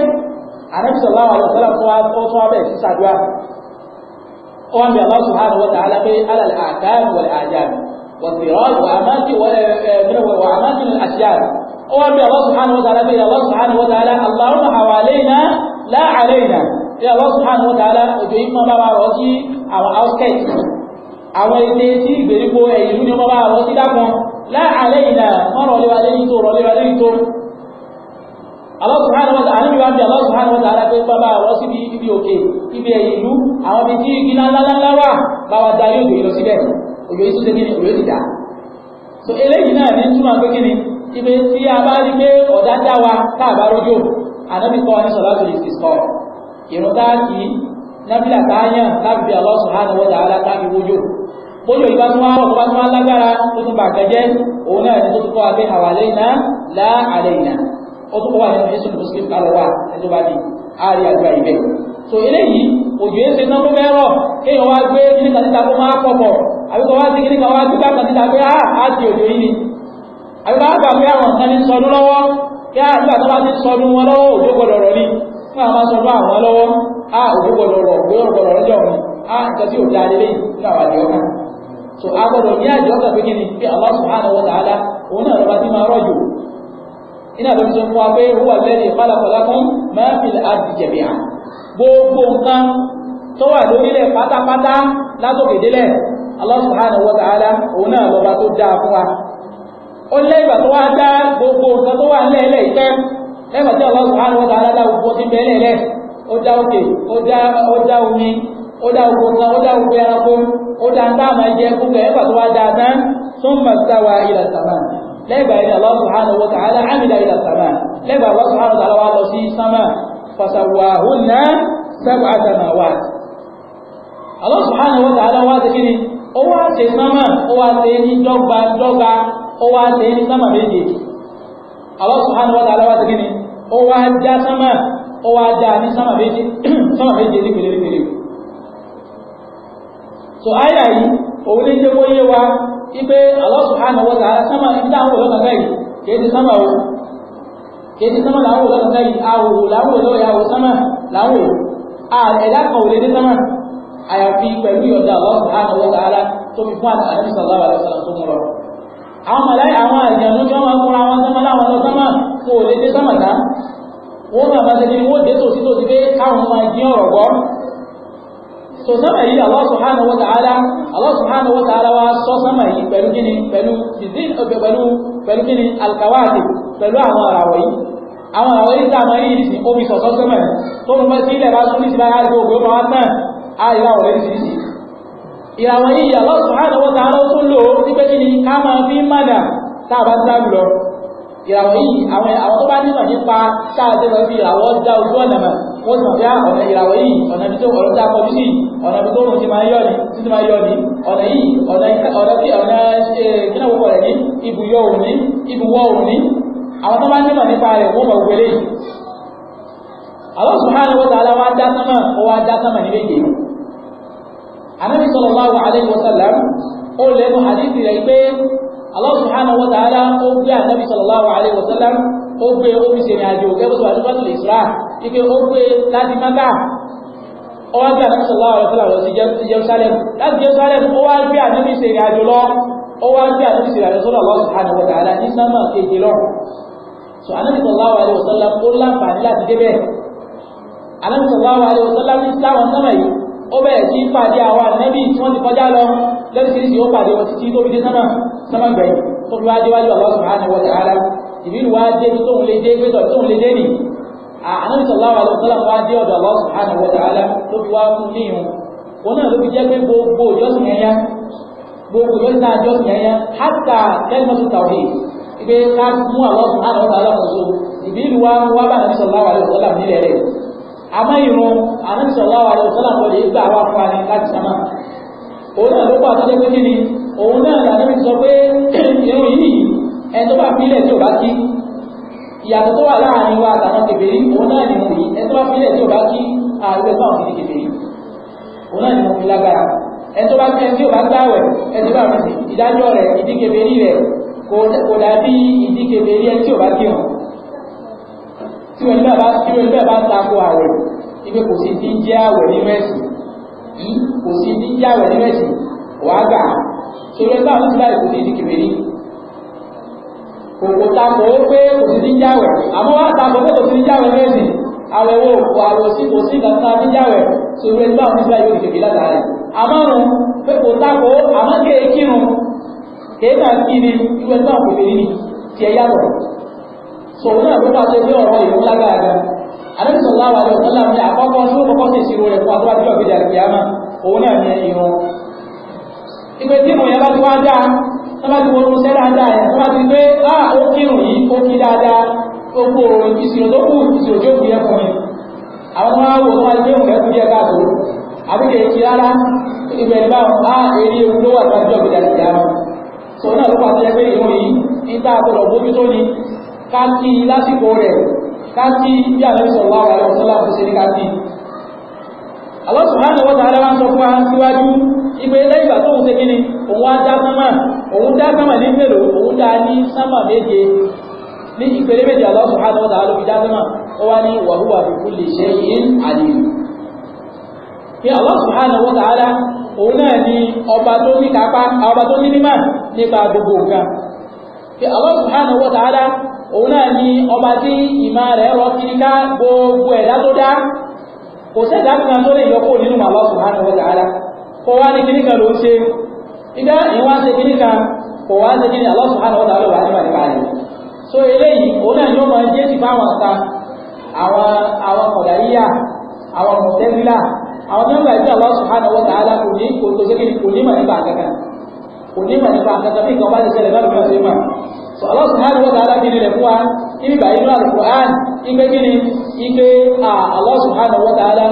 àrẹ́bí sallallahu alaihi wasallam tó tún abẹ́ sí sàdúrà ó wá bí Allah subhanahu wa ta'ala pé alàlẹ́ àdáàbò wọlé àjáàbò والصراط وأماكن وأماكن الأشجار أمر الله سبحانه وتعالى في الله سبحانه وتعالى اللهم حوالينا لا علينا في الله سبحانه وتعالى أجيب ما بابا روشي أو أوسكيت àwọn ètè tí ìgbèríko ẹ̀yìn ní ọmọ bá àwọn sídá kan láàárín ìlà mọ́rọ̀ léwa lẹ́yìn tó rọ̀ léwa lẹ́yìn tó Allah subhanahu wa ta'ala wá bí Allah subhanahu wa ta'ala pé bàbá àwọn síbi ibi òkè ibi ẹ̀yìn ìlú àwọn ibi so eléyìí náà ní túmọ̀ pé kíni ibi tí a bá rí pé ọ̀dá dá wa tá a bá rójò ànábì kọ́ ní sọ̀lá tó lè ti sọ ìrún tá a kì í nábìlà tá a yàn láti bí Allah subhanahu wa ta'ala tá a tó wá lágbára tó tún bàgẹ́jẹ́ òun náà ní tó tún kọ́ abẹ́ àwàlẹ́ iná lá iná ó tún wà nínú yéṣu muslim alọ́wà ẹjọ́ bá di àárí àdúrà ibẹ̀ so eléyìí òjò yẹn ṣe náwó mẹ́rọ̀ kéèyàn wá gbé kíní kan níta kó máa pọ̀ pọ̀ àbíkọ wá sí kíní kan wá gbé bá kan níta pé á á ti òjò yìí ni àbíkọ wá gbà pé àwọn kan ní sọdún lọ́wọ́ kí á ah, nígbà tó bá ti sọdún wọn lọ́wọ́ òjò gbọdọ̀ rọ̀ ni fún àwọn máa sọdún àwọn lọ́wọ́ á ah, òjò gbọdọ̀ rọ̀ gbé ọ̀gbọ̀dọ̀ rọ̀ jọ̀ ni á nǹkan tí ò da lélẹ̀ nínú àwọn àdìọ́kà so a gbọdọ̀ ní àdìọ́kà pé kíni pé Allah subhanahu wa ta'ala òun iná ló ti sọ fún wa pé huwa alladhi khalaqa lakum ma fil ardi jami'an gbogbo nǹkan tó wà lórílẹ̀ pátápátá látòkè délẹ̀ Allah subhanahu wa ta'ala òun náà lọ́ba tó dáa fún wa ó lẹ́gbà tó wá dá gbogbo nǹkan tó wà lẹ́ẹ̀lẹ́ ìtẹ́ lẹ́gbà tí Allah subhanahu dá gbogbo ti bẹ́ẹ̀ lẹ́ẹ̀ ó dá òkè ó dá omi ó dá ogun kan ó dá ogun ẹranko ó dá ń dá àmà jẹ gbogbo ẹ̀fà lẹ́gbàá ilẹ̀ Allah subhanahu wa ta'ala amida ila sama lẹ́gbàá Allah subhanahu wa ta'ala wá lọ sí sama fasawahunna sab'a samawat Allah subhanahu wa ta'ala wá ti kíni ó wá ṣe sama ó wá ṣe ní dọ́gba dọ́gba ó wá sama méje Allah subhanahu wa ta'ala wá ti kíni ó wá sama ó wá já sama méje sama méje ní so àyà yìí ipe Allah subhanahu wa ta'ala sánmà ìdá àwọn olóòtú ọ̀gá yìí kìí ti sánmà o kìí ti sánmà láwọn olóòtú ọ̀gá yìí àwò láwọn olóòtú ọ̀gá sánmà láwọn ẹ̀dá kan ò lè dé sánmà àyàfi pẹ̀lú ìyọ̀dá Allah subhanahu wa ta'ala tó fún àtàlẹ́ sallallahu alaihi wasallam tó mú lọ. àwọn mọ̀lẹ́ àwọn àjẹ̀nú tí wọ́n múra wọn sánmà láwọn lọ sánmà kò lè dé sánmà tán wọ́n máa bá wọ́n dé tòsítòsí pé káwọn máa dín ọ̀rọ̀ gbọ́ so sama yìí Allah subhanahu wa ta'ala Allah subhanahu wa ta'ala wa sọ sama yìí pẹ̀lú kíni pẹ̀lú ìdín ọ̀gbẹ̀ pẹ̀lú pẹ̀lú kíni alkawaati pẹ̀lú àwọn àràwọ̀ yìí àwọn àràwọ̀ yìí tá a máa yìí sí omi sọ̀sọ́ sama yìí tó ń bá sí ilẹ̀ bá tún ní sí báyà àti ògbó máa tán á ìlà ọ̀rẹ́ ìsirísi ìràwọ̀ yìí Allah subhanahu wa ta'ala lò ó sí pé kíni ká máa fi mádà tá a bá dábì lọ ìràwọ̀ yìí àwọn àwọn tó bá nímọ̀ nípa sáàtẹ́ lọ sí ìràwọ̀ dá ojú ọ̀nà mọ̀ wọ́n sọ pé ah, ọ̀nà ìràwọ̀ yìí ọ̀nà ibi tó ọ̀rọ̀ dá kọjú sí ọ̀nà ibi tó rùn ti máa yọ ni tí ti máa yọ ni ọ̀nà yìí ọ̀nà ọ̀nà tí ọ̀nà kíná gbogbo rẹ̀ ní ibùyọ òun ní ibùwọ̀ òun ní àwọn tó bá nímọ̀ nípa rẹ̀ wọ́n mọ̀ gbélé Allah subhanahu wa ta'ala wa dá sánmà ó wá dá sánmà ní méje Ànábì sallallahu alaihi wasallam ó lẹ́nu àdíkì rẹ̀ pé Allah subhanahu wa ta'ala ó gbé ànábì sallallahu alaihi wasallam ó gbé omi ṣe ní àjò gẹ́gẹ́ bó wà ní Isra ike ó gbé láti Mákà ó wá gbé ànábì sallallahu alaihi wasallam lọ sí Jerusalem láti Jerusalem ó wá gbé so ànábì sallallahu alaihi wasallam ó láǹfààní láti débẹ̀ ànábì sallallahu alaihi wasallam ní sáwọn sámà yìí ó bẹ̀rẹ̀ sí pàdé àwọn ànábì tí wọ́n ti kọjá lọ lẹ́sìrìsì ó pàdé wọn títí tó fi dé sánà sánà gbẹ̀yìn tó fi wá déwájú Allah subhanahu wa ta'ala ìbílù wá dé tó ń lè dé pẹ́tọ̀ tó ń lè dé nì ànábì sallallahu alaihi wasallam wá dé ọ̀dọ̀ Allah subhanahu wa ta'ala tó fi wá fún ní ìhun òun náà ló fi jẹ́ pé gbogbo ìjọsìn ẹ̀yà gbogbo ìjọsìn àjọsìn ẹ̀yà hátà Allah subhanahu wa ta'ala kò so ìbílù wá wá bá ànábì sallallahu àmọ́ ìrun àníṣọ̀lá wa lọ sọ́là pẹ̀lú ìgbà wa fún wa ní láti sánà òun náà ló pàtó jẹ́ pé kí ni òun náà lànà sọ pé irun yìí ẹni tó bá fílẹ̀ tí ò bá kí ìyàtọ̀ tó wà láàrin wa àtàwọn kèfèrí òun náà nìmú yìí ẹni tó bá fílẹ̀ tí ò bá kí ààrẹ fáwọn kìí kèfèrí òun náà nìmú fi lágbára ẹni bá kẹ́ tí ò bá gbáwẹ̀ ẹni bá fi ìdájọ́ rẹ̀ ìdí rẹ̀ kò dàbí ìdí kèfèrí tí ò bá kí wọn tí wọn bẹ́ẹ̀ bá tí wọn bẹ́ẹ̀ bá tako àwẹ̀ ibi kò sí ti jẹ́ àwẹ̀ nínú ẹ̀sìn yìí kò sí ti jẹ́ àwẹ̀ nínú ẹ̀sìn wàá gbà sọ̀rọ̀ ẹgbẹ́ àwọn ìsìláì kò sí ti kìbè ní kò tako pé kò sí ti jẹ́ àwẹ̀ àmọ́ wàá tako pé kò sí ti jẹ́ àwẹ̀ nínú ẹ̀sìn àwẹ̀ wo kò àwọ̀ sí kò sí ìdàtà ti jẹ́ àwẹ̀ sọ̀rọ̀ ẹgbẹ́ àwọn ìsìláì yóò kìbè látàrí àmọ́ nù pé kò tako àmọ́ kéèkì nù kéèkà kí ni ìwé náà kò so òun náà ló bá ṣe ní ọ̀rọ̀ ìlú lágbàága alẹ́ sọ̀lá wa lọ sọ́lá ní àkọ́kọ́ tí ó kọ́kọ́ sì ṣírò rẹ̀ fún àtúwájú ọ̀gbẹ̀dẹ̀ àkìyàmà òun náà ní ìran ìpè tí mo yẹ bá ti wá dáa tó bá ti wọ́n mú sẹ́dá dáa yẹn tó bá ti pé á ó kírun yìí ó kí dáadáa ó kú òòrùn ìṣirò tó kù ìṣirò tó kù yẹ fún mi àwọn tó wá wò tó wá ti gbé òun rẹ̀ kú yẹ káàtó àbíkè kí rárá ìbẹ̀rẹ̀ bá wọn á eré ewu ló wà tó àjọ ìgbèjà ìjà wọn. sọ náà ló pàṣẹ pé ìrún yìí ń tá àgbọ̀rọ̀ bójú tó ni ká kí i lásìkò rẹ̀ ká kí bí àlẹ́ sọ̀rọ̀ àwọn àwọn ọ̀sọ́lá kò sí ní ká kí i Allah subhanahu wa ta'ala wá sọ fún wa síwájú ìgbé lẹ́yìn ìgbà tó ń ṣe kí ni òun á dá sánmà òun dá sánmà ní mélòó òun dá ní sánmà méje ní ìpele méje Allah subhanahu wa ta'ala fi dá sánmà ó wá ní wa huwa bi kulli shay'in alim pé Allah subhanahu wa ta'ala òun náà ni ọba tó ní kápá ọba tó ní nímà nípa gbogbo nǹkan pé Allah subhanahu wa ta'ala òun náà ni ọba tí ìmọ̀ rẹ̀ rọ kiri ká gbogbo ẹ̀dá tó dá kò sẹ́dá kan tó lè yọkó nínú Allah subhanahu wa ta'ala kò wá ní kíní kan ló ń ṣe ìdá ìwọ́n ṣe kíní kò wá ṣe kíní Allah subhanahu wa ta'ala wà nípa nípa rẹ̀ so eléyìí òun náà ni ó máa ń jẹ́ sí fáwọn ọ̀tá àwọn àwọn kọ̀dáyíyà àwọn mọ̀tẹ́bílà àwọn Allah subhanahu wa ta'ala kò ní kò tó ṣe kíní kò ní mọ̀ nípa onímọ̀ nípa àtàkàbí nǹkan bá ti ṣẹlẹ̀ bá lùmọ̀ mọ̀ so Allah subhanahu wa ta'ala kí ni lè fún wa ibi bàyí nínú al-Qur'an ipe kí ni ipe Allah subhanahu wa ta'ala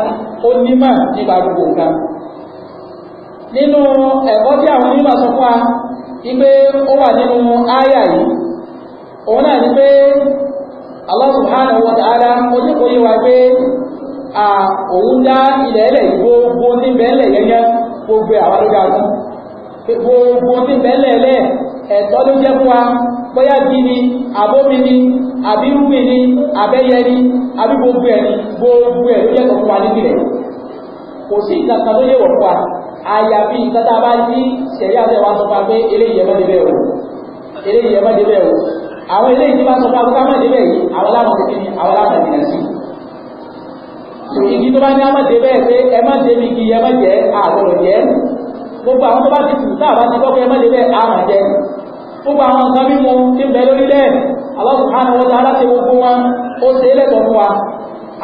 onímọ̀ nípa gbogbo nǹkan nínú ẹ̀kọ́ tí àwọn onímọ̀ sọ fún wa ipe ó wà nínú áyà yìí òun náà ni pé Allah subhanahu wa ta'ala oníkòyí wa pé òun dá ilẹ̀ ẹlẹ̀ gbogbo níbẹ̀ ẹlẹ̀ yẹn gbogbo àwọn ló gbogbo tí bẹ́lẹ̀ lẹ̀ ẹ̀tọ́ ló jẹ́ fún wa bóyá bí ni àbómi ni àbí rúmi ni àbẹ́yẹ ni àbí gbogbo ẹ̀ ni gbogbo ẹ̀ ló jẹ́ tó fún wa níbi rẹ̀ kò sí ìkàkà tó lè wọ̀ fún wa àyàfi ìkàtà bá ní sẹ̀rí àti ẹ̀wà sọ fún wa pé eléyìí ẹ̀ má débẹ̀ o eléyìí ẹ̀ má débẹ̀ o àwọn eléyìí tí bá sọ fún wa pé ká má débẹ̀ yìí àwọn láwọn tètè ni àwọn láwọn tètè sí igi tó bá ní a pé ẹ má débi igi ẹ má jẹ́ àgbọ̀rọ̀ jẹ́ gbogbo àwọn tó bá ti sùn táà bá ti gbọ́kẹ́ mẹ́lẹ̀ bẹ́ẹ̀ àrà jẹ gbogbo àwọn nǹkan mímu ti bẹ lórí lẹ́ẹ̀ Allah subhanahu wa ta'ala ti gbogbo wọn ó ṣe é lẹ́tọ̀ọ́ fún wa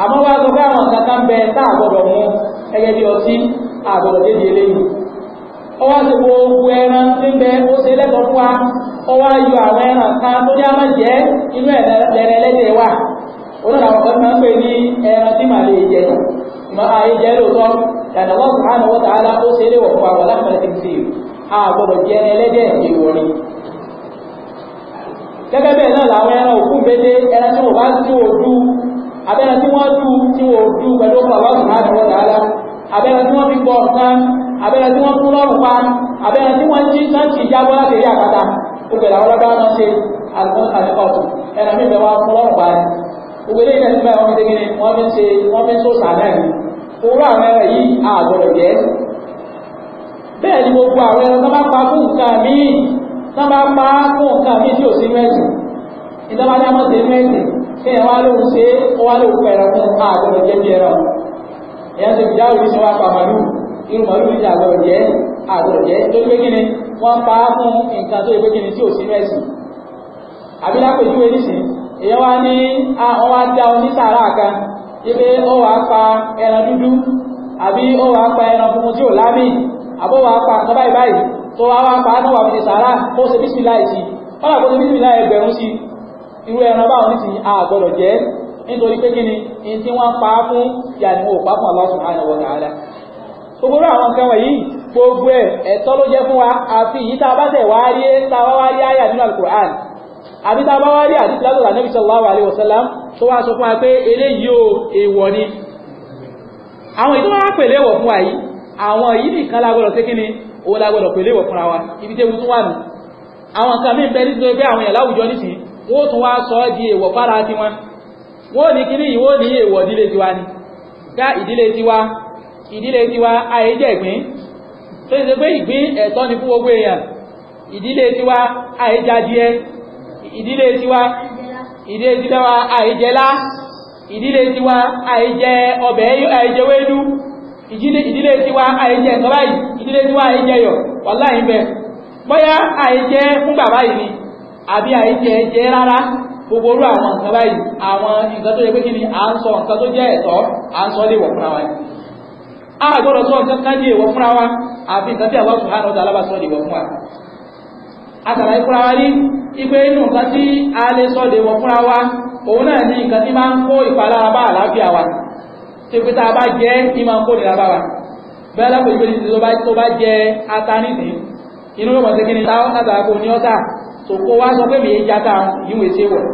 àmọ́ wá sọ pé àwọn nǹkan kan bẹ táà gbọ́dọ̀ mu ẹgẹ́ bí ọtí àgbọ̀dọ̀ débi eléyìí ọwọ́ àti gbogbo ẹran ti bẹ ó ṣe é lẹ́tọ̀ọ́ fún wa ọwọ́ ayọ àwọn ẹran kan tó ní àmà jẹ́ inú ẹ̀rẹ̀ lẹ́jẹ̀ wà onídàá àwọn kan máa yàtọ̀ wọn sùn àná wọ́n tààlà ó ṣe léwọ̀ fún àwọn aláfẹ́lẹ́ ti fi àgbọ̀dọ̀ jẹ ẹlẹ́dẹ̀ èèwọ̀ ni gẹ́gẹ́ bẹ́ẹ̀ náà làwọn ẹran òkú gbédé ẹran tí wọ́n bá tí wọ́n dú abẹ́ran tí wọ́n dú tí wọ́n dú pẹ̀lú ọkọ̀ àwọn sùn àná wọ́n tààlà abẹ́ran tí wọ́n fi gbọ́ ọ̀sán abẹ́ran tí wọ́n tún lọ́rùn pa abẹ́ran tí wọ́n jí náà ti jábọ́ láti rí àkàtà gbogbo àwọn ọlọ́gbà náà ṣe àlùkọ́tù ẹran mi orú àwọn ẹran yìí àgbọ̀dọ̀ bẹ́ẹ̀ ni gbogbo àwọn ẹran tó bá fún nǹkan mi tó fún nǹkan tí ò sí mẹ́sì ìjọba ní àmọ́ mẹ́sì kí ẹ̀ wá ṣe ó fún àgbọ̀dọ̀ bí ìyá fìdá òbí wá pa màlú màlú tó gbé kíni fún nǹkan tó tí ò sí mẹ́sì àbí lápèjúwe wá ní àwọn wá ibi ó wà pa ẹran dúdú àbí ó wà pa ẹran funfun tí ò lábì àbọ̀ wà pa àtọ́ báyìí báyìí tó wá wá pa ánà wà fi sàárà ó ṣe bísí láì sí wọ́n làkó ṣe bísí láì ẹgbẹ̀rún sí irú ẹran báwọn nísìnyí a gbọ́dọ̀ jẹ́ nítorí pé kí ni ní tí wọ́n pa á fún yàní wọn ò pa fún Allah subhanahu wa ta'ala gbogbo àwọn nǹkan wọ̀nyí gbogbo ẹ̀ ẹ̀tọ́ ló jẹ́ fún wa àfi yìí tá a bá tẹ̀ wá rí tá a wá wá rí àyà nínú àbí tá a bá wá rí àti látọ̀dọ̀ ànábì sallallahu alaihi wasallam tó wá sọ fún wa pé eléyìí ò èèwọ̀ ni àwọn ìtọ́ wá pèlè wọ̀ fún wa yìí àwọn yìí nìkan lágbọ́dọ̀ sí kíni owó lágbọ́dọ̀ pèlè wọ̀ fúnra wa ibi tí ewu tún wà di èèwọ̀ fára tiwọn wọ́n ní kíní yìí wọ́n ní ìdílé tiwa ni ká ìdílé tiwa ìdílé tiwa ayé jẹ́ ìpín tó ṣe pé ìpín ẹ̀tọ́ ni fún ìdílé tiwa ìdílé tiwa àìjẹlá ìdílé tiwa àìjẹ ọbẹ̀ àìjẹ wédú ìdílé tiwa àìjẹ nǹkan báyìí ìdílé tiwa àìjẹ yọ wàláhì bẹ́ẹ̀ bóyá àìjẹ fún bàbá yìí ni àbí àìjẹ jẹ rárá gbogbo orú àwọn nǹkan báyìí àwọn nǹkan tó yẹ pé kí ni à ń sọ nǹkan tó jẹ́ ẹ̀tọ́ à ń sọ lè wọ̀ fúnra wa ni a gbọ́dọ̀ sọ nǹkan kan jẹ́ ìwọ̀ fúnra wa àfi nǹkan tí Allah subhanahu wa ta'ala bá sọ lè wọ̀ fún wa àtàrà ìfúnra wa ní ipé inú nǹkan tí a lè sọ de fúnra wa òun náà ní nǹkan tí máa ń kó ìpalára bá àlàáfíà wa tí pé tá a bá jẹ ní máa ń kó ìlera wa bẹ́ẹ̀ lápò ìgbé ní tó bá jẹ ata nídìí inú ló mọ̀ sí kí ni látara kó ní ọ́tà tó kó wá sọ pé mi yé jata ìwé ṣe wọ̀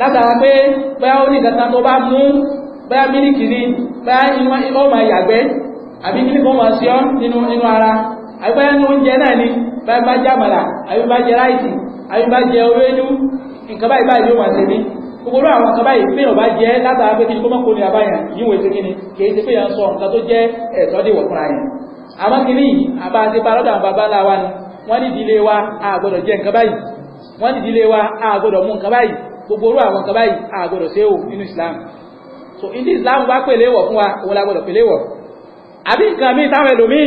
látara pé bẹ́ẹ̀ ó ní nǹkan tó bá mú bẹ́ẹ̀ mílíkì ni bẹ́ẹ̀ inú ọmọ ìyàgbẹ́ àbí mílíkì ó mọ̀ sí ọ nínú ara àbí bẹ́ẹ̀ oúnjẹ náà ni báyìí bá jẹ àmàlà àbí bá jẹ ráìsì àbí bá jẹ ewédú nǹkan báyìí báyìí yóò máa ṣe mí gbogbo àwọn nǹkan báyìí pé ọba jẹ látara pé kí ni kó mọ́kò ní abáyàn yíwò ètò kí ni kìí ṣe pé yàn sọ nǹkan tó jẹ́ ẹ̀tọ́ dìwọ̀ fúnra yẹn àmọ́ kí ni àbá ti bá lọ́dọ̀ àwọn ńlá wa ni wọ́n ní ìdílé wa a gbọ́dọ̀ nǹkan báyìí wọ́n ní ìdílé wa a mú nǹkan báyìí gbogbo àwọn nǹkan báyìí a ṣe ò nínú Islam so ìdí Islam wá pèlè wọ̀ fún wa òun la gbọ́dọ̀ pèlè wọ̀ àbí nǹkan míì táwọn ẹlòmíì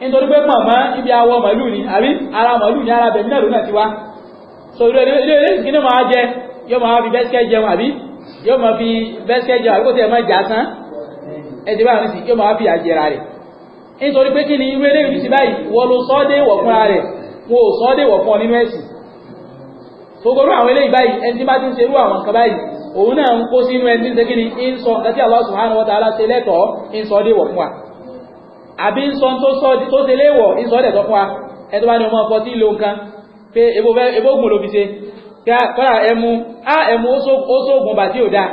nítorí pé màmá ibi awọ màlúù ni àbí ara màlúù ni ara bẹ̀mí náà ló náà ti wá so ilé ilé kí ni máa jẹ yóò máa fi bẹ́sikẹ́ jẹun àbí yóò máa fi bẹ́sikẹ́ jẹun àbí kò tẹ̀ máa jà sán ẹ̀dí báyìí sì yóò máa fi àjẹra rẹ̀ nítorí pé kí ni irú eléyìí ti báyìí wọ́n ló sọ́ dé wọ̀ fúnra rẹ̀ wọn ò sọ́ dé wọ̀ fún ọ nínú ẹ̀sìn gbogbo àwọn eléyìí báyìí ẹni tí bá ti ń ṣerú àwọn nǹkan báyìí òun náà ń kó sínú ẹni tí ń ṣe kí ni ń sọ nǹkan tí Allah subhanahu wa ta'ala ṣe lẹ́tọ̀ọ́ ń sọ dé wọ̀ fún wa àbí ń sọ tó ṣe léèwọ̀ ń sọ ọ́dẹ̀ sọ fún wa ẹ tó bá ní ọmọ ọkọ tí ìlò nǹkan pé ebó gùn ló fi ṣe kọ́ra ẹmu á ẹmu ó sóògùn bàtí ò dáa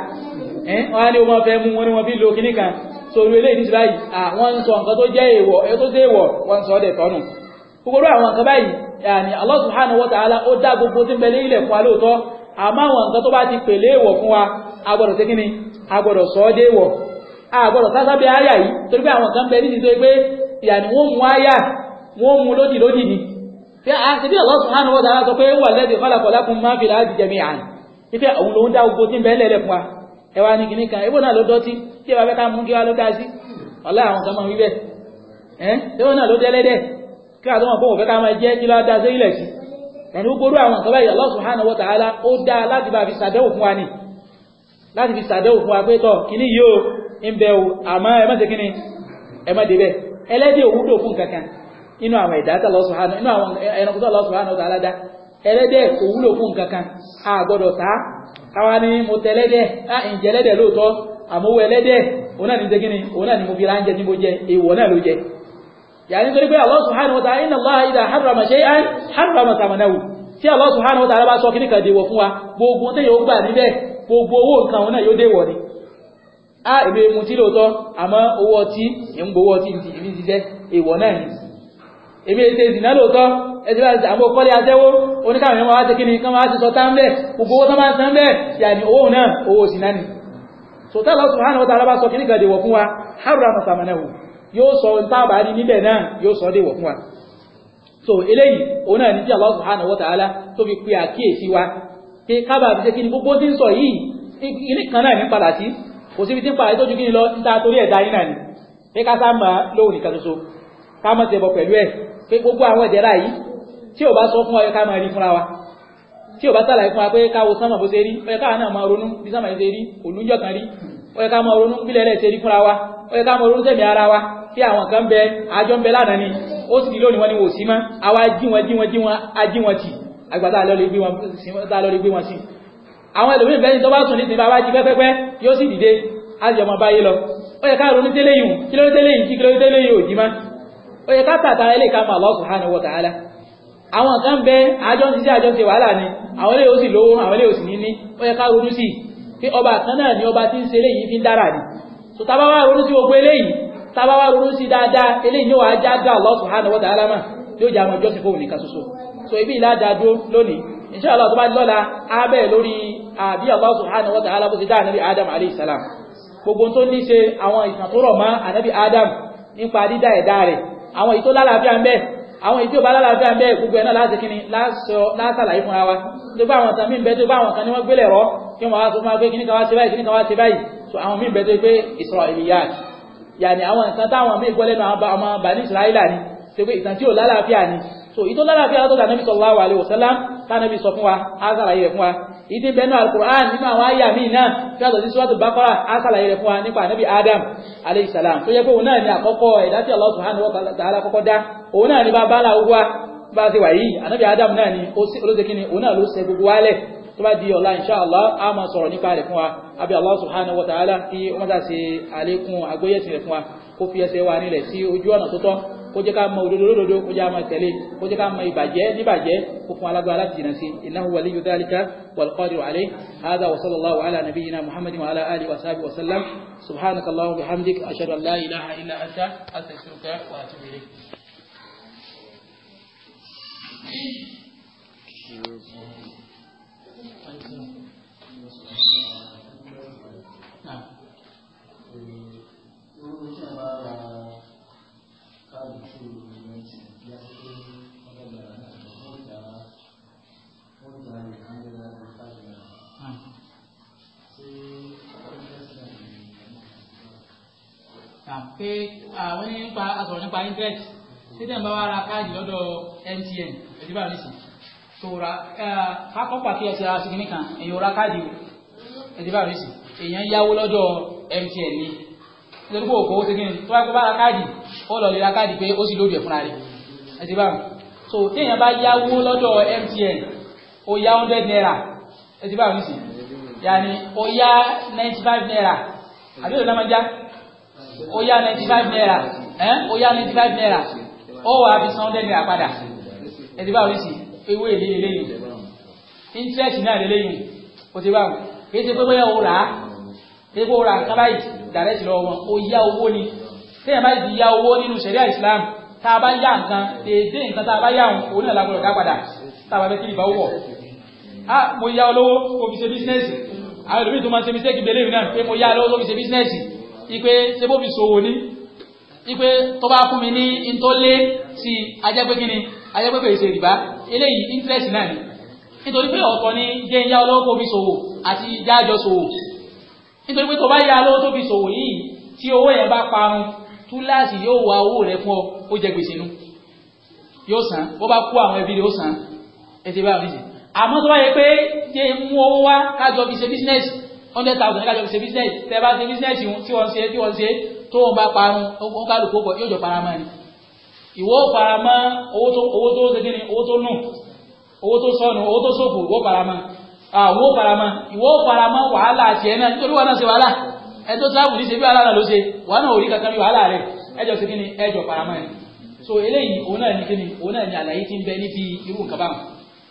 wọ́n á ní ọmọ ọfẹ́ mú wọn ni wọ́n fi lo kinní Allah subhanahu wa ta'ala ó dá gbogbo tí ń bẹ nílẹ̀ fún wa lóòótọ́ àmọ́ àwọn nǹkan tó àgbọ̀dọ̀ sásábẹ́ àyà yìí torí pé àwọn kan bẹ nídìí tó pé ìyàní wọ́n mú àyà wọ́n mú lódì lódì ni ṣe bí Allah subhanahu wa ta'ala sọ pé wà lẹ́dí khalaqa lakum máa fi láti jẹ̀mí àná ife òun ló ń dá ogbó tí ń bẹ lẹ́lẹ̀ fún wa ẹ wá ní kinní kan ebó náà ló dọ́tí tí ẹ bá ká mú kí wá ló dá sí ọ̀la àwọn kan máa wí bẹ́ẹ̀ ẹ́ ebó náà ló dẹ́lẹ́dẹ́ kí kí àwọn kan báyìí Allah láti fi sàdẹ́wò fún wa pé tọ́ kìíní yóò ń bẹ o àmọ́ ẹ má ṣe kíni ẹ má débẹ̀ ẹlẹ́dẹ̀ òwúdò fún kankan inú àwọn ẹ̀dá tá lọ́sùn hánà inú àwọn ẹranko tá lọ́sùn hánà tààlà dá mo tẹlẹ́dẹ̀ á ǹjẹ́ ẹlẹ́dẹ̀ lóòótọ́ àmówó ẹlẹ́dẹ̀ òun náà ni ṣe kíni òun náà ni mo fi ránjẹ tí mo jẹ èèwọ̀ náà ló jẹ yàní torí pé Allah subhanahu wa ta'ala inna Allah idha harrama shay'an harrama thamanahu tí Allah subhanahu wa ta'ala bá sọ kíní kan fún wa gbogbo tẹ́yẹ̀ ó gbà níbẹ̀ gbogbo owó nǹkan náà yóò ni a èmi mu tí lóòótọ́ àmọ́ owó ọtí èmi gbowó ọtí ti ìbí ṣiṣẹ́ èèwọ̀ náà ni èmi ètè ìdìnnà lóòótọ́ ẹtì bá ti àmọ́ kọ́lé atẹ́wó oníkàwé wọn ti kíni kán ti sọ tán gbogbo owó tán máa tán bẹ́ẹ̀ owó náà owó náà ni sòtá lọ sùn hánà kí kábà fi kí ni gbogbo tí ń sọ yìí ilé kan náà ní padà sí kò síbi tí ń padà tójú kí ni lọ títa torí ẹ̀dá yín náà ni pé ká sá máa lóhùn nìkan ṣoṣo ká má ṣe bọ pẹ̀lú ẹ̀ pé gbogbo àwọn ìdẹ̀ra yìí tí ò bá sọ fún ọyọ ká máa rí fúnra wa tí ò bá sàlàyé fún wa pé káwo sánmà bó ṣe rí ọyọ káwa náà máa ronú bí sánmà ṣe rí òlúńjọ kan rí ọyọ ká máa ronú bílẹ̀ ẹlẹ́ ṣe rí fúnra wa ọyọ ká máa ronú sẹ̀mí ara wa kí àwọn kan bẹ àjọ ń bẹ lánàá ni ó sì lónìí wọn ni wò sí mọ́ àwa jí wọn jí wọn jí wọn ají wọn tì àgbàtà lọ lè gbé wọn sí àwọn ẹlòmíì bẹ́ẹ̀ ni tó bá sùn nítorí bàbá jí pẹ́pẹ́pẹ́ yóò sì dìde á sì ọmọ báyé lọ ó yẹ ká ronú tẹ́lẹ̀ yìí kí ló tẹ́lẹ̀ yìí kí ló tẹ́lẹ̀ yìí ò jí má ó yẹ ká tàtà ilé ká máa Allah subhanahu wa ta'ala àwọn kan bẹ àjọ ti sí àjọ ti ni àwọn ilé yóò sì lówó àwọn ilé yóò sì níní ó yẹ ká ronú sí pé ọba ni ọba tí ń ṣe eléyìí ni so tá a bá wá ronú sí gbogbo eléyìí tá a bá wá ronú sí dáadáa Allah subhanahu wa ta'ala mà yóò já àwọn ìjọsìn fóun so ibi ìlàdàdó lónìí insha Allah tó bá lọ́la abẹ́ lórí àbí Allah subhanahu wa ta'ala bó ti dá ànábì adam alayhi salam gbogbo tó ní ṣe àwọn ìtàn tó rọ̀ mọ́ ànábì adam nípa dídá ẹ̀dá rẹ̀ àwọn èyí tó lálàáfíà ń bẹ àwọn èyí tí ó bá lálàáfíà ń bẹ gbogbo ẹ̀ náà láti kíni lásàlàyé fúnra wa tó bá àwọn kan mí ń bẹ tó bá àwọn kan ní wọ́n gbélé rọ kí wọ́n wá sọ fún wa kíní kan wá ṣe báyìí kíní kan wá ṣe báyìí so àwọn mí ń bẹ tó pé Israiliyat yàní àwọn nǹkan táwọn mí gbọ́ lẹ́nu àwọn ọmọ bani Israila ni ṣe pé ìtàn tí ò lálàáfíà ni so ìtò lálàáfíà látọ̀dà nàbí sallallahu alaihi wasallam tánàbí sọ fún wa á sàlàyé rẹ̀ fún wa ìdí bẹnu al-Qur'an nínú àwọn àyà míì náà tí a sọ sí Suratul Baqara á sàlàyé rẹ̀ fún wa nípa nàbí Adam alaihi salam tó yẹ pé òun náà ni àkọ́kọ́ ẹ̀dá tí Allah subhanahu wa ta'ala kọ́kọ́ dá òun náà ni bá bá làwọ́ wa bá ti wà yìí ànábì Adam náà ni ó sì olóṣèkí ni òun náà ló ṣe gbogbo wálẹ̀ tó bá di ọ̀la insha Allah á máa sọ̀rọ̀ nípa rẹ̀ fún wa àbí Allah subhanahu wa ta'ala kí wọ́n dà sí àlékún àgbóyẹ̀sìn rẹ̀ fún wa kó fi ẹsẹ̀ wa nílẹ̀ sí ojú ọ̀nà tó tọ́ kó jẹ́ ká mọ òdodo lódodo kó jẹ́ ká mọ tẹ̀lé kó jẹ́ ká mọ ìbàjẹ́ níbàjẹ́ kó fún alágbára láti jìnnà sí innahu waliyyu dhalika wal qadiru alayhi hadha wa sallallahu ala nabiyyina muhammadin wa ala alihi wa sahbihi wa sallam subhanaka allahumma wa bihamdik ilaha illa anta astaghfiruka wa atubu Thank you. pé àwọn ní nípa asọ̀rọ̀ nípa interest títẹ̀ ń bá wa ra káàdì lọ́dọ̀ MTN ẹ̀dínwá oníṣì tó ra kákọ́ pàkíyèsí ara sí kìnnìkan èyí ò ra káàdì ẹ̀dínwá oníṣì èèyàn yáwó lọ́dọ̀ MTN ni nítorí pé òkòwò ti kìnnì tó wá gbé bá ra káàdì ó lọ lè ra káàdì pé ó sì lóde ẹ̀ fúnra rẹ̀ ẹ̀dínwá so téèyàn bá yáwó lọ́dọ̀ MTN ó yá hundred naira ẹ̀dínwá oníṣì yàní ó yá ninety five naira àbí òun náà ó yá ninety five naira ẹ́ ó yá ninety five naira ó wà á fi san hundred naira padà ẹ̀dí báwo ní sí ewé èlé eléyìí interest náà eléyìí ó ti báwo kì í ṣe pé bóyá o rà á kì í ṣe pé o rà nǹkan báyìí direct lọ́wọ́ wọn ó yá owó ni téèyàn bá ti yá owó nínú sẹ̀ríà Islam tá a bá yá nǹkan déédéé nǹkan tá a bá yá òun òun náà la gbọdọ̀ dá padà tá a bá fẹ́ kí ìbá wọ̀ á mo yá olówó kò fi ṣe bísínẹ́sì àwọn ìlú mi tó máa ṣe mistake bẹ́lẹ́ mi náà pé mo yá olówó kò fi ṣe bísínẹ́sì ipe sebo fi sòwò ní ipe tó bá fún mi ní ntọ́lé sí ajẹ́pẹ́kínni ajẹ́pẹ́kẹ́ ìṣe rìbá eléyìí interest náà ni nítorí pé ọ̀tọ̀ ni jẹ́ ìyá olówó kó fi sòwò àti jáàjọ sòwò nítorí pé tó bá yá olówó tó fi sòwò yìí tí owó yẹn bá parun túláàsì yóò wá owó rẹ fún ọ ó jẹ gbèsè nu yóò san bó bá kú àwọn ẹbí rẹ ó san ẹ ti bá wọn níṣẹ́ àmọ́ tó bá yẹ pé ṣe mú owó wá kájọ fi ṣe bísínẹ́sì hundred thousand kájọ fi ṣe business tẹ bá ṣe business tí wọ́n ṣe tí wọ́n ṣe tó wọn bá parun ó kálukú pọ̀ yóò jọ faramọ́ ni ìwọ faramọ́ owó tó owó tó ṣe kíni owó tó nù owó tó sọnù owó tó ṣòfò ìwọ faramọ́ àwọn ó faramọ́ ìwọ faramọ́ wàhálà tiẹ̀ náà nítorí wọn náà ṣe wàhálà ẹ tó sáàbù ní ṣe bí wàhálà náà ló ṣe wàá náà orí kankan bí wàhálà rẹ ẹjọ ṣe kíni ẹjọ faramọ́ ni so eléyìí òun náà ní kíni òun náà ní àlàyé ti ń bẹ ní ti irú nǹkan báwọn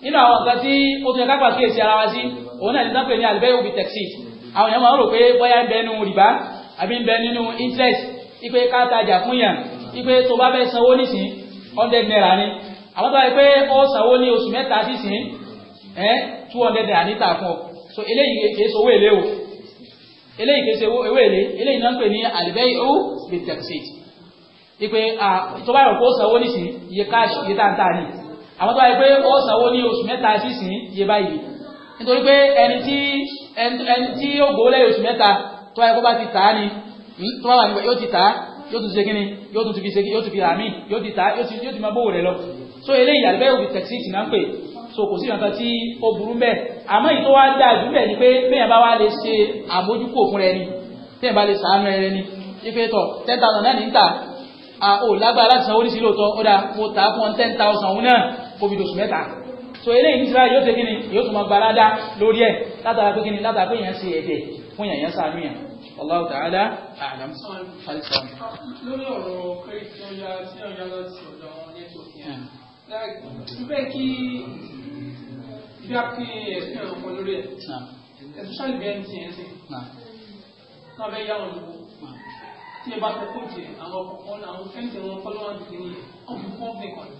nínú àwọn nǹkan tí ó tún yẹ kápá sí èsì ara wa sí òun náà ní sápè ní àlùbẹ́yò bíi taxi àwọn èèyàn máa ń rò pé bóyá ń bẹ nínú rìbá àbí ń bẹ nínú interest ipe ká tajà fún yàn ipe tó bá fẹ́ sanwó nísìn hundred naira ni àwọn tó bá yẹ pé ó sanwó ní oṣù mẹ́ta sísìn two hundred naira níta fún ọ so eléyìí kì í sowó èlé o eléyìí kì í sowó èwé èlé eléyìí náà ń pè ní àlùbẹ́yò bíi taxi ipe tó bá yẹ kó sanwó nísìn iye cash iye táǹtà àwọn tó wáyé pé ó sanwó ní oṣù mẹ́ta sísìn yé báyìí nítorí pé ẹni tí ẹni tí ó gbowó lẹ́yìn oṣù mẹ́ta tó wáyé kó bá ti tà á ni hmm, tó wáyé yóò ti tà á yóò tún ṣe kí ni yóò tún fi ṣe kí yóò tún fi rà mí yóò ti tà á yóò ti máa bówó rẹ lọ so eléyìí àlùbẹ́ òbí tẹ̀síìsì náà ń pè so kò sí ìrántí tí ó burú mbẹ àmọ́ ìtọ́ wa dáa jù bẹ́ẹ̀ ni pé bẹ́ẹ̀ bá wa lè ṣe àmójúkò fún rẹ ni bẹ́ẹ̀ bá lè sàánú rẹ ni ife tọ̀ ten thousand náà ní ta ò lágbára láti sanwó ní sí lóòótọ́ ó dáa mo tà á fún ten thousand òun náà omi lòsù mẹ́ta so eléyìí nísìlá yóò ṣe kíni yóò tún máa gbalada lórí ẹ̀ látara pé kíni látara pé yẹn ṣe ẹ̀jẹ̀ fún yẹn yẹn ṣàánú yẹn Allahu ta'ala a'lam. lórí ọ̀rọ̀ credit tí ọ̀ya tí ọ̀ya lọ sí ọ̀dọ̀ nẹ́tíwọ̀kì yẹn hmm. láì kí bí a kí ẹ̀sìn ọ̀pọ̀ lórí ẹ̀ especially bí ẹni tí ẹ̀ ń sìn náà bẹ́ẹ̀ yá wọn lò tí ẹ bá fẹ́ kó jẹ àwọn ọkọ̀ àwọn ẹni tí wọ́n fọ́lọ́wọ́n ti ní ọ̀pọ̀ fún ọ̀pẹ̀ kan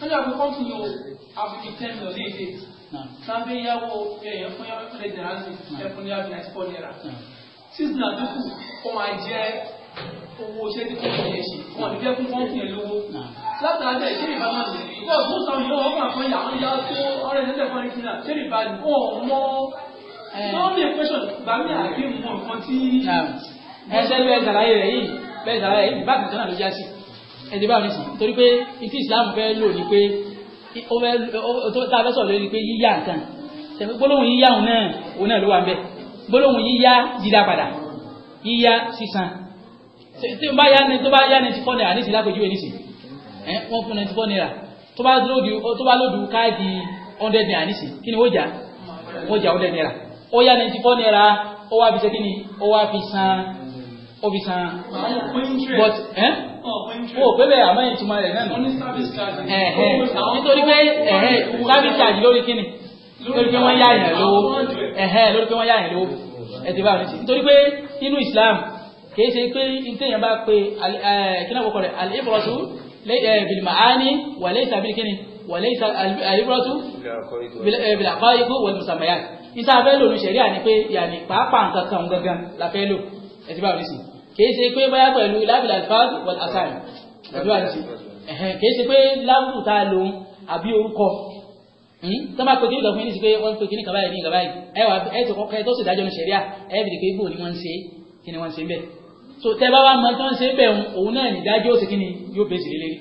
wọ́n ní àkókò tí yóò àfikún ten million ní èdè sábẹ́ yàwó ẹ̀yẹ fún yàwó ẹ̀kúnlẹ̀ dìránsì ẹ̀kún ní àbí ninety four naira six naira tó kù kó máa jẹ́ owó iṣẹ́ tí kò fi yẹn ṣe wọn ní dẹ́kun kó fi yẹn lówó látara bẹ́ẹ̀ ṣé ìbá máa bẹ̀rẹ̀ ìgbà tó sàn yóò wọ́n máa fún yàwó yàwó tó ọ̀rẹ́ ẹ̀ẹ́dẹ́gbọ̀n ní kíná ṣé ìbá ò mọ́ wọ́n mi pẹ́sọ̀ gbàmí àgbẹ̀ mọ́ nǹkan tí. ẹsẹ̀ bẹ́ẹ̀ sàlàyé rẹ̀ yìí bẹ́ẹ̀ sàlàyé yìí bá àtẹ̀tẹ̀ náà ló já sí ẹ̀dí báwọn nìsí torí pé ìtí ìsìláàmù fẹ́ lò ní pé tá a fẹ́ sọ̀rọ̀ lórí pé yíyá nǹkan tẹ̀mí gbólóhùn yíyá òun náà òun náà ló wà ń bẹ̀ gbólóhùn yíyá dídá padà yíyá sísan tí n bá yá ni tó bá yá ninety four naira nísì lápèjúwe nísì ẹ wọ́n fún ninety four naira tó bá lòdù tó bá lòdù káàdì hundred naira nísì kí ni wọ́n jà wọ́n jà hundred naira ó yá ninety four naira ó wá fi ṣe ni ó wá fi san ó fi san but ẹ o pé bẹ́ẹ̀ àmọ́ ìtumọ̀ rẹ̀ náà nù nítorí pé eh, eh, service charge lórí kíni lórí pé wọ́n yá èèyàn lówó eh, lórí pé wọ́n yá èèyàn lówó ẹ ti bá mi sí nítorí pé nínú Islam kìí ṣe pé ntẹ̀yìn bá pe kí náà kọ́kọ́ rẹ̀ al-ibratu bil ma'ani wa laysa bil kíni wa laysa al-ibratu bil haqa'iq wal musammayat nítorí abẹ́ lòlù ṣẹ̀ríà ni pé yàní pàápàá nǹkan kan gangan la fẹ́ lò ẹ ti bá mi sí kìí ṣe pé báyà pẹ̀lú lábìlà fáwọn wọ́n àṣàrì pẹ̀lú àti kìí ṣe pé lábùkù tá a lòun àbí orúkọ tọ́ba pé kí ní gbàgbọ́ yín ní sí pé wọ́n ń pe kí ní kaba yìí ní kaba yìí ẹ wà kọ́kọ́ ẹ tó ní sẹ̀ríà ẹ pé bò ni wọ́n ń ṣe kí ni wọ́n ń ṣe bẹ́ẹ̀ so tẹ́ bá wà mọ tó ń ṣe bẹ́ẹ̀ òun náà ní dájọ́ ó sì kí ni yóò bẹ́ẹ̀ sì lé lérí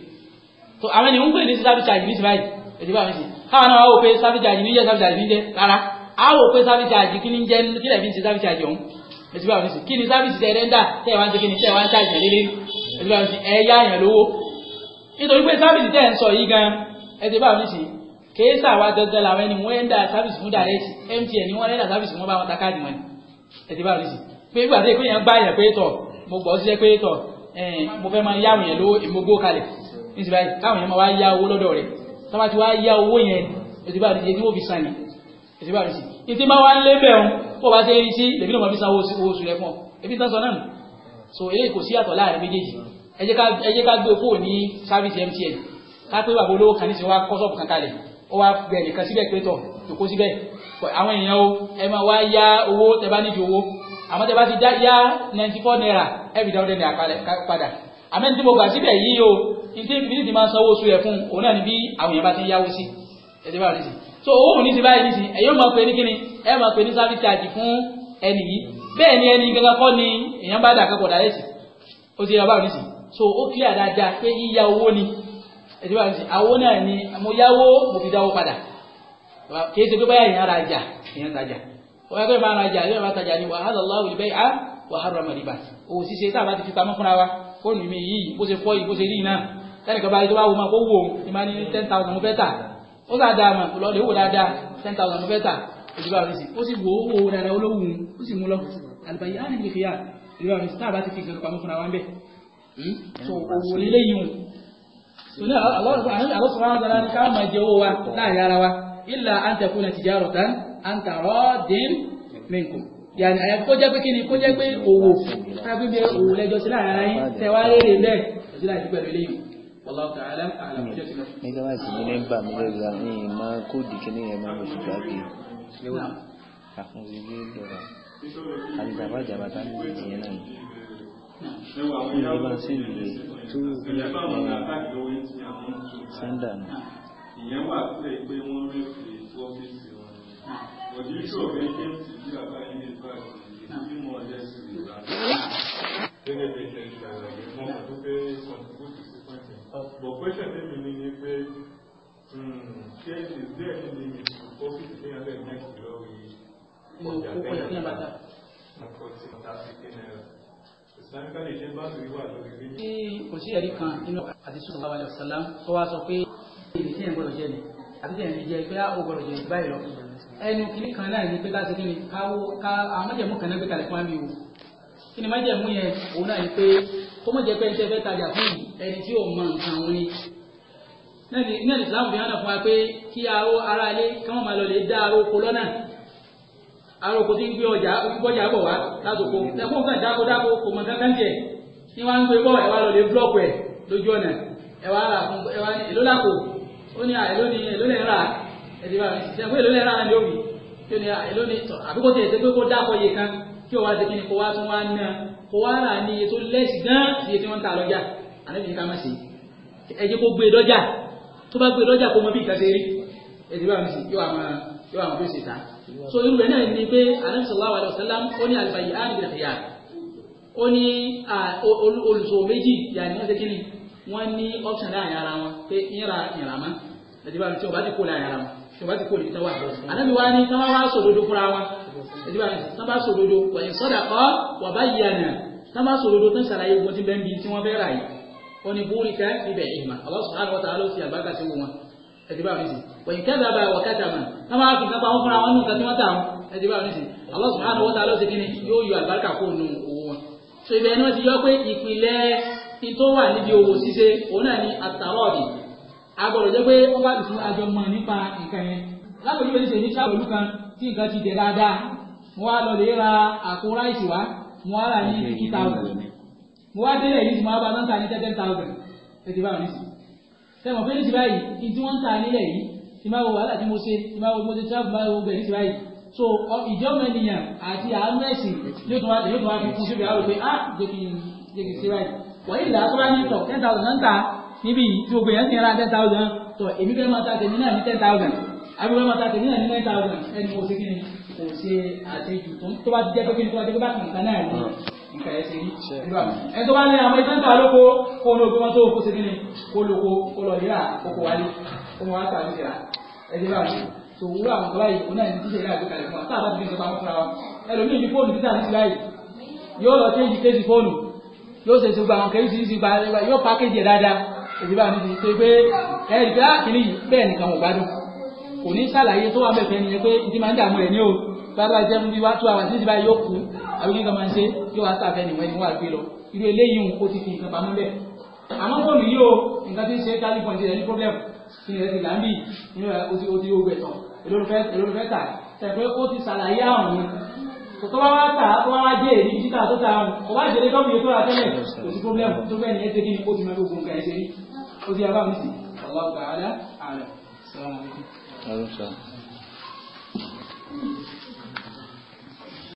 so àwọn ènìyàn ń pè ní sábì charge ní síbáyì èdè báwọn sì káwọn náà wà wò pé sábì charge ní jẹ́ sábì charge ní jẹ́ rárá á wò pé sábì charge kí ní jẹ́ kí lẹ́ẹ̀fi ń ṣe sábì charge ọ̀hún ẹtì báwọn nísì kí ni sábìsì tẹ rẹ́ńdà tẹ ẹ wá ń ṣe kí ni tẹ ẹ wá ń ta ìjà lélẹ̀ ẹtì báwọn nísì ẹ yá àyàn lówó nítorí pé sábìsì tẹ ẹ ń sọ yìí gan ẹtì báwọn nísì kéésà wa dandan làwọn ẹni wọ́n rẹ́ńdà sábìsì fún direct MTN ni wọ́n rẹ́ńdà sábìsì wọn bá wọn ta káàdì wọn ẹtì báwọn nísì pé ìgbà tó yẹ kó yẹn gbá yẹn pé tọ̀ mo gbọ́ sí pé tọ̀ mo fẹ́ máa yáwọn yẹn lówó ìmọ̀gbó kalẹ̀ níṣẹ́ báyìí káwọn yẹn ìtì máa wá ń lé bẹ́ẹ̀ o bó bá ṣe rí sí lèmi náà máa fi oṣù rẹ fún ọ ebi tán sọ náà so eléyìí kò sí àtọ̀ láàrin méjèèjì ẹ jẹ́ ká gbé fóònù e ní sáfíìsì MTN ká pé bàbá olówó kan níṣẹ́ wá kọ́ sọ́ọ̀bù kan kalẹ̀ ó wá bẹ̀rẹ̀ nìkan síbẹ̀ pé tọ̀ tòkó síbẹ̀ àwọn èèyàn o ẹ máa wá yá owó tẹ bá nídìí owó àmọ́ tẹ bá ti yá ninety four naira ẹ fi dáwọ́ dẹ́nẹ̀ padà àmọ́ ní tí mo gbà síbẹ̀ yìí o ní tí mi ti máa sanwó oṣù rẹ̀ fún òun náà ni bí àwọn èèyàn bá ti ń yáwó sí ẹ so owó òní ti báyìí nìsín ẹ̀yin ó máa pè ní kíni ẹ̀ máa pè ní service charge fún ẹni yìí bẹ́ẹ̀ ni ẹni gẹ́gẹ́ kọ́ ni èèyàn bá dà kẹ́kọ̀ọ́ dáyé sí ó ti yẹ báyìí nìsín so ó clear dáadáa pé yíya owó ni ẹ̀dí báyìí nìsín àwọn náà ni mo yáwó mo fi dáwó padà kìí ṣe pé báyà èèyàn ra jà èèyàn tajà wọ́n yẹ kó ìbára ra jà ìlú ìbára tajà ni wàhálà Allahu al-bay'a wa harrama riba òwò ṣíṣe tá a bá ti fi pamọ́ fúnra wa fóònù mi yìí bó ṣe fọ́ yìí bó ṣe rí iná tẹ́nìkan bá yẹ tó bá wo máa kó wò ó ní máa ní ten thousand mo fẹ́ tà ó sá dáa mà lọ lè dáadáa ten thousand ló fẹ́ tà ìdíbà rẹ̀ sí ó sì wò ó wò dáadáa olówùn ó sì mú lọ àlùbáyé á nìyí fìyà ìdíbà rẹ̀ sí tá a bá ti fi ìgbà pamọ́ fúnra wa ń bẹ̀ hmm? so òwò lílé yìí so ní àlọ́sọ̀rọ̀ àdára ní ká máa jẹ owó wa láàrin ara wa illa an takuna tijaratan an taradin minkum yàni àyà kó jẹ́ pé kí ni kó jẹ́ pé òwò tábí bẹ wallahu nígbà máa sì ní ń bà mí ní ìmọ̀ kóòdù kí ní máa bọ̀ ṣùgbọ́n àgbè àkùnrin dọ̀rọ̀ àlìjàbá tá ní ní ìlú bá ń yìí ní ìgbà tí mo ọjọ́ sí ìgbà. gẹ́gẹ́ bí ìṣẹ̀lẹ̀ But question dey mi ni ni pé hmm, ṣé is there any limit to profit ní alẹ́ next lórí ọjà tẹ́lẹ̀ náà? Nǹkan tí mo ta sí kí ni Islamically ṣe bá mi wà lórí rí. Ṣé kò sí ẹ̀rí kan nínú àti sọ̀rọ̀ wa alẹ́ sàlám tó wá sọ pé èyí tí ẹ̀ gbọ́dọ̀ jẹ́ ni àti tí ẹ̀ ń jẹ́ pé ó gbọ́dọ̀ jẹ́ báyìí lọ. Ẹnu kìíní kan náà ni pé ká ṣe kí ni ká àwọn májẹ̀mú kan náà gbé kalẹ̀ fún àmì ìwò. Kí ni májẹ̀mú yẹn òun náà ni pé kó mọ̀ jẹ́ pé ẹni tẹ́ fẹ́ tajà fún ẹni tí ò mọ nǹkan wọn ni náà ní islam fi hàn fún wa pé kí aró ara ilé kí wọ́n máa lọ lè dá aró oko lọ́nà aró oko tí ń gbé ọjà gbọ́jà bọ̀ wá látòkò ẹ̀kọ́ nǹkan dáko dáko kò mọ̀ kankan tiẹ̀ ní wọ́n á ń gbé bọ̀ ẹ̀ wá lọ lè búlọ̀kù ẹ̀ lójú ọ̀nà ẹ̀ wá rà fún ẹ̀ wá ní èló làkò ó ní èló ní èló lè rà kí o wá ṣe kí ni kó wá tún wá ná kó wá rà ní iye tó lẹ́sì gan sí iye tí wọ́n ń ta lọ́jà ànábì ní ká má ṣe ẹ jẹ́ kó gbé e dọ́jà tó bá gbé e dọ́jà kó mọ bí ìta ṣe rí ẹ̀sìn bá mi sì yóò àwọn yóò àwọn fèsì ta so irú rẹ̀ náà ni pé ànábì sallallahu alaihi wasallam ó ní àlùfáà yìí á ní ìdàkìyà ó ní olùsòwò méjì yà ní wọ́n ṣe kí ni wọ́n ní option láàrin ara wọn pé ìyẹn ra ìyẹn ra mọ́ ẹ̀sìn bá mi sì ò bá ti kó láàrin ara wọn tọba ti kó lè tọwà ànábi wa ni tọba wa sòdodo fúnra wa ẹdíbà tọba sòdodo wàyí sọdà kọ wà bá yí àná tọba sòdodo tó ń sàlàyé gbọ́n ti bẹ́ẹ̀ bí tí wọ́n fẹ́ rà yìí wọ́n ni búrú ká ibẹ̀ ìmà Allah subhanahu wa ta'ala sí àgbàkà sí wọn ẹdíbà wọn sì wàyí kẹ́dà bá wà kẹ́dà kíni yóò yọ àgbàkà kó nù owó wọn so ibẹ̀ ni wọ́n ti yọ pé ìpìlẹ̀ ìtọ́wà níbi òwò ṣíṣe òun náà ni àtàwọ̀ ọ̀dì agbọ́dọ̀ jẹ́ pé wọ́n bá lù fún àjọ mọ̀ nípa nǹkan yẹn lápòjú bẹ́ẹ̀ ṣe ní sábẹ̀lú kan tí nǹkan ti dẹ̀ dáadáa mo wá lọ lè ra àpò ráìsì wá mo wá rà ní fifty thousand mo wá délẹ̀ yìí mo wá bá náà ní ten thousand ẹ̀dí bá mi sí. sẹ́wọ̀n pé ní ti báyìí ní tí wọ́n ń ta nílẹ̀ yìí ti máa wo wàhálà tí mo ṣe ti máa wo mo ṣe travel máa wo bẹ̀ ní ti báyìí so ìjọba ènìyàn àti àánú ẹ̀sìn yóò tún wá yóò tún níbí yìí tí gbogbo èèyàn ti ra ten thousand tó èmi fẹ́ máa ta tèmi náà ní ten thousand àbí fẹ́ máa ta tèmi náà ní nine thousand ẹni kò sí kíni kò ṣe àṣejù tó bá ti jẹ́ pé kíni tó bá ti pé bá kàn kan náà ní nǹkan ẹsẹ̀ rí ẹni tó bá ní àwọn ìtàn tà lóko kó o lóko mọ́tò kó o ṣe kíni kó o lóko kó o lọ rírà kókó wálé kó o máa tà lóko rà bá mi tó wúrọ àwọn tó báyìí òun náà ní tíṣe ìlànà ìgbékalẹ̀ fún wa tá a bá ti fi nǹkan pamọ́ èyí bá níbi ṣe pé ẹ̀ẹ́dá ah, kìíní yìí bẹ́ẹ̀ nìkan ò gbádùn kò ní sàlàyé tó wà mẹ́fẹ́ ni pé ìdí máa ń dààmú rẹ̀ ní o bàbá jẹ́ fún bí wá tó àwọn àti báyìí yóò kú àbí nǹkan máa ń ṣe yóò wá sàfẹ́ nìwọ̀n ẹni wà gbé lọ irú eléyìí ó ti fi nǹkan pamọ́ bẹ́ẹ̀ àmọ́ fóònù yìí o nǹkan ti ń ṣe california ti rẹ̀ ní problem kí ni rẹ̀ ti là ń bì nínú rẹ̀ o ti o ti o gbẹ̀ tán èlòlùfẹ́ tà tẹ̀pẹ́ ó ti ni tó bá wá tà tó bá wá jẹ́ èyí títà tó ta àrùn ó di aláwọ̀ nísìnyí ọ̀la gbàdá àrẹ sọ̀rọ̀ àwọn ọ̀la.